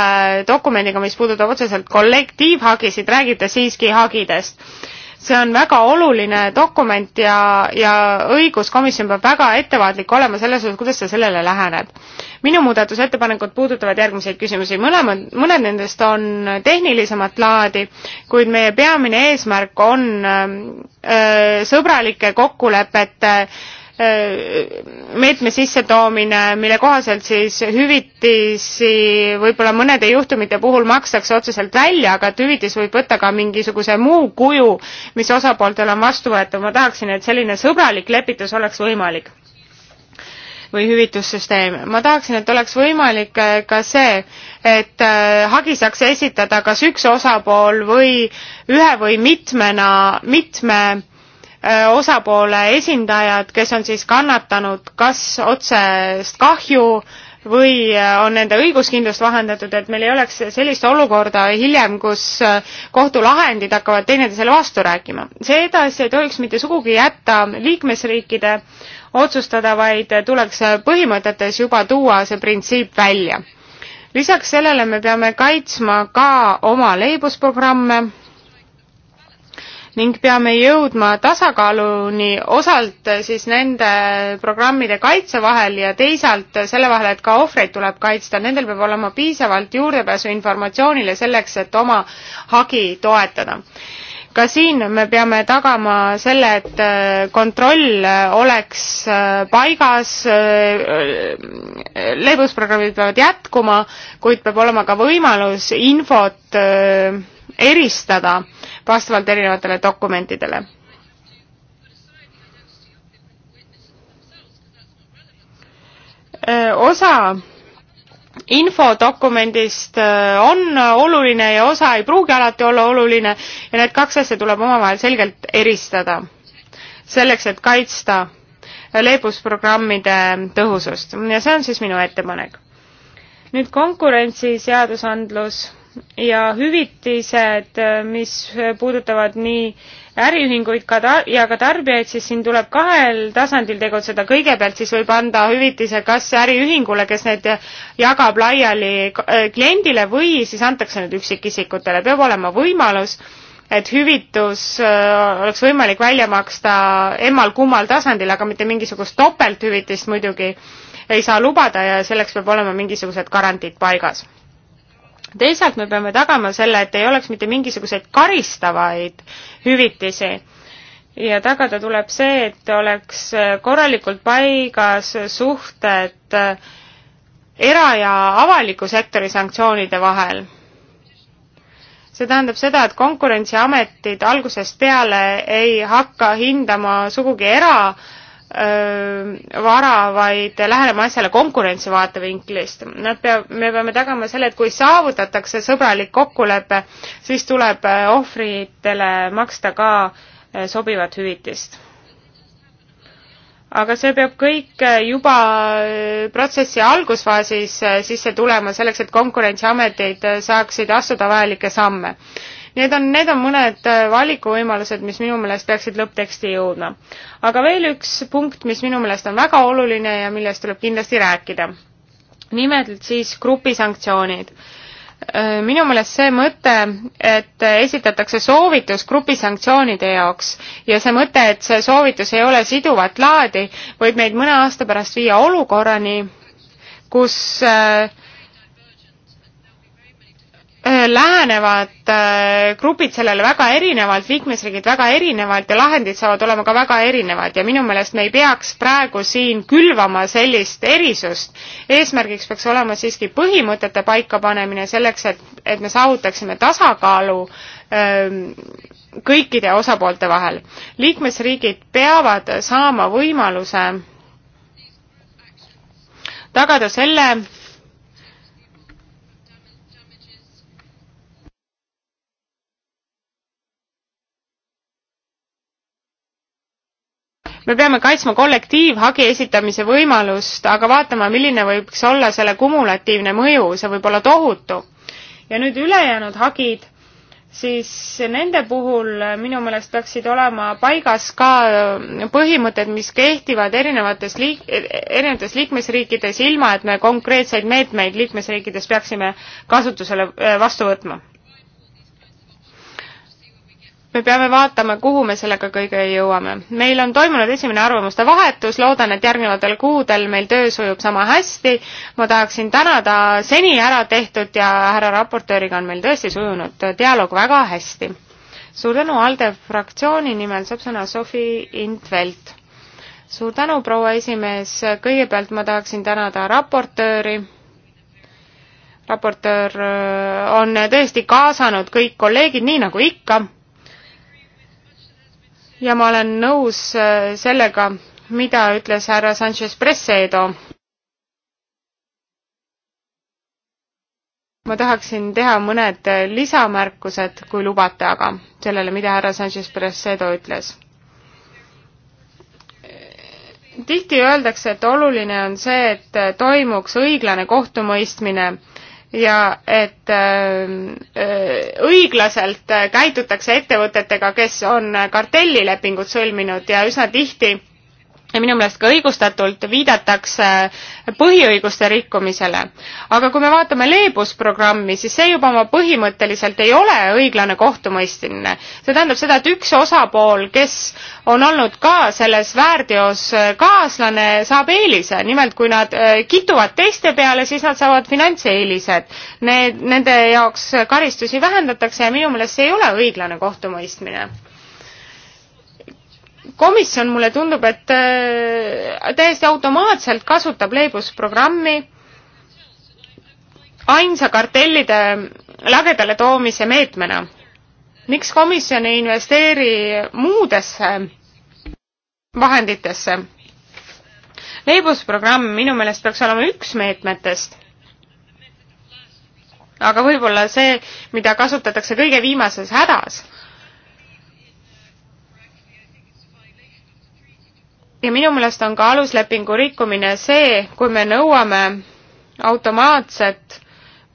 dokumendiga, mis puudutab otseselt kollektiivhagisid, räägib ta siiski hagidest. see on väga oluline dokument ja, ja õiguskomisjon peab väga ettevaatlik olema selles osas, kuidas ta sellele läheneb. minu muudatusettepanekud puudutavad järgmiseid küsimusi, mõlemad, mõned nendest on tehnilisemat laadi, kuid meie peamine eesmärk on öö, ähm, äh, sõbralike kokkulepete öö, Äh, meetme sissetoomine, mille kohaselt siis hüvitisi võib-olla mõnede juhtumite puhul makstakse otseselt välja, aga et hüvitis võib võtta ka mingisuguse muu kuju, mis osapooltel on vastuvõetav. ma tahaksin, et selline sõbralik lepitus oleks võimalik või hüvitussüsteem. ma tahaksin, et oleks võimalik äh, ka see, et äh, hagi saaks esitada kas üks osapool või ühe või mitmena, mitme Äh, osapoole esindajad, kes on siis kannatanud kas otsest kahju või äh, on nende õiguskindlust vahendatud, et meil ei oleks sellist olukorda hiljem, kus äh, kohtulahendid hakkavad teineteisele vastu rääkima. sedasi ei tohiks mitte sugugi jätta liikmesriikide otsustada, vaid tuleks põhimõtetes juba tuua see printsiip välja. lisaks sellele me peame kaitsma ka oma leibusprogramme ning peame jõudma tasakaaluni osalt siis nende programmide kaitse vahel ja teisalt selle vahel, et ka ohvreid tuleb kaitsta, nendel peab olema piisavalt juurdepääsu informatsioonile selleks, et oma hagi toetada ka siin me peame tagama selle, et äh, kontroll äh, oleks äh, paigas, leebusprogrammid peavad jätkuma, kuid peab olema ka võimalus infot eristada vastavalt erinevatele dokumentidele. osa infodokumendist on oluline ja osa ei pruugi alati olla oluline ja need kaks asja tuleb omavahel selgelt eristada selleks, et kaitsta leebusprogrammide tõhusust ja see on siis minu ettepanek. nüüd konkurentsiseadusandlus ja hüvitised, mis puudutavad nii äriühinguid ka ta- ja ka tarbijaid, siis siin tuleb kahel tasandil tegutseda, kõigepealt siis võib anda hüvitise kas äriühingule, kes need jagab laiali äh, kliendile või siis antakse need üksikisikutele, peab olema võimalus, et hüvitus äh, oleks võimalik välja maksta emmal-kummal tasandil, aga mitte mingisugust topelthüvitist muidugi ei saa lubada ja selleks peab olema mingisugused garantiid paigas teisalt me peame tagama selle, et ei oleks mitte mingisuguseid karistavaid hüvitisi ja tagada tuleb see, et oleks korralikult paigas suhted era- ja avaliku sektori sanktsioonide vahel. see tähendab seda, et Konkurentsiametid algusest peale ei hakka hindama sugugi era- Äh, vara, vaid lähenema asjale konkurentsi vaatevinklist. Nad peab, me peame tagama selle, et kui saavutatakse sõbralik kokkulepe, siis tuleb äh, ohvritele maksta ka äh, sobivat hüvitist. aga see peab kõik juba protsessi algusfaasis sisse tulema, selleks et Konkurentsiametid saaksid astuda vajalikke samme Need on, need on mõned äh, valikuvõimalused, mis minu meelest peaksid lõppteksti jõudma. aga veel üks punkt, mis minu meelest on väga oluline ja millest tuleb kindlasti rääkida. nimelt siis grupisanktsioonid äh, minu meelest see mõte, et esitatakse soovitus grupisanktsioonide jaoks ja see mõte, et see soovitus ei ole siduvat laadi, võib meid mõne aasta pärast viia olukorrani, kus äh, lähenevad grupid sellele väga erinevalt, liikmesriigid väga erinevalt ja lahendid saavad olema ka väga erinevad ja minu meelest me ei peaks praegu siin külvama sellist erisust. eesmärgiks peaks olema siiski põhimõtete paikapanemine selleks, et, et me saavutaksime tasakaalu kõikide osapoolte vahel. liikmesriigid peavad saama võimaluse tagada selle, me peame kaitsma kollektiivhagi esitamise võimalust, aga vaatama, milline võiks olla selle kumulatiivne mõju, see võib olla tohutu. ja nüüd ülejäänud hagid, siis nende puhul minu meelest peaksid olema paigas ka äh, põhimõtted, mis kehtivad erinevates liik-, erinevates liikmesriikides, ilma et me konkreetseid meetmeid liikmesriikides peaksime kasutusele äh, vastu võtma me peame vaatama, kuhu me sellega kõige jõuame. meil on toimunud esimene arvamuste vahetus, loodan, et järgnevatel kuudel meil töö sujub sama hästi. ma tahaksin tänada seni ära tehtud ja härra raportööriga on meil tõesti sujunud dialoog väga hästi. suur tänu, ALDE fraktsiooni nimel saab sõna Sofi Intvelt. suur tänu, proua esimees, kõigepealt ma tahaksin tänada raportööri raportöör äh, on tõesti kaasanud kõik kolleegid, nii nagu ikka ja ma olen nõus äh, sellega, mida ütles härra Sanchez Presedo. ma tahaksin teha mõned äh, lisamärkused, kui lubate, aga sellele, mida härra Sanchez Presedo ütles. tihti öeldakse, et oluline on see, et äh, toimuks õiglane kohtumõistmine ja et äh, äh, õiglaselt käitutakse ettevõtetega, kes on kartellilepingud sõlminud ja üsna tihti ja minu meelest ka õigustatult viidatakse põhiõiguste rikkumisele. aga kui me vaatame Leebus programmi, siis see juba oma põhimõtteliselt ei ole õiglane kohtumõistmine. see tähendab seda, et üks osapool, kes on olnud ka selles väärteos kaaslane, saab eelise. nimelt, kui nad äh, kituvad teiste peale, siis nad saavad finantseelised. Need, nende jaoks karistusi vähendatakse ja minu meelest see ei ole õiglane kohtumõistmine komisjon, mulle tundub, et äh, täiesti automaatselt kasutab leebusprogrammi ainsa kartellide lagedale toomise meetmena. miks komisjon ei investeeri muudesse vahenditesse? leebusprogramm minu meelest peaks olema üks meetmetest, aga võib-olla see, mida kasutatakse kõige viimases hädas ja minu meelest on ka aluslepingu rikkumine see, kui me nõuame automaatset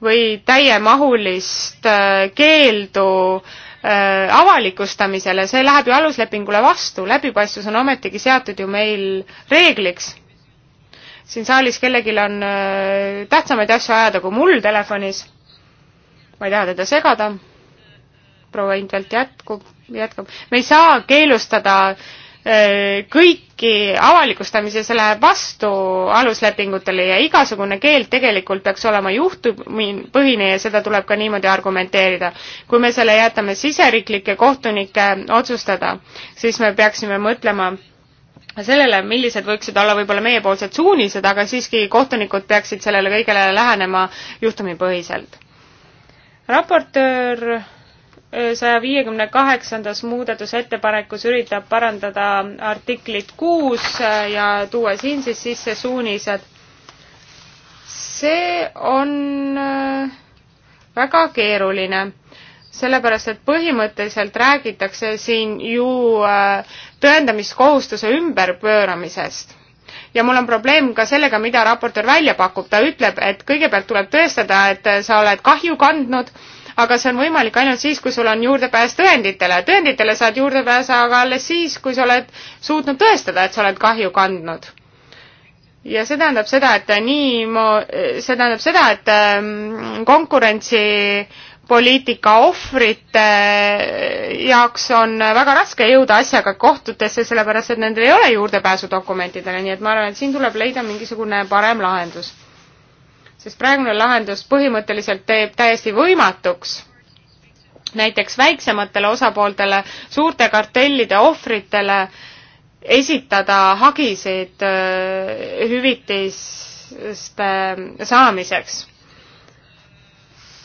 või täiemahulist äh, keeldu äh, avalikustamisele, see läheb ju aluslepingule vastu, läbipaistvus on ometigi seatud ju meil reegliks. siin saalis kellelgi on äh, tähtsamaid asju ajada kui mul telefonis. ma ei taha teda segada. proua Intvelt jätkub, jätkab. me ei saa keelustada äh, Äh, kõiki avalikustamise, see läheb vastu aluslepingutele ja igasugune keeld tegelikult peaks olema juhtumipõhine ja seda tuleb ka niimoodi argumenteerida. kui me selle jätame siseriiklike kohtunike otsustada, siis me peaksime mõtlema sellele, millised võiksid olla võib-olla meiepoolsed suunised, aga siiski kohtunikud peaksid sellele kõigele lähenema juhtumipõhiselt. raportöör saja viiekümne kaheksandas muudatusettepanekus üritab parandada artiklit kuus äh, ja tuua siin siis sisse suunised. see on äh, väga keeruline, sellepärast et põhimõtteliselt räägitakse siin ju äh, tõendamiskohustuse ümberpööramisest ja mul on probleem ka sellega, mida raportöör välja pakub, ta ütleb, et kõigepealt tuleb tõestada, et sa oled kahju kandnud aga see on võimalik ainult siis, kui sul on juurdepääs tõenditele. tõenditele saad juurdepääse aga alles siis, kui sa oled suutnud tõestada, et sa oled kahju kandnud. ja see tähendab seda, et nii mo-, see tähendab seda, et ähm, konkurentsi poliitika ohvrite äh, jaoks on väga raske jõuda asjaga kohtutesse, sellepärast et nendel ei ole juurdepääsu dokumentidele, nii et ma arvan, et siin tuleb leida mingisugune parem lahendus sest praegune lahendus põhimõtteliselt teeb täiesti võimatuks näiteks väiksematele osapooltele, suurte kartellide ohvritele esitada hagisid äh, hüvitiste saamiseks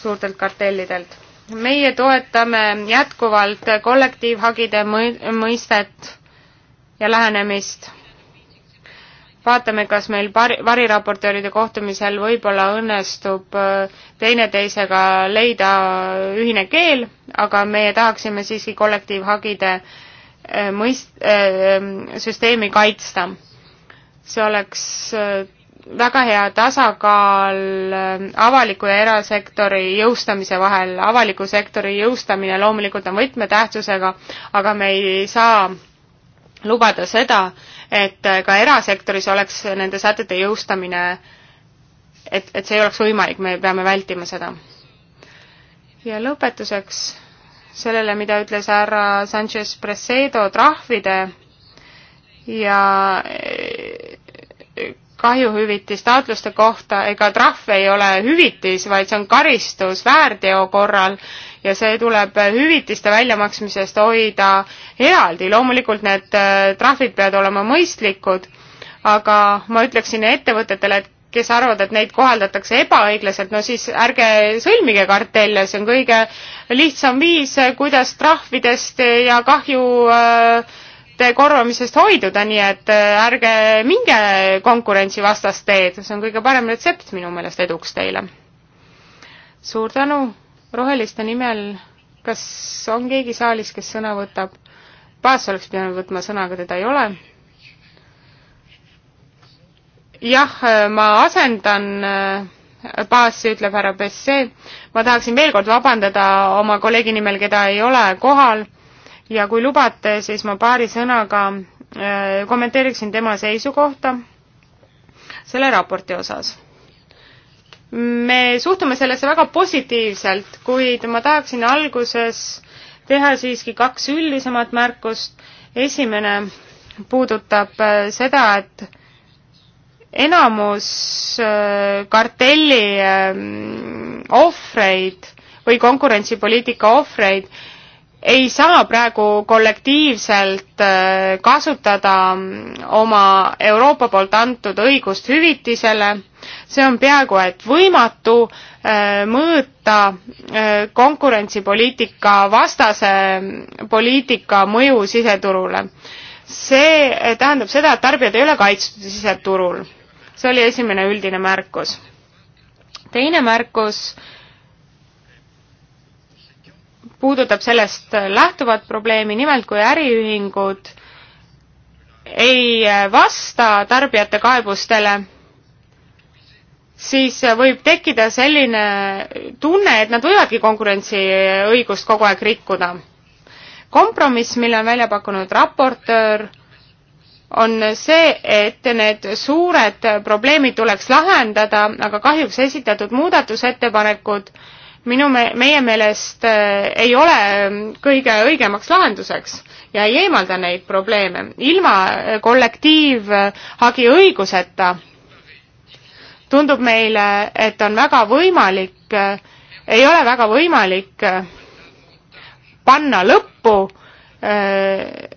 suurtelt kartellidelt. meie toetame jätkuvalt kollektiivhagide mõistet ja lähenemist vaatame, kas meil pari, variraportööride kohtumisel võib-olla õnnestub äh, teineteisega leida ühine keel, aga meie tahaksime siiski kollektiivhagide äh, mõist- äh,, ähm, süsteemi kaitsta. see oleks äh, väga hea tasakaal avaliku ja erasektori jõustamise vahel. avaliku sektori jõustamine loomulikult on võtmetähtsusega, aga me ei saa lubada seda, et äh, ka erasektoris oleks nende sätete jõustamine, et, et see ei oleks võimalik, me peame vältima seda. ja lõpetuseks sellele, mida ütles härra Sanchez Presedo trahvide ja äh, kahjuhüvitistaotluste kohta, ega trahv ei ole hüvitis, vaid see on karistus väärteo korral ja see tuleb hüvitiste väljamaksmisest hoida eraldi. loomulikult need äh, trahvid peavad olema mõistlikud, aga ma ütleksin ettevõtetele, et kes arvavad, et neid kohaldatakse ebaõiglaselt, no siis ärge sõlmige kartelle, see on kõige lihtsam viis, kuidas trahvidest ja kahjude äh, korvamisest hoiduda, nii et äh, ärge minge konkurentsi vastast teed, see on kõige parem retsept minu meelest eduks teile. suur tänu! roheliste nimel, kas on keegi saalis, kes sõna võtab? Paas oleks pidanud võtma sõna, aga teda ei ole. jah, ma asendan Paasi, äh, ütleb härra Besse. ma tahaksin veel kord vabandada oma kolleegi nimel, keda ei ole kohal ja kui lubate, siis ma paari sõnaga äh, kommenteeriksin tema seisukohta selle raporti osas me suhtume sellesse väga positiivselt, kuid ma tahaksin alguses teha siiski kaks üldisemat märkust. esimene puudutab äh, seda, et enamus äh, kartelli ähm, ohvreid või konkurentsipoliitika ohvreid ei saa praegu kollektiivselt äh, kasutada oma Euroopa poolt antud õigust hüvitisele see on peaaegu et võimatu äh, mõõta äh, konkurentsipoliitika vastase äh, poliitika mõju siseturule. see tähendab seda, et tarbijad ei ole kaitstud siseturul. see oli esimene üldine märkus. teine märkus puudutab sellest lähtuvat probleemi, nimelt kui äriühingud ei vasta tarbijate kaebustele, siis võib tekkida selline tunne, et nad võivadki konkurentsiõigust kogu aeg rikkuda. kompromiss, mille on välja pakkunud raportöör, on see, et need suured probleemid tuleks lahendada, aga kahjuks esitatud muudatusettepanekud minu me-, meie meelest äh, ei ole kõige õigemaks lahenduseks ja ei eemalda neid probleeme. ilma kollektiivhagi õiguseta tundub meile, et on väga võimalik, ei ole väga võimalik panna lõppu eh,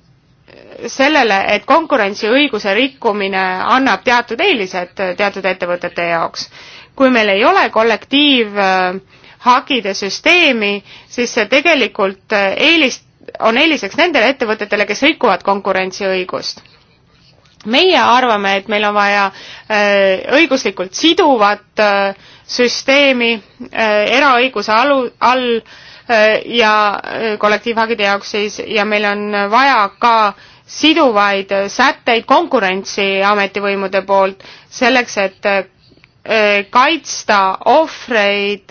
sellele, et konkurentsiõiguse rikkumine annab teatud eelised teatud ettevõtete jaoks. kui meil ei ole kollektiivhagide eh, süsteemi, siis see tegelikult eh, eelist, on eeliseks nendele ettevõtetele, kes rikuvad konkurentsiõigust meie arvame, et meil on vaja äh, õiguslikult siduvat äh, süsteemi äh, eraõiguse alu-, all ja kollektiivhagide jaoks siis ja meil on vaja ka siduvaid sätteid konkurentsi ametivõimude poolt selleks, et kaitsta ohvreid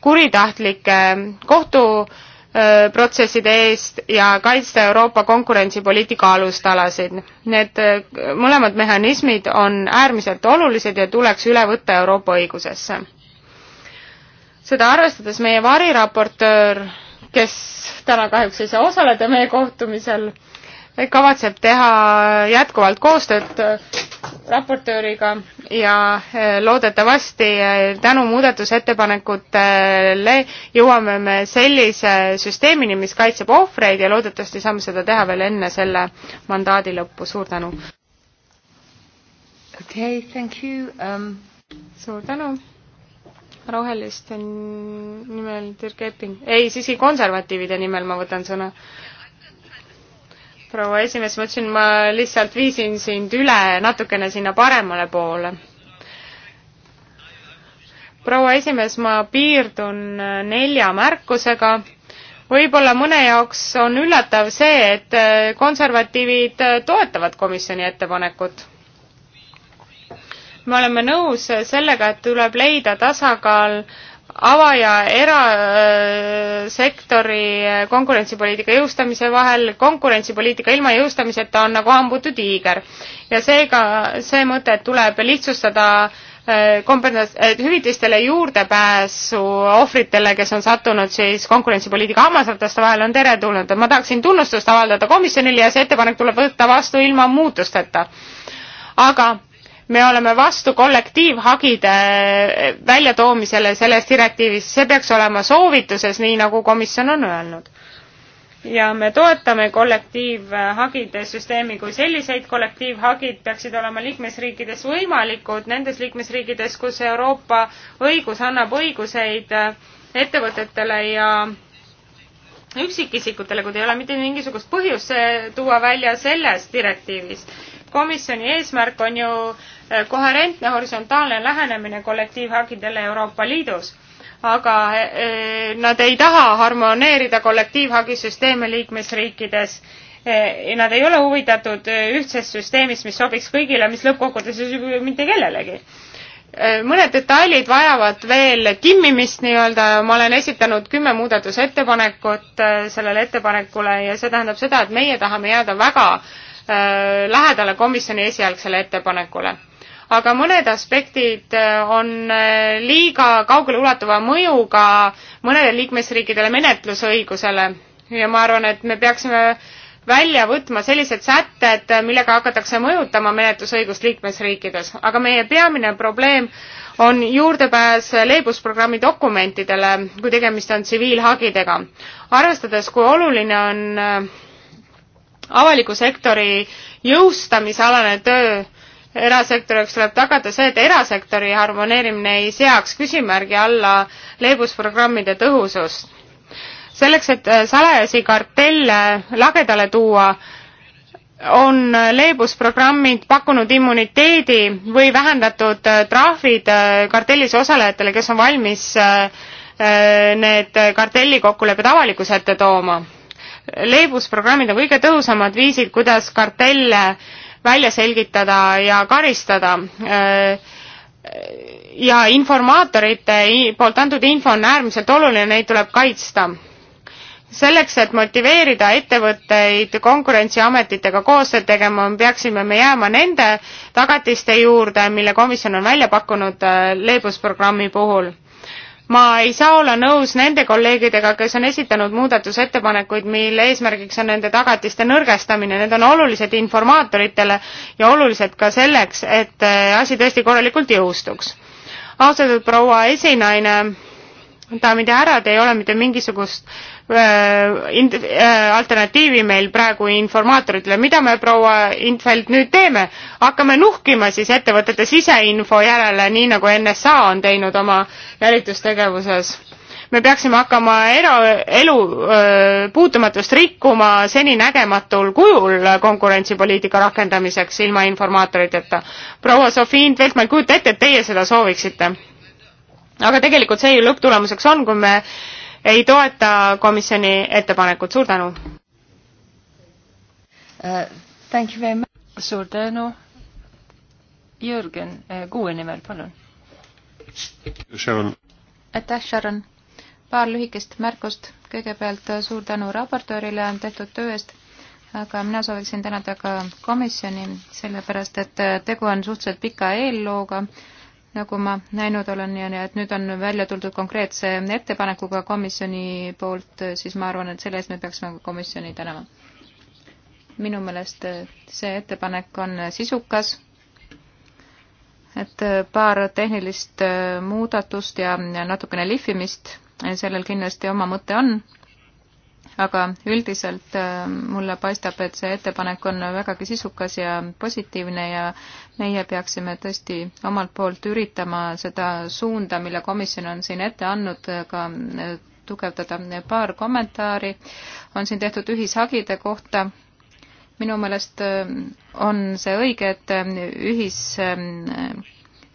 kuritahtlike kohtu äh, protsesside eest ja kaitsta Euroopa konkurentsipoliitika alustalasid. Need mõlemad mehhanismid on äärmiselt olulised ja tuleks üle võtta Euroopa õigusesse. seda arvestades meie variraportöör, kes täna kahjuks ei saa osaleda meie kohtumisel, kavatseb teha jätkuvalt koostööd äh, raportööriga ja äh, loodetavasti äh, tänu muudatusettepanekutele jõuame me sellise süsteemini, mis kaitseb ohvreid ja loodetavasti saame seda teha veel enne selle mandaadi lõppu, suur tänu! okei okay,, thank you um.... suur tänu! roheliste nimel Dirk Epping, ei siiski konservatiivide nimel ma võtan sõna proua esimees, ma ütlesin, ma lihtsalt viisin sind üle natukene sinna paremale poole. proua esimees, ma piirdun nelja märkusega. võib-olla mõne jaoks on üllatav see, et konservatiivid toetavad komisjoni ettepanekut. me oleme nõus sellega, et tuleb leida tasakaal äh, ava- ja erasektori äh, konkurentsipoliitika jõustamise vahel, konkurentsipoliitika ilma jõustamiseta on nagu hambutu tiiger. ja seega see mõte, et tuleb lihtsustada äh, kompensats-, äh, hüvitistele juurdepääsu ohvritele, kes on sattunud siis konkurentsipoliitika hammasrataste vahel, on teretulnud. ma tahaksin tunnustust avaldada komisjonile ja see ettepanek tuleb võtta vastu ilma muutusteta. aga me oleme vastu kollektiivhagide väljatoomisele selles direktiivis, see peaks olema soovituses, nii nagu komisjon on öelnud. ja me toetame kollektiivhagide süsteemi kui selliseid, kollektiivhagid peaksid olema liikmesriikides võimalikud, nendes liikmesriikides, kus Euroopa õigus annab õiguseid ettevõtetele ja üksikisikutele, kui ei ole mitte mingisugust põhjust tuua välja selles direktiivis. komisjoni eesmärk on ju äh, koherentne horisontaalne lähenemine kollektiivhagidele Euroopa Liidus, aga e, nad ei taha harmoneerida kollektiivhagisüsteeme liikmesriikides. E, nad ei ole huvitatud e, ühtsest süsteemist, mis sobiks kõigile, mis lõppkokkuvõttes ei sobi mitte kellelegi mõned detailid vajavad veel kimmimist nii-öelda, ma olen esitanud kümme muudatusettepanekut sellele ettepanekule ja see tähendab seda, et meie tahame jääda väga äh, lähedale komisjoni esialgsele ettepanekule aga mõned aspektid äh, on äh, liiga kaugeleulatuva mõjuga mõnedele liikmesriikidele menetlusõigusele ja ma arvan, et me peaksime välja võtma sellised sätted, äh, millega hakatakse mõjutama menetlusõigust liikmesriikides, aga meie peamine probleem on juurdepääs leebusprogrammi dokumentidele, kui tegemist on tsiviilhagidega. arvestades, kui oluline on avaliku sektori jõustamisealane töö erasektori jaoks tuleb tagada see, et erasektori harmoneerimine ei seaks küsimärgi alla leebusprogrammide tõhusust. selleks, et äh, salajasi kartelle lagedale tuua, on leebusprogrammid pakkunud immuniteedi või vähendatud äh, trahvid äh, kartellis osalejatele, kes on valmis need kartellikokkulepped avalikkuse ette tooma. leebusprogrammid on kõige tõhusamad viisid, kuidas kartelle välja selgitada ja karistada. ja informaatorite poolt antud info on äärmiselt oluline, neid tuleb kaitsta selleks, et motiveerida ettevõtteid konkurentsiametitega koostööd tegema, peaksime me jääma nende tagatiste juurde, mille komisjon on välja pakkunud äh, leebusprogrammi puhul ma ei saa olla nõus nende kolleegidega, kes on esitanud muudatusettepanekuid, mille eesmärgiks on nende tagatiste nõrgestamine, need on olulised informaatoritele ja olulised ka selleks, et eh, asi tõesti korralikult jõustuks. austatud proua esinaine, daamid ja härrad, ei ole mitte mingisugust Äh, äh, alternatiivi meil praegu informaatoritele, mida me, proua Infeld, nüüd teeme? hakkame nuhkima siis ettevõtete siseinfo järele, nii nagu NSA on teinud oma jälitustegevuses? me peaksime hakkama era, elu äh, puutumatust rikkuma seninägematul kujul konkurentsipoliitika rakendamiseks ilma informaatoriteta. proua Sofi Intvelt, ma ei kujuta ette, et teie seda sooviksite. aga tegelikult see ju lõpptulemuseks on, kui me ei toeta komisjoni ettepanekut, suur tänu uh,! suur tänu! Jürgen eh, Kuue nimel, palun! Sharon. aitäh, Sharon! paar lühikest märkust. kõigepealt eh, suur tänu raportöörile tehtud töö eest, aga mina sooviksin tänada ka komisjoni, sellepärast et eh, tegu on suhteliselt pika eellooga äh, nagu ma näinud olen ja et nüüd on välja tuldud konkreetse ettepanekuga komisjoni poolt, siis ma arvan, et selle eest me peaksime komisjoni tänama. minu meelest see ettepanek on sisukas, et paar tehnilist muudatust ja natukene lihvimist, sellel kindlasti oma mõte on aga üldiselt äh, mulle paistab, et see ettepanek on vägagi sisukas ja positiivne ja meie peaksime tõesti omalt poolt üritama seda suunda, mille komisjon on siin ette andnud, äh, ka äh, tugevdada. paar kommentaari on siin tehtud ühishagide kohta minu meelest on see õige, et ühis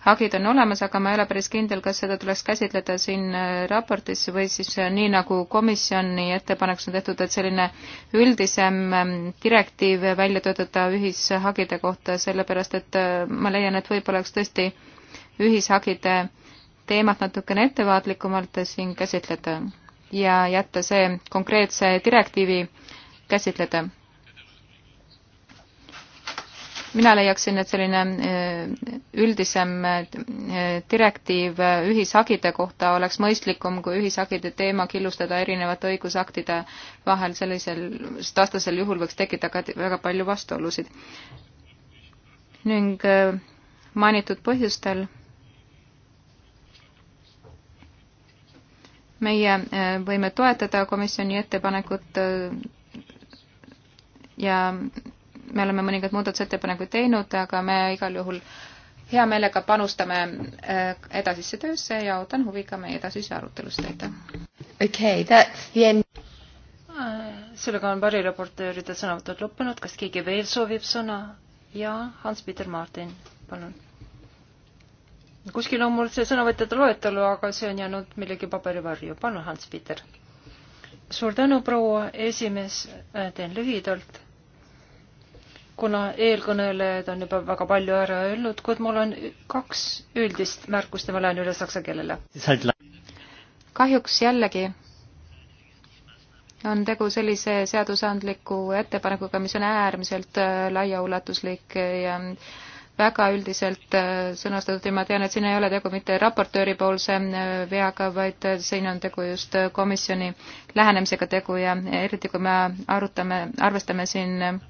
hagid on olemas, aga ma ei ole päris kindel, kas seda tuleks käsitleda siin äh, raportis või siis äh, nii, nagu komisjoni ettepanekus on tehtud, et selline üldisem ähm, direktiiv välja töötada ühishagide kohta, sellepärast et äh, ma leian, et võib-olla oleks tõesti ühishagide teemat natukene ettevaatlikumalt siin käsitleda ja jätta see konkreetse direktiivi käsitleda mina leiaksin, et selline äh, üldisem äh, direktiiv äh, ühishagide kohta oleks mõistlikum, kui ühishagide teema killustada erinevate õigusaktide vahel, sellisel, sest vastasel juhul võiks tekkida ka väga palju vastuolusid. ning mainitud põhjustel meie võime toetada komisjoni ettepanekut ja me oleme mõningad muudatusettepanekud teinud, aga me igal juhul hea meelega panustame äh, edasisse töösse ja ootan huviga meie edasisi arutelusid, aitäh! okei okay,, that's the end. Äh, sellega on variraportööride sõnavõtud lõppenud, kas keegi veel soovib sõna? jaa, Hans-Peter Martin, palun. kuskil on mul see sõnavõtjate loetelu, aga see on jäänud millegi paberi varju, palun, Hans-Peter. suur tänu, proua esimees, äh, teen lühidalt kuna eelkõnelejad on juba väga palju ära öelnud, kuid mul on kaks üldist märkust ja ma lähen üle saksa keelele. kahjuks jällegi on tegu sellise seadusandliku ettepanekuga, mis on äärmiselt äh, laiaulatuslik ja väga üldiselt äh, sõnastatud ja ma tean, et siin ei ole tegu mitte raportööri poolse äh, veaga, vaid siin on tegu just komisjoni lähenemisega tegu ja eriti, kui me arutame, arvestame siin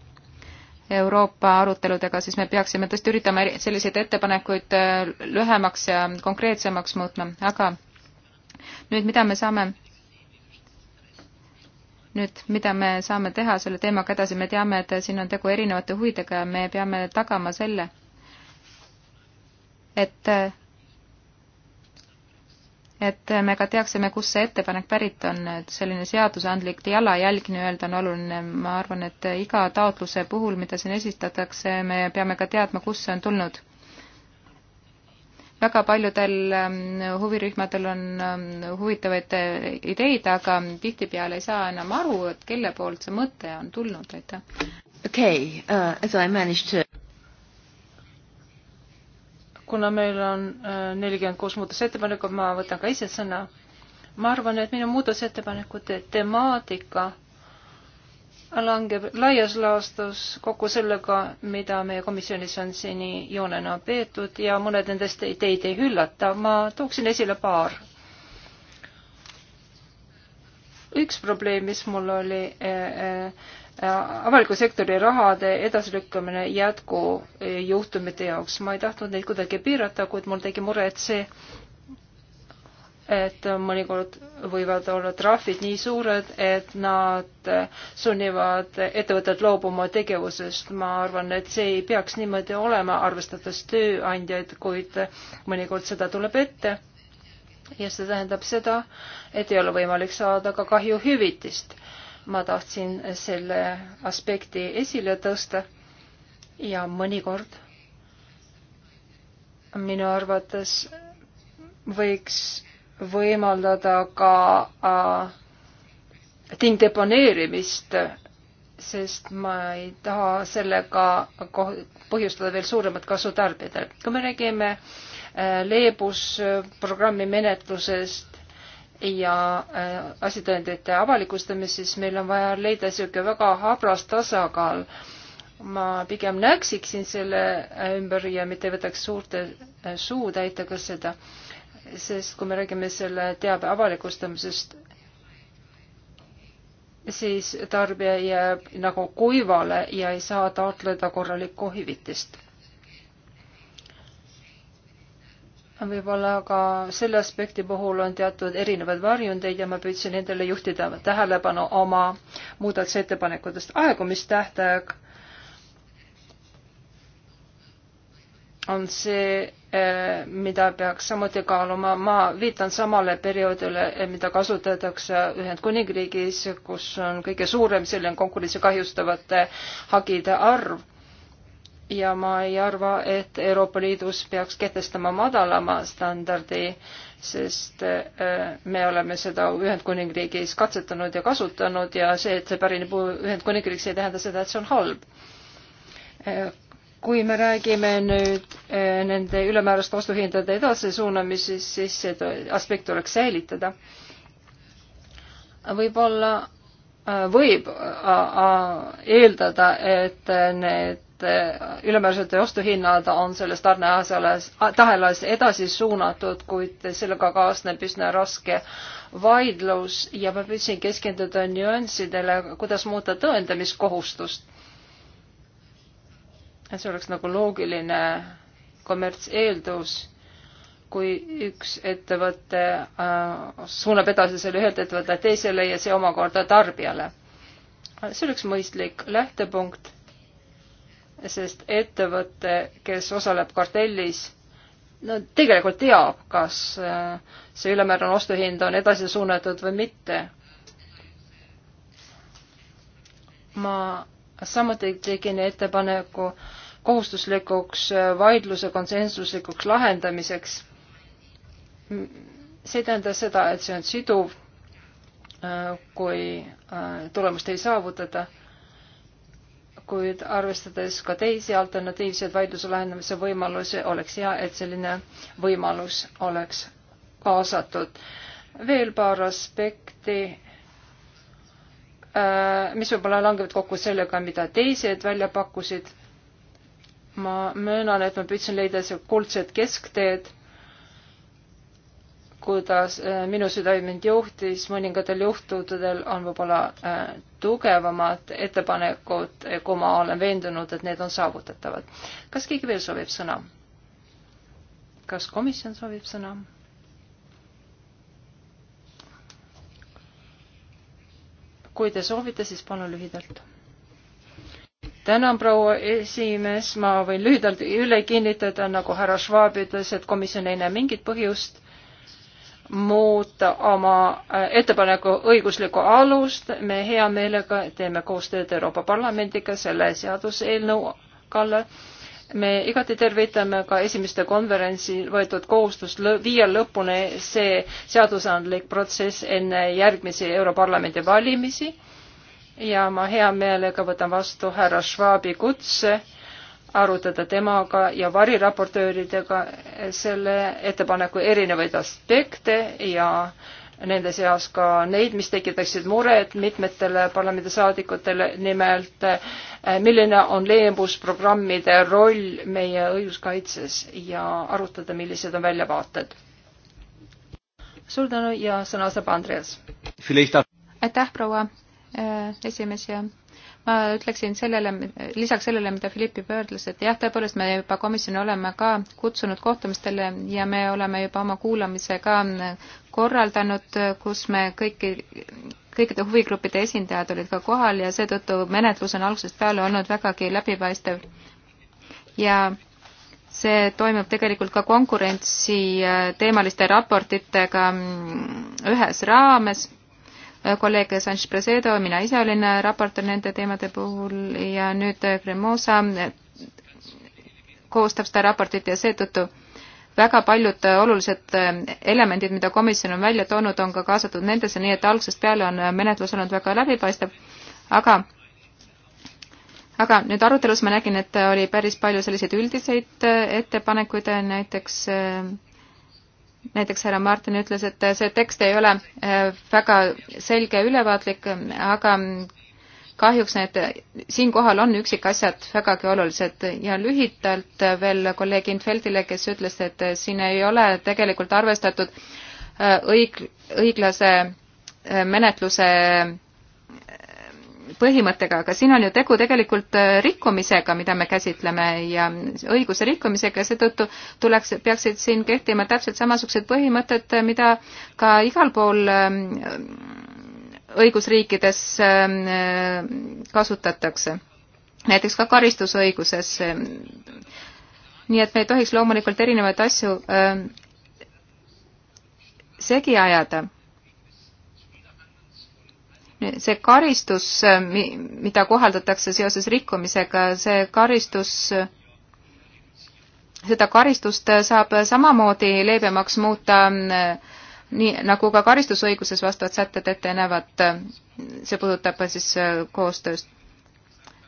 Euroopa aruteludega, siis me peaksime tõesti üritama selliseid ettepanekuid äh, lühemaks ja konkreetsemaks muutma, aga nüüd mida me saame nüüd, mida me saame teha selle teemaga edasi, me teame, et siin on tegu erinevate huvidega ja me peame tagama selle, et äh, et me ka teaksime, kust see ettepanek pärit on, et selline seadusandlik jalajälg nii-öelda on oluline, ma arvan, et iga taotluse puhul, mida siin esitatakse, me peame ka teadma, kust see on tulnud. väga paljudel ähm, huvirühmadel on ähm, huvitavaid äh, ideid, aga tihtipeale ei saa enam aru, et kelle poolt see mõte on tulnud, aitäh. okei okay, uh,, as I managed to kuna meil on äh, nelikümmend kuus muudatusettepanekut, ma võtan ka ise sõna. ma arvan, et minu muudatusettepanekute temaatika langeb laias laastus kokku sellega, mida meie komisjonis on seni joonena peetud ja mõned nendest teid ei üllata. ma tooksin esile paar. üks probleem, mis mul oli äh, äh, Äh, avaliku sektori rahade edasilükkamine jätkujuhtumite jaoks. ma ei tahtnud neid kuidagi piirata, kuid mul tegi mure, et see, et mõnikord võivad olla trahvid nii suured, et nad sunnivad ettevõtet loobuma tegevusest. ma arvan, et see ei peaks niimoodi olema, arvestades tööandjaid, kuid mõnikord seda tuleb ette. ja see tähendab seda, et ei ole võimalik saada ka kahjuhüvitist ma tahtsin selle aspekti esile tõsta ja mõnikord minu arvates võiks võimaldada ka äh, tingdeponeerimist, sest ma ei taha sellega põhjustada veel suuremat kasu tarbijatele. kui me räägime äh, leebusprogrammi menetlusest ja äh, asitõendite avalikustamist, siis meil on vaja leida niisugune väga habras tasakaal. ma pigem näksiksin selle äh, ümber ja mitte võtaks suurte äh, suutäitega seda, sest kui me räägime selle teabe avalikustamisest, siis tarbija jääb nagu kuivale ja ei saa taotleda korralikku hüvitist võib-olla ka selle aspekti puhul on teatud erinevaid varjundeid ja ma püüdsin nendele juhtida tähelepanu oma muudatusettepanekutest. aegumistähtaeg on see, eh, mida peaks samuti kaaluma. ma viitan samale perioodile, eh, mida kasutatakse Ühendkuningriigis, kus on kõige suurem selline konkurentsi kahjustavate hagide arv ja ma ei arva, et Euroopa Liidus peaks kehtestama madalama standardi, sest äh, me oleme seda Ühendkuningriigis katsetanud ja kasutanud ja see, et see pärineb Ühendkuningriigis, ei tähenda seda, et see on halb. Äh, kui me räägime nüüd äh, nende ülemääraste ostuhindade edasisuunamisest, siis see aspekt tuleks säilitada. võib-olla võib eeldada, et need ülemäärsed ostuhinnad on selles tarneahelas, tahelas edasi suunatud, kuid sellega kaasneb üsna raske vaidlus ja ma püüdsin keskenduda nüanssidele, kuidas muuta tõendamiskohustust. et see oleks nagu loogiline kommertseeldus kui üks ettevõte äh, suunab edasi selle ühelt ettevõttele teisele ja see omakorda tarbijale. see oleks mõistlik lähtepunkt sest ettevõte, kes osaleb kartellis, no tegelikult teab, kas äh, see ülemäärane ostuhind on edasi suunatud või mitte. ma samuti tegin ettepaneku kohustuslikuks äh, vaidluse konsensuslikuks lahendamiseks. see tähendas seda, et see on siduv, äh, kui tulemust ei saavutata kuid arvestades ka teisi alternatiivseid vaidluse lahendamise võimalusi, oleks hea, et selline võimalus oleks kaasatud. veel paar aspekti, äh, mis võib-olla langevad kokku sellega, mida teised välja pakkusid. ma möönan, et ma püüdsin leida kuldset keskteed kuidas äh, minu süda mind juhtis, mõningatel juhtudel on võib-olla äh, tugevamat ettepanekut, kui ma olen veendunud, et need on saavutatavad. kas keegi veel soovib sõna? kas komisjon soovib sõna? kui te soovite, siis palun lühidalt. tänan, proua esimees, ma võin lühidalt üle kinnitada, nagu härra Schwab ütles, et komisjon ei näe mingit põhjust muuta oma äh, ettepaneku õiguslikku alust. me hea meelega teeme koostööd Euroopa Parlamendiga selle seaduseelnõu kallal. me igati tervitame ka esimeste konverentsil võetud kohustust viia lõpuni see seadusandlik protsess enne järgmisi Europarlamendi valimisi ja ma hea meelega võtan vastu härra Schwabi kutse arutada temaga ja variraportööridega selle ettepaneku erinevaid aspekte ja nende seas ka neid, mis tekitaksid muret mitmetele parlamendisaadikutele, nimelt eh, milline on leebusprogrammide roll meie õiguskaitses ja arutada, millised on väljavaated. suur tänu ja sõna saab Andreas. aitäh, proua eh, esimees ja ma ütleksin sellele, lisaks sellele, mida Philipp juba ütles, et jah, tõepoolest me juba komisjoni oleme ka kutsunud kohtumistele ja me oleme juba oma kuulamise ka korraldanud, kus me kõiki, kõikide huvigruppide esindajad olid ka kohal ja seetõttu menetlus on algusest peale olnud vägagi läbipaistev. ja see toimub tegelikult ka konkurentsi äh, teemaliste raportitega mm, ühes raames kolleeg Sanchez Presedo, mina ise olin raportöör nende teemade puhul ja nüüd Cremosa koostab seda raportit ja seetõttu väga paljud olulised elemendid, mida komisjon on välja toonud, on ka kaasatud nendesse, nii et algusest peale on menetlus olnud väga läbipaistev, aga aga nüüd arutelus ma nägin, et oli päris palju selliseid üldiseid ettepanekuid, näiteks näiteks härra Martin ütles, et see tekst ei ole äh, väga selge ja ülevaatlik, aga kahjuks need, siinkohal on üksikasjad vägagi olulised ja lühidalt veel kolleeg Infeldile, kes ütles, et siin ei ole tegelikult arvestatud äh, õig-, õiglase äh, menetluse põhimõttega, aga siin on ju tegu tegelikult äh, rikkumisega, mida me käsitleme ja õiguse rikkumisega ja seetõttu tuleks, peaksid siin kehtima täpselt samasugused põhimõtted, mida ka igal pool ähm, õigusriikides ähm, äh, kasutatakse. näiteks ka karistusõiguses. Ähm, nii et me ei tohiks loomulikult erinevaid asju segi ajada see karistus, mida kohaldatakse seoses rikkumisega, see karistus, seda karistust saab samamoodi leebemaks muuta, nii nagu ka karistusõiguses vastavad sätted ette näevad. see puudutab siis äh, koostööst.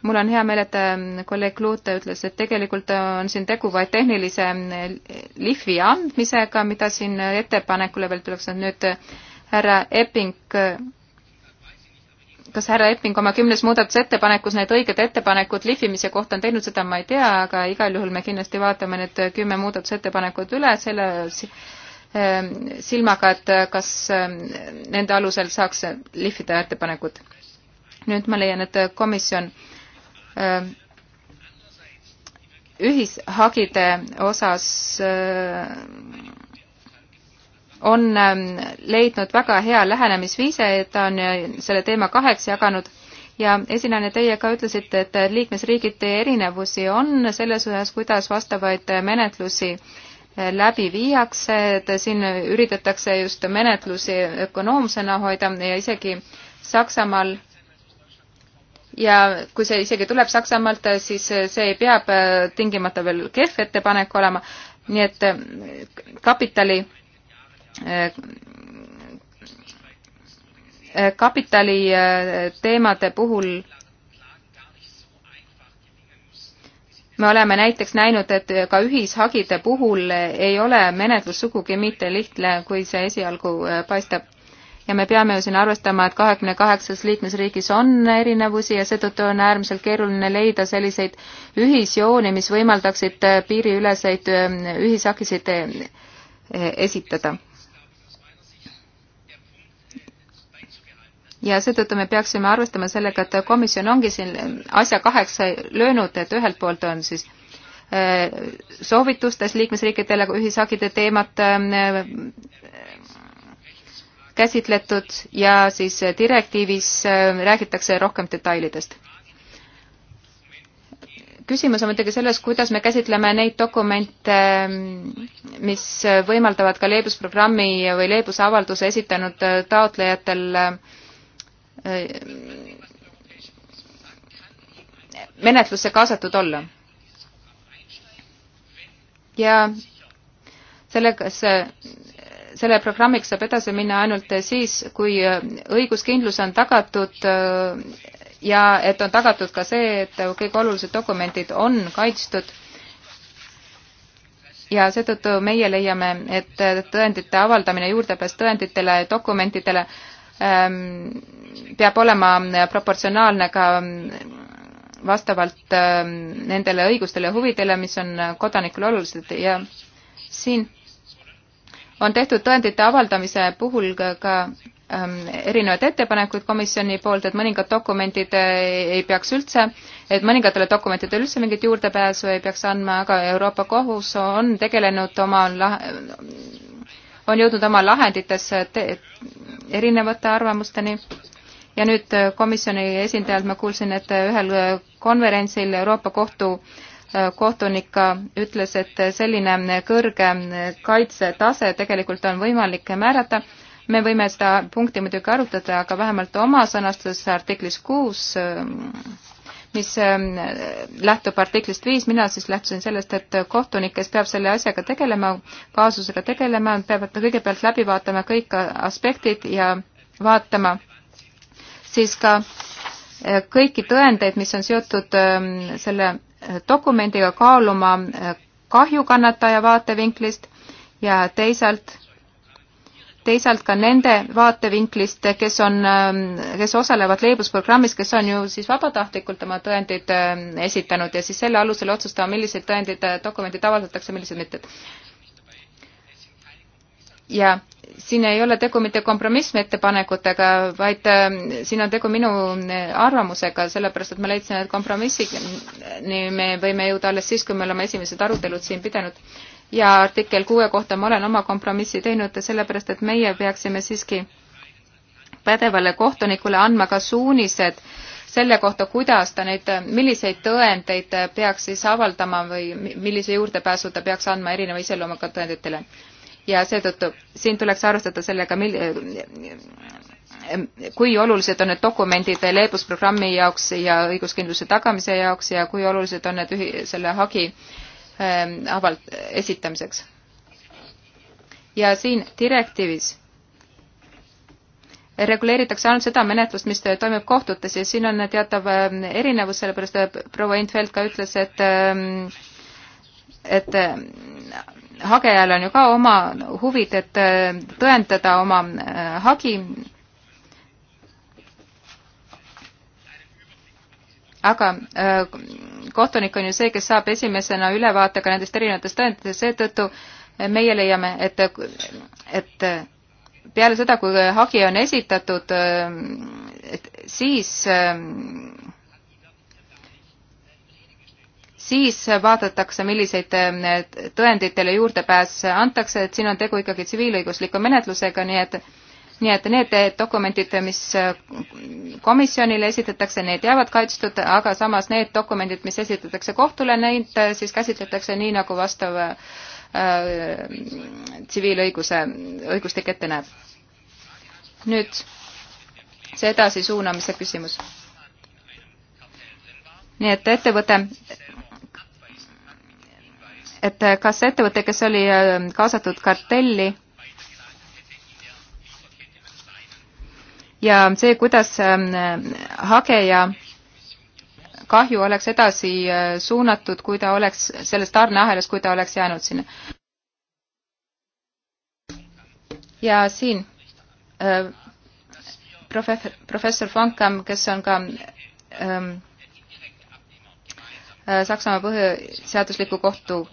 mul on hea meel, et äh, kolleeg Luute ütles, et tegelikult on siin tegu vaid tehnilise äh, lihvi andmisega, mida siin ettepanekule veel tuleks, et nüüd härra Epping kas härra Epping oma kümnes muudatusettepanekus need õiged ettepanekud lihvimise kohta on teinud, seda ma ei tea, aga igal juhul me kindlasti vaatame need kümme muudatusettepanekut üle selle ähm, silmaga, et kas ähm, nende alusel saaks lihvida ettepanekud. nüüd ma leian, et komisjon ähm, ühishagide osas äh, on ähm, leidnud väga hea lähenemisviise, ta on äh, selle teema kaheks jaganud ja esinejana teie ka ütlesite, et äh, liikmesriigiti erinevusi on selles osas, kuidas vastavaid äh, menetlusi läbi viiakse, et siin üritatakse just menetlusi ökonoomsena hoida ja isegi Saksamaal ja kui see isegi tuleb Saksamaalt, siis see peab tingimata veel kehv ettepanek olema, nii et kapitali Äh, kapitali äh, teemade puhul me oleme näiteks näinud, et ka ühishagide puhul ei ole menetlus sugugi mitte lihtne, kui see esialgu äh, paistab. ja me peame ju siin arvestama, et kahekümne kaheksas liikmesriigis on erinevusi ja seetõttu on äärmiselt keeruline leida selliseid ühisjooni, mis võimaldaksid piiriüleseid ühishagisid esitada ja seetõttu me peaksime arvestama sellega, et komisjon ongi siin asja kaheks löönud, et ühelt poolt on siis äh, soovitustes liikmesriikidele ühishagide teemat äh, käsitletud ja siis direktiivis äh, räägitakse rohkem detailidest. küsimus on muidugi selles, kuidas me käsitleme neid dokumente, mis võimaldavad ka leebusprogrammi või leebusavalduse esitanud taotlejatel äh, menetlusse kaasatud olla. ja sellega see, selle programmiga saab edasi minna ainult siis, kui õiguskindlus on tagatud äh, ja et on tagatud ka see, et kõik olulised dokumendid on kaitstud ja seetõttu meie leiame, et tõendite avaldamine, juurdepääs tõenditele ja dokumentidele Ähm, peab olema proportsionaalne ka ähm, vastavalt ähm, nendele õigustele ja huvidele, mis on äh, kodanikule olulised ja siin on tehtud tõendite avaldamise puhul ka erinevad ettepanekud komisjoni poolt, et mõningad dokumendid äh, ei peaks üldse, et mõningatele dokumentidele üldse mingit juurdepääsu ei peaks andma, aga Euroopa Kohus on tegelenud oma on jõudnud oma lahendites erinevate arvamusteni. ja nüüd äh, komisjoni esindajalt ma kuulsin, et äh, ühel äh, konverentsil Euroopa Kohtu kohtunik ka ütles, et selline kõrge kaitsetase tegelikult on võimalik määrata. me võime seda punkti muidugi arutada, aga vähemalt oma sõnastuses artiklis kuus mis ähm, lähtub artiklist viis, mina siis lähtusin sellest, et kohtunik, kes peab selle asjaga tegelema, kaasusega tegelema, peab kõigepealt läbi vaatama kõik aspektid ja vaatama siis ka äh, kõiki tõendeid, mis on seotud ähm, selle äh, dokumendiga, kaaluma äh, kahjukannataja vaatevinklist ja teisalt teisalt ka nende vaatevinklist, kes on, ähm, kes osalevad leebusprogrammis, kes on ju siis vabatahtlikult oma tõendid ähm, esitanud ja siis selle alusel otsustama, millised tõendid, äh, dokumendid avaldatakse, millised mitte. ja siin ei ole tegu mitte kompromissettepanekutega, vaid ähm, siin on tegu minu äh, arvamusega, sellepärast et ma leidsin, et kompromissini me võime jõuda alles siis, kui me oleme esimesed arutelud siin pidanud ja artikkel kuue kohta ma olen oma kompromissi teinud, sellepärast et meie peaksime siiski pädevale kohtunikule andma ka suunised selle kohta, kuidas ta neid, milliseid tõendeid peaks siis avaldama või millise juurdepääsu ta peaks andma erineva iseloomuga tõenditele. ja seetõttu siin tuleks arvestada sellega, mil-, kui olulised on need dokumendid leebusprogrammi jaoks ja õiguskindluse tagamise jaoks ja kui olulised on need ühi-, selle hagi äh, Ähm, aval-, esitamiseks. ja siin direktiivis reguleeritakse ainult seda menetlust, mis toimub kohtutes ja siin on teatav ähm, erinevus, sellepärast proua Infeld ka ütles, et ähm, et äh, hagejal on ju ka oma huvid, et äh, tõendada oma äh, hagi. aga kohtunik on ju see, kes saab esimesena ülevaate ka nendest erinevatest tõenditest, seetõttu meie leiame, et, et peale seda, kui hagi on esitatud, siis, siis vaadatakse, milliseid tõenditele juurdepääs antakse, et siin on tegu ikkagi tsiviilõigusliku menetlusega, nii et nii et need dokumendid, mis äh, komisjonile esitatakse, need jäävad kaitstud, aga samas need dokumendid, mis esitatakse kohtule, neid äh, siis käsitletakse nii, nagu vastav äh, tsiviilõiguse, õigustik ette näeb. nüüd see edasisuunamise küsimus. nii et ettevõte et kas ettevõte, kes oli äh, kaasatud kartelli, ja see, kuidas ähm, hageja kahju oleks edasi äh, suunatud, kui ta oleks selles tarneahelas, kui ta oleks jäänud sinna. ja siin äh, professor, professor Fonkam, kes on ka ähm, äh, Saksamaa põhiseadusliku kohtu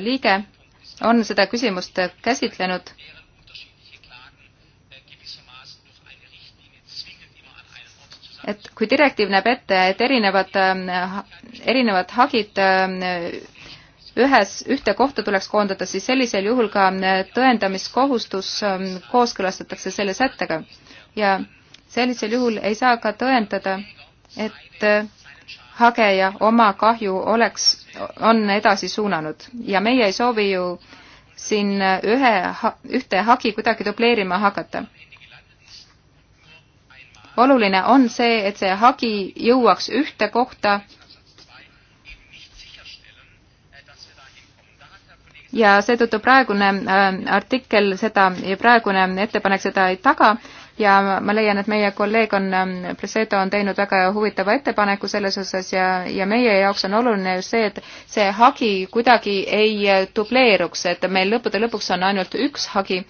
liige, on seda küsimust käsitlenud et kui direktiiv näeb ette, et erinevad, äh, erinevad hagid äh, ühes, ühte kohta tuleks koondada, siis sellisel juhul ka äh, tõendamiskohustus ähm, kooskõlastatakse selle sättega. ja sellisel juhul ei saa ka tõendada, et hageja oma kahju oleks, on edasi suunanud ja meie ei soovi ju siin ühe, ühte hagi kuidagi dubleerima hakata oluline on see, et see hagi jõuaks ühte kohta ja seetõttu praegune äh, artikkel seda ja praegune ettepanek seda ei taga ja ma leian, et meie kolleeg on, ähm, Presedo on teinud väga huvitava ettepaneku selles osas ja, ja meie jaoks on oluline just see, et see hagi kuidagi ei dubleeruks, et meil lõppude lõpuks on ainult üks hagi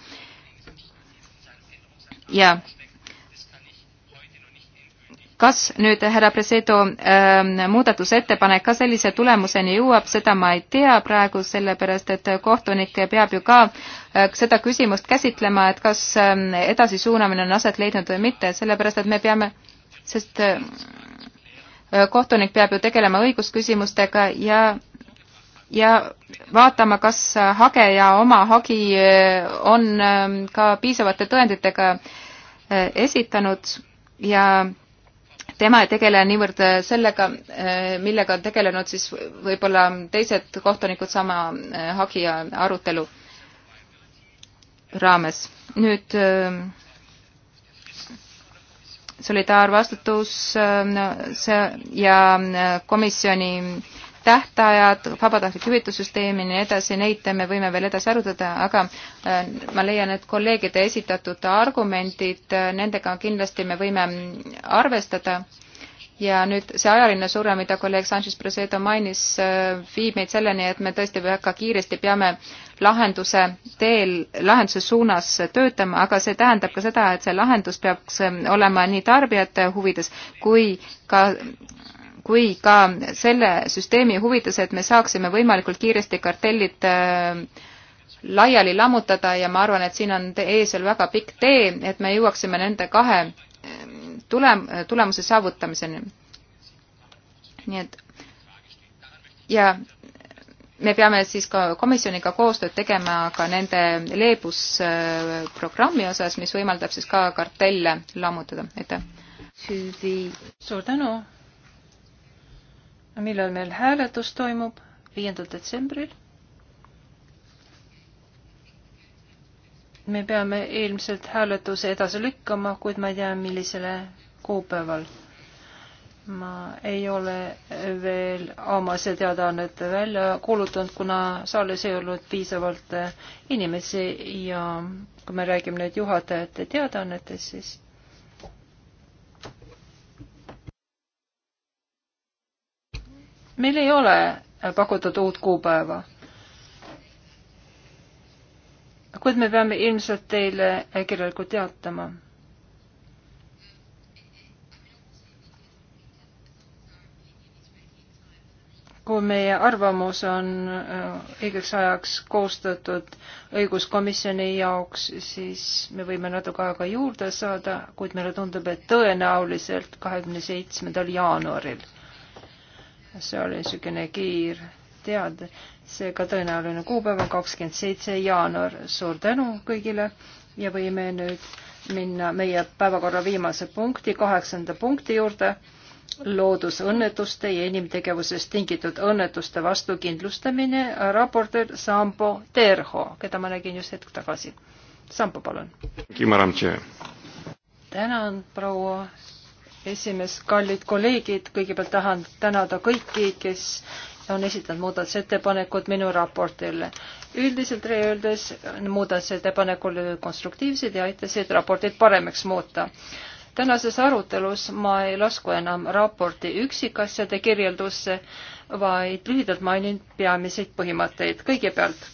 ja kas nüüd härra Presedo äh, muudatusettepanek ka sellise tulemuseni jõuab, seda ma ei tea praegu, sellepärast et kohtunik peab ju ka äh, seda küsimust käsitlema, et kas äh, edasisuunamine on aset leidnud või mitte, sellepärast et me peame, sest äh, äh, kohtunik peab ju tegelema õigusküsimustega ja ja vaatama, kas hageja oma hagi äh, on ähm, ka piisavate tõenditega esitanud ja tema ei tegele niivõrd äh, sellega, äh, millega on tegelenud siis võib-olla teised kohtunikud sama äh, hagija arutelu raames. nüüd solidaarvastutus see ja komisjoni tähtajad, vabatahtlik hüvitussüsteemi ja nii edasi, neid me võime veel edasi arutada, aga äh, ma leian, et kolleegide esitatud argumendid, äh, nendega kindlasti me võime arvestada ja nüüd see ajaline surve, mida kolleeg Sanchez Presedo mainis, äh, viib meid selleni, et me tõesti väga kiiresti peame lahenduse teel, lahenduse suunas töötama, aga see tähendab ka seda, et see lahendus peaks olema nii tarbijate huvides kui ka kui ka selle süsteemi huvides, et me saaksime võimalikult kiiresti kartellid äh, laiali lammutada ja ma arvan, et siin on ees veel väga pikk tee, et me jõuaksime nende kahe äh, tulem-, tulemuse saavutamiseni. nii et ja me peame siis ka komisjoniga koostööd tegema ka nende leebusprogrammi äh, osas, mis võimaldab siis ka kartelle lammutada, aitäh. suur tänu millal meil hääletus toimub, viiendal detsembril. me peame ilmselt hääletuse edasi lükkama, kuid ma ei tea, millisele kuupäeval. ma ei ole veel oma see teadaannet välja kuulutanud, kuna saalis ei olnud piisavalt inimesi ja kui me räägime nüüd juhatajate teadaannetest, siis meil ei ole pakutud uut kuupäeva. kuid me peame ilmselt teile kirjalikult teatama. kui meie arvamus on äh, õigeks ajaks koostatud õiguskomisjoni jaoks, siis me võime natuke aega juurde saada, kuid meile tundub, et tõenäoliselt kahekümne seitsmendal jaanuaril see oli niisugune kiir teade, seega tõenäoline kuupäev on kakskümmend seitse jaanuar. suur tänu kõigile ja võime nüüd minna meie päevakorra viimase punkti, kaheksanda punkti juurde. loodusõnnetuste ja inimtegevusest tingitud õnnetuste vastu kindlustamine, raportöör Sampo Terho, keda ma nägin just hetk tagasi. Sampo, palun. tänan, proua esimees, kallid kolleegid, kõigepealt tahan tänada kõiki, kes on esitanud muudatusettepanekud minu raportile. üldiselt öeldes muudatusettepanekud olid konstruktiivsed ja aitasid raportit paremaks muuta. tänases arutelus ma ei lasku enam raporti üksikasjade kirjeldusse, vaid lühidalt mainin peamiseid põhimõtteid. kõigepealt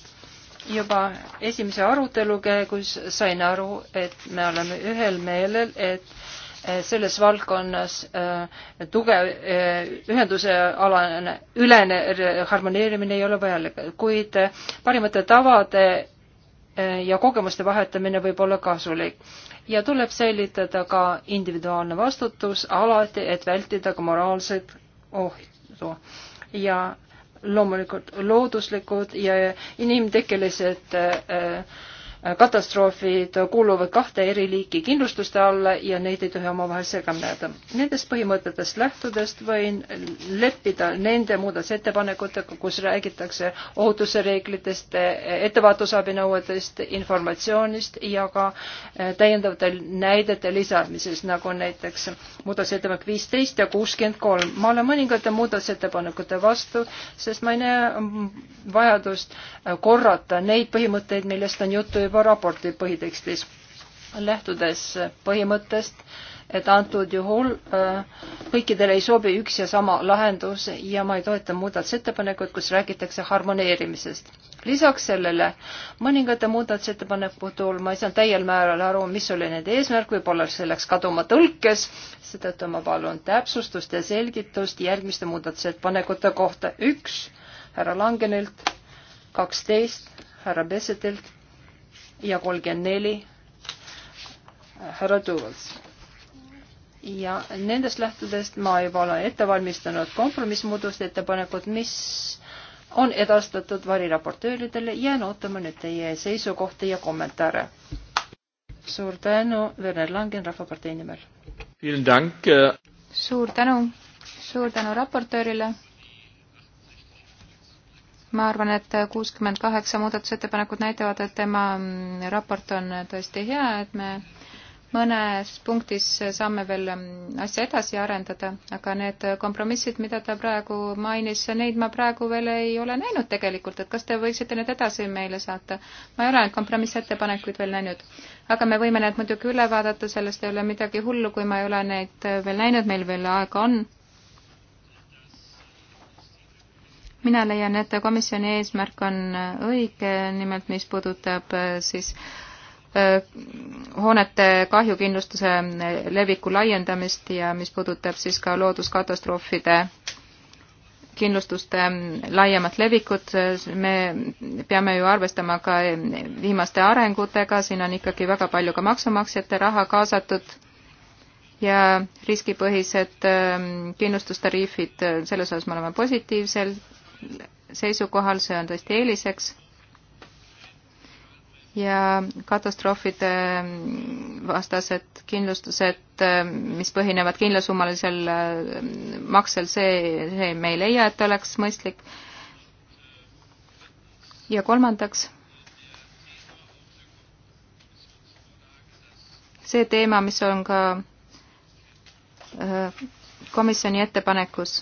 juba esimese arutelu käigus sain aru, et me oleme ühel meelel, et Eh, selles valdkonnas eh, tugev eh, ühenduse alane, ülene harmoneerimine ei ole vajalik, kuid parimate tavade ja kogemuste vahetamine võib olla kasulik. ja tuleb säilitada ka individuaalne vastutus alati, et vältida ka moraalset ohtu. ja loomulikult looduslikud ja inimtekkelised äh, katastroofid kuuluvad kahte eri liiki kindlustuste alla ja neid ei tohi omavahel segama jääda. Nendest põhimõtetest lähtudest võin leppida nende muudatusettepanekutega, kus räägitakse ohutuse reeglitest, ettevaatusabinõuetest, informatsioonist ja ka eh, täiendavate näidete lisamisest, nagu näiteks muudatusettepanek viisteist ja kuuskümmend kolm. ma olen mõningate muudatusettepanekute vastu, sest ma ei näe mm, vajadust eh, korrata neid põhimõtteid, millest on juttu juba raporti põhitekstis, lähtudes põhimõttest, et antud juhul äh, kõikidele ei sobi üks ja sama lahendus ja ma ei toeta muudatusettepanekut, kus räägitakse harmoneerimisest. lisaks sellele mõningate muudatusettepanekute puhul ma ei saanud täiel määral aru, mis oli nende eesmärk, võib-olla see läks kaduma tõlkes, seetõttu ma palun täpsustust ja selgitust järgmiste muudatusettepanekute kohta. üks härra Langenilt, kaksteist härra Besetilt ja kolmkümmend neli härra Tuuls. ja nendest lähtudest ma juba olen ette valmistanud kompromissmuudusettepanekud, mis on edastatud variraportööridele, jään ootama nüüd teie seisukohti ja kommentaare. suur tänu, Werner Langen Rahvapartei nimel. Äh, suur tänu, suur tänu raportöörile ma arvan, et kuuskümmend kaheksa muudatusettepanekut näitavad, et tema mm, raport on tõesti hea, et me mõnes punktis saame veel mm, asja edasi arendada, aga need kompromissid, mida ta praegu mainis, neid ma praegu veel ei ole näinud tegelikult, et kas te võiksite need edasi meile saata? ma ei ole neid kompromissettepanekuid veel näinud, aga me võime need muidugi üle vaadata, sellest ei ole midagi hullu, kui ma ei ole neid veel näinud, meil veel aega on mina leian, et komisjoni eesmärk on õige, nimelt mis puudutab äh, siis äh, hoonete kahjukindlustuse leviku laiendamist ja mis puudutab siis ka looduskatastroofide kindlustuste laiemat levikut, me peame ju arvestama ka viimaste arengutega, siin on ikkagi väga palju ka maksumaksjate raha kaasatud ja riskipõhised ähm, kindlustustariifid, äh, selles osas me oleme positiivsed seisukohal, see on tõesti eeliseks. ja katastroofide mm, vastased kindlustused, mm, mis põhinevad kindlasummalisel mm, maksel, see, see me ei leia, et oleks mõistlik. ja kolmandaks, see teema, mis on ka äh, komisjoni ettepanekus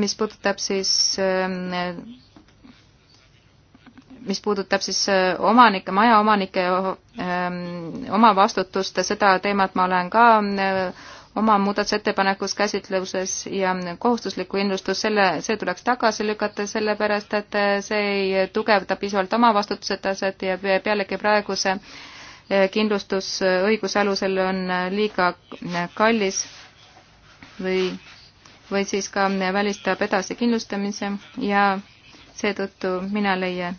mis puudutab siis ähm, mis puudutab siis äh, omanike, majaomanike ähm, omavastutust, seda teemat ma olen ka äh, oma muudatusettepanekus käsitluses ja kohustuslik kindlustus, selle, see tuleks tagasi lükata, sellepärast et äh, see ei tugevda piisavalt omavastutuse taset ja pealegi praeguse kindlustusõiguse alusel on liiga kallis või või siis ka välistab edasikindlustamise ja seetõttu mina leian,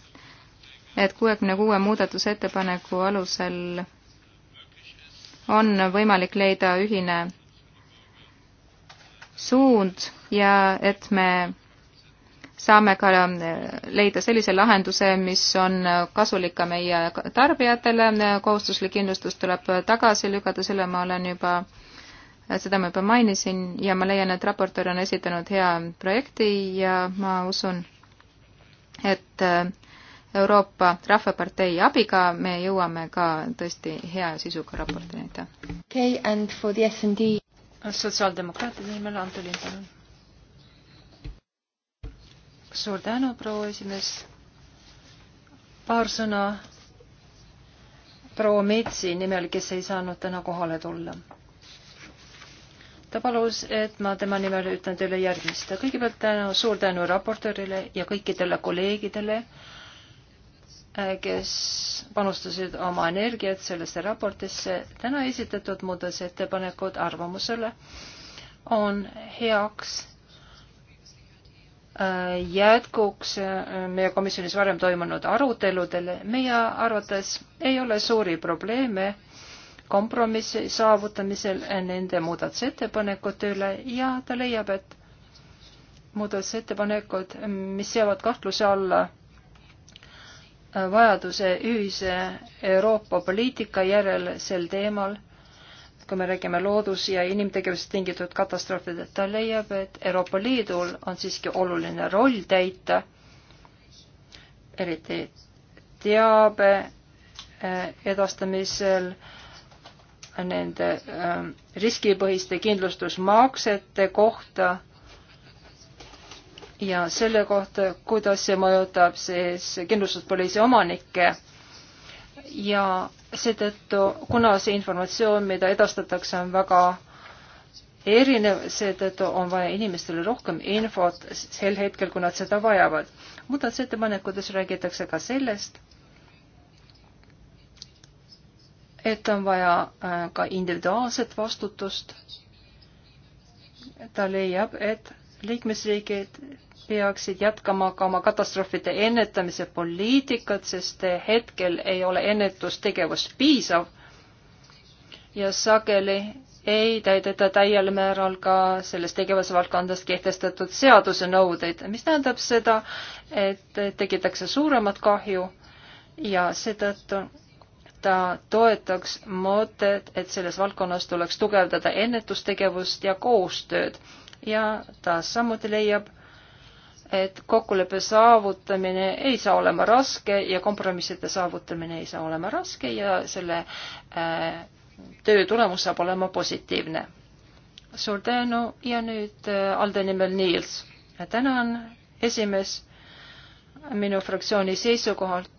et kuuekümne kuue muudatusettepaneku alusel on võimalik leida ühine suund ja et me saame ka leida sellise lahenduse, mis on kasulik ka meie tarbijatele, kohustuslik kindlustus tuleb tagasi lükata, selle ma olen juba äh, Äh, seda ma juba mainisin ja ma leian, et raportöör on esitanud hea projekti ja ma usun, et äh, Euroopa Rahvapartei abiga me jõuame ka tõesti hea sisuga raportini, aitäh. okei okay,, and for the SMD. sotsiaaldemokraatide nimel Anto Lind, palun. suur tänu, proua esimees. paar sõna proua Metsi nimel, kes ei saanud täna kohale tulla ta palus, et ma tema nimel ütlen teile järgmist. kõigepealt tänu, suur tänu raportöörile ja kõikidele kolleegidele, äh, kes panustasid oma energiat sellesse raportisse. täna esitatud muudatusettepanekud arvamusele on heaks äh, jätkuks äh, meie komisjonis varem toimunud aruteludele. meie arvates ei ole suuri probleeme kompromissi saavutamisel nende muudatusettepanekute üle ja ta leiab, et muudatusettepanekud, mis seavad kahtluse alla vajaduse ühise Euroopa poliitika järel sel teemal, kui me räägime loodus- ja inimtegevusest tingitud katastroofidest, ta leiab, et Euroopa Liidul on siiski oluline roll täita, eriti teabe eh, edastamisel äh, nende ähm, riskipõhiste kindlustusmaksete kohta ja selle kohta, kuidas see mõjutab siis kindlustuspoliisi omanikke. ja seetõttu, kuna see informatsioon, mida edastatakse, on väga erinev, seetõttu on vaja inimestele rohkem infot sel hetkel, kui nad seda vajavad. muudatusettepanekutes räägitakse ka sellest, et on vaja äh, ka individuaalset vastutust. ta leiab, et liikmesriigid peaksid jätkama ka oma katastroofide ennetamise poliitikat, sest hetkel ei ole ennetustegevus piisav ja sageli ei täideta täiel määral ka selles tegevusvaldkondas kehtestatud seaduse nõudeid, mis tähendab seda, et tekitakse suuremat kahju ja seetõttu ta toetaks mõtet, et selles valdkonnas tuleks tugevdada ennetustegevust ja koostööd ja ta samuti leiab, et kokkuleppe saavutamine ei saa olema raske ja kompromisside saavutamine ei saa olema raske ja selle äh, töö tulemus saab olema positiivne. suur tänu ja nüüd äh, Alde nimel Niils. tänan, esimees. minu fraktsiooni seisukohalt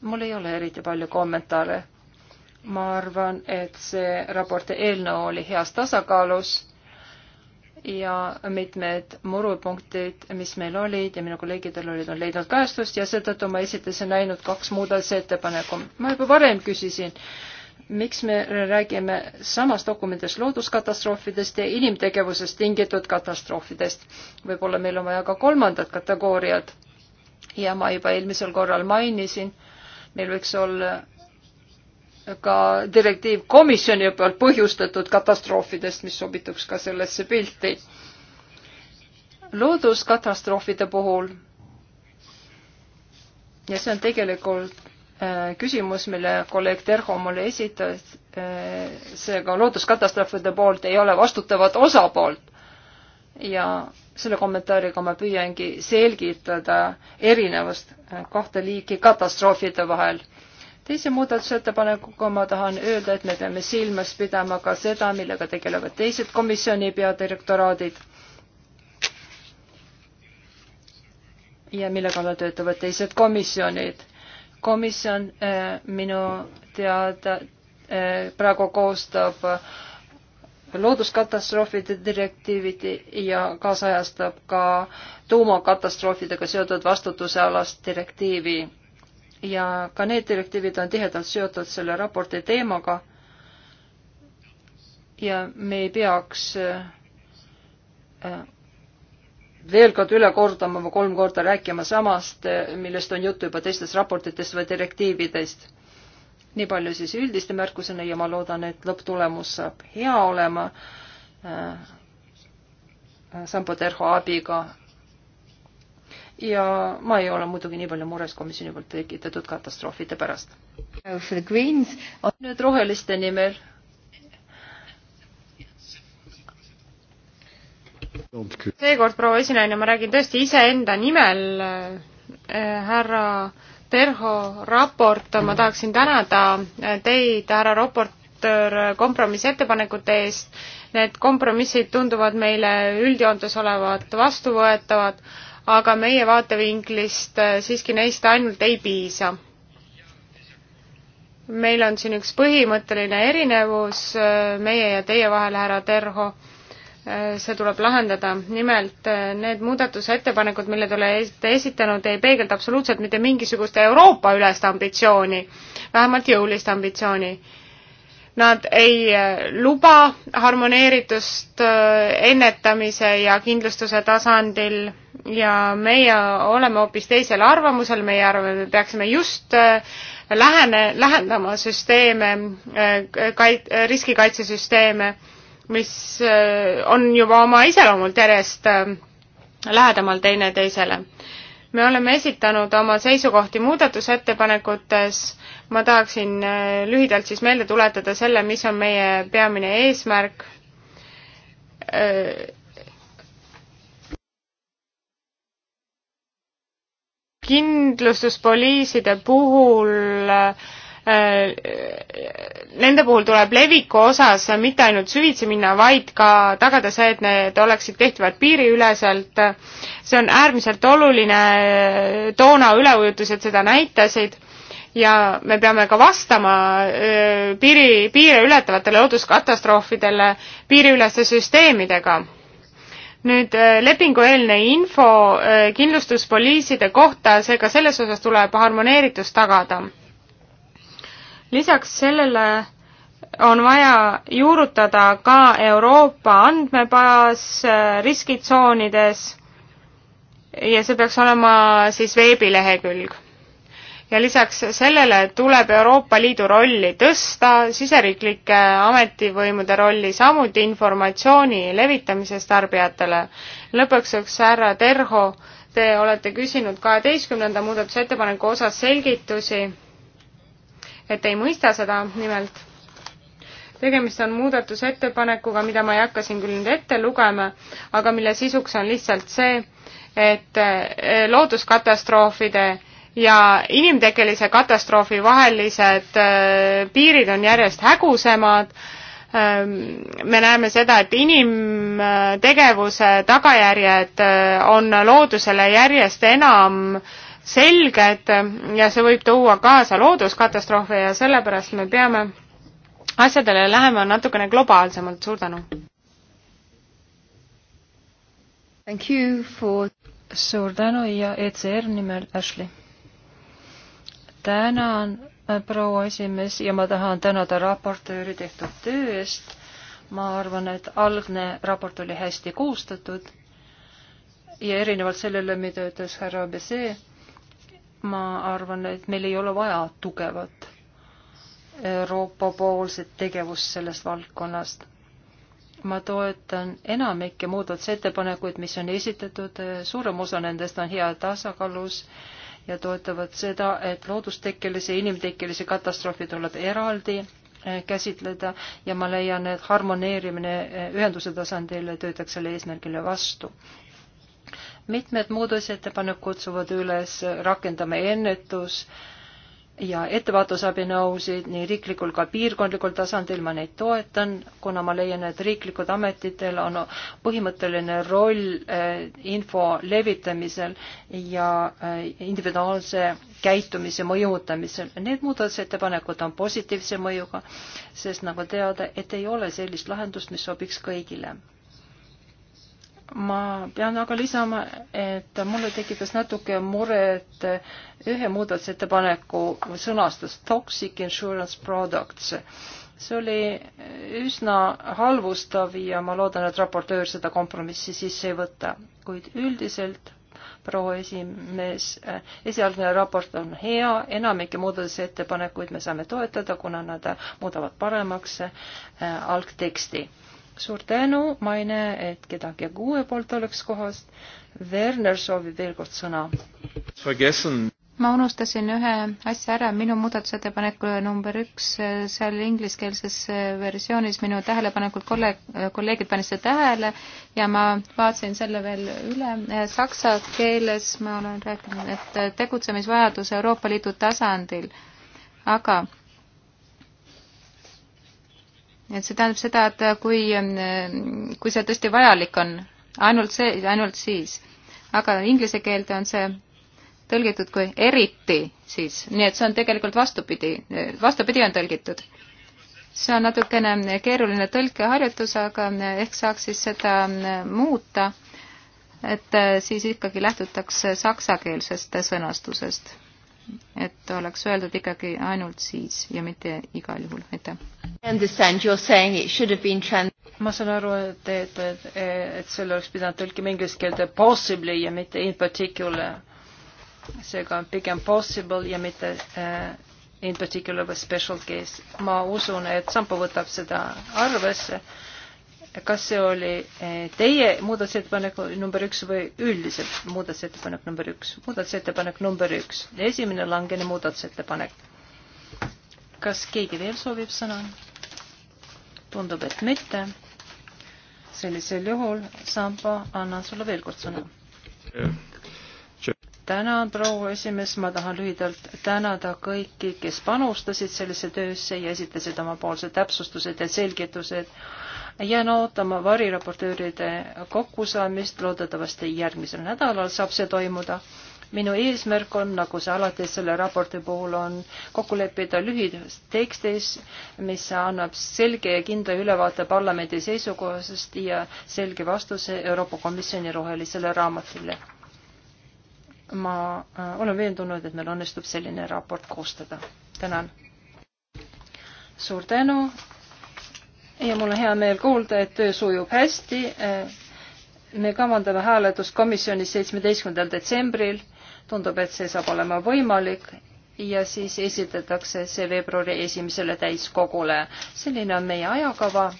mul ei ole eriti palju kommentaare. ma arvan, et see raporti eelnõu oli heas tasakaalus ja mitmed murupunktid, mis meil olid ja minu kolleegidel olid, on leidnud kajastust ja seetõttu ma esitasin ainult kaks muudatusettepaneku. ma juba varem küsisin, miks me räägime samas dokumendis looduskatastroofidest ja inimtegevusest tingitud katastroofidest. võib-olla meil on vaja ka kolmandat kategooriat ja ma juba eelmisel korral mainisin meil võiks olla ka direktiiv komisjoni poolt põhjustatud katastroofidest, mis sobituks ka sellesse pilti. looduskatastroofide puhul ja see on tegelikult äh, küsimus, mille kolleeg Terho mulle esitas äh,, seega looduskatastroofide poolt ei ole vastutavat osapoolt ja selle kommentaariga ma püüangi selgitada erinevust äh, kahte liiki katastroofide vahel. teise muudatusettepanekuga ma tahan öelda, et me peame silmas pidama ka seda, millega tegelevad teised komisjoni peadirektoraadid ja mille kallal töötavad teised komisjonid. komisjon äh, minu teada äh, praegu koostab äh, looduskatastroofide direktiivid ja kaasajastab ka tuumakatastroofidega seotud vastutusealast direktiivi. ja ka need direktiivid on tihedalt seotud selle raporti teemaga. ja me ei peaks äh, veel kord üle kordama või kolm korda rääkima samast, äh, millest on juttu juba teistes raportites või direktiividest nii palju siis üldiste märkusena ja ma loodan, et lõpptulemus saab hea olema äh, Sampo Terho abiga. ja ma ei ole muidugi nii palju mures komisjoni poolt tekitatud katastroofide pärast. nüüd roheliste nimel. seekord, proua esinaine, ma räägin tõesti iseenda nimel äh,, härra äh, Terho raport, ma tahaksin tänada äh, teid, härra raportöör, äh, kompromissettepanekute eest. Need kompromissid tunduvad meile üldjoontes olevat vastuvõetavad, aga meie vaatevinklist äh, siiski neist ainult ei piisa. meil on siin üks põhimõtteline erinevus meie ja teie vahel, härra Terho Äh, see tuleb lahendada. nimelt äh, need muudatusettepanekud, mille te olete esitanud, ei peegelda absoluutselt mitte mingisugust Euroopa-ülest ambitsiooni, vähemalt jõulist ambitsiooni. Nad ei äh, luba harmoneeritust ennetamise ja kindlustuse tasandil ja meie oleme hoopis teisel arvamusel, meie arvame, me peaksime just lähene, lähendama süsteeme, kait-, riskikaitsesüsteeme mis eh, on juba oma iseloomult järjest eh, lähedamal teineteisele. me oleme esitanud oma seisukohti muudatusettepanekutes, ma tahaksin eh, lühidalt siis meelde tuletada selle, mis on meie peamine eesmärk, kindlustuspoliiside puhul äh, Äh, nende puhul tuleb leviku osas mitte ainult süvitsi minna, vaid ka tagada see, et need oleksid kehtivad piiriüleselt. see on äärmiselt oluline, äh, toona üleujutused seda näitasid ja me peame ka vastama äh, piiri, piire ületavatele looduskatastroofidele piiriüleste süsteemidega nüüd lepingueelne info kindlustuspoliiside kohta, seega selles osas tuleb harmoneeritus tagada lisaks sellele on vaja juurutada ka Euroopa andmebaas äh, riskitsoonides ja see peaks olema siis veebilehekülg. ja lisaks sellele tuleb Euroopa Liidu rolli tõsta, siseriiklike ametivõimude rolli, samuti informatsiooni levitamises tarbijatele. lõpetuseks, härra Terho, te olete küsinud kaheteistkümnenda muudatusettepaneku osas selgitusi et ei mõista seda nimelt. tegemist on muudatusettepanekuga, mida ma ei hakka siin küll nüüd ette lugema, aga mille sisuks on lihtsalt see, et eh, looduskatastroofide ja inimtegelise katastroofi vahelised eh, piirid on järjest hägusemad ehm, me näeme seda, et inimtegevuse tagajärjed eh, on loodusele järjest enam selged äh, ja see võib tuua kaasa looduskatastroofe ja sellepärast me peame asjadele lähema natukene globaalsemalt, suur tänu! For... suur tänu ja ECR nimel Ashley. tänan, äh, proua esimees, ja ma tahan tänada raportööri tehtud töö eest. ma arvan, et algne raport oli hästi koostatud ja erinevalt sellele, mida ütles härra Bessee, ma arvan, et meil ei ole vaja tugevat Euroopa-poolset tegevust sellest valdkonnast. ma toetan enamikke muudatusettepanekuid, mis on esitatud, suurem osa nendest on hea tasakaalus ja toetavad seda, et loodustekkelisi ja inimtekkelisi katastroofe tuleb eraldi eh, käsitleda ja ma leian, et harmoneerimine eh, ühenduse tasandil töötaks selle eesmärgile vastu mitmed muudusettepanekud kutsuvad üles rakendama ennetus ja ettevaatusabinõusid nii riiklikul kui piirkondlikul tasandil ma neid toetan, kuna ma leian, et riiklikud ametitel on põhimõtteline roll eh, info levitamisel ja eh, individuaalse käitumise mõjutamisel. Need muudatusettepanekud on positiivse mõjuga, sest nagu teada, et ei ole sellist lahendust, mis sobiks kõigile ma pean aga lisama, et mulle tekitas natuke muret ühe muudatusettepaneku sõnastus toxic insurance products. see oli üsna halvustav ja ma loodan, et raportöör seda kompromissi sisse ei võta, kuid üldiselt proua esimees, esialgne raport on hea, enamike muudatusettepanekuid me saame toetada, kuna nad muudavad paremaks äh, algteksti suur tänu, ma ei näe, et kedagi kuue poolt oleks kohas. Werner soovib veel kord sõna. ma unustasin ühe asja ära, minu muudatusettepanek number üks, seal ingliskeelses versioonis minu tähelepanekult kolleeg, kolleegid panid seda tähele ja ma vaatasin selle veel üle. Saksa keeles ma olen rääkinud, et tegutsemisvajadus Euroopa Liidu tasandil, aga et see tähendab seda, et kui, kui see tõesti vajalik on, ainult see, ainult siis. aga inglise keelde on see tõlgitud kui eriti siis, nii et see on tegelikult vastupidi, vastupidi on tõlgitud. see on natukene keeruline tõlkeharjutus, aga ehk saaks siis seda muuta, et siis ikkagi lähtutakse saksakeelsest sõnastusest et oleks öeldud ikkagi ainult siis ja mitte igal juhul, aitäh. ma saan aru, et, et, et, et selle oleks pidanud tõlkima inglise keelde possibly ja mitte in particular. seega pigem possible ja mitte äh, in particular või special case. ma usun, et Sampo võtab seda arvesse kas see oli eh, teie muudatusettepanek number üks või üldiselt muudatusettepanek number üks? muudatusettepanek number üks, esimene langene muudatusettepanek. kas keegi veel soovib sõna? tundub, et mitte. sellisel juhul, Sampo, annan sulle veel kord sõna. tänan, proua esimees, ma tahan lühidalt tänada kõiki, kes panustasid sellesse töösse ja esitasid omapoolsed täpsustused ja selgitused jään ootama variraportööride kokkusaamist, loodetavasti järgmisel nädalal saab see toimuda. minu eesmärk on, nagu see alati selle raporti puhul on, kokku leppida lühidas tekstis, mis annab selge ja kindla ülevaate parlamendi seisukohast ja selge vastuse Euroopa Komisjoni rohelisele raamatule. ma äh, olen veendunud, et meil õnnestub selline raport koostada. tänan. suur tänu ja mul on hea meel kuulda, et töö sujub hästi. me kavandame hääletust komisjonis seitsmeteistkümnendal detsembril. tundub, et see saab olema võimalik ja siis esitatakse see veebruari esimesele täiskogule. selline on meie ajakava.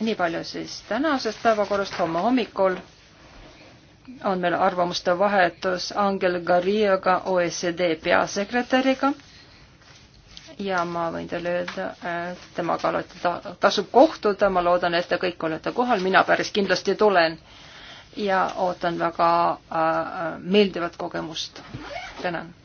nii palju siis tänasest päevakorrast homme hommikul on meil arvamuste vahetus Angel Gariaga, OECD peasekretäriga ja ma võin teile öelda, et temaga alati ta tasub kohtuda, ma loodan, et te kõik olete kohal, mina päris kindlasti tulen ja ootan väga äh, äh meeldivat kogemust. tänan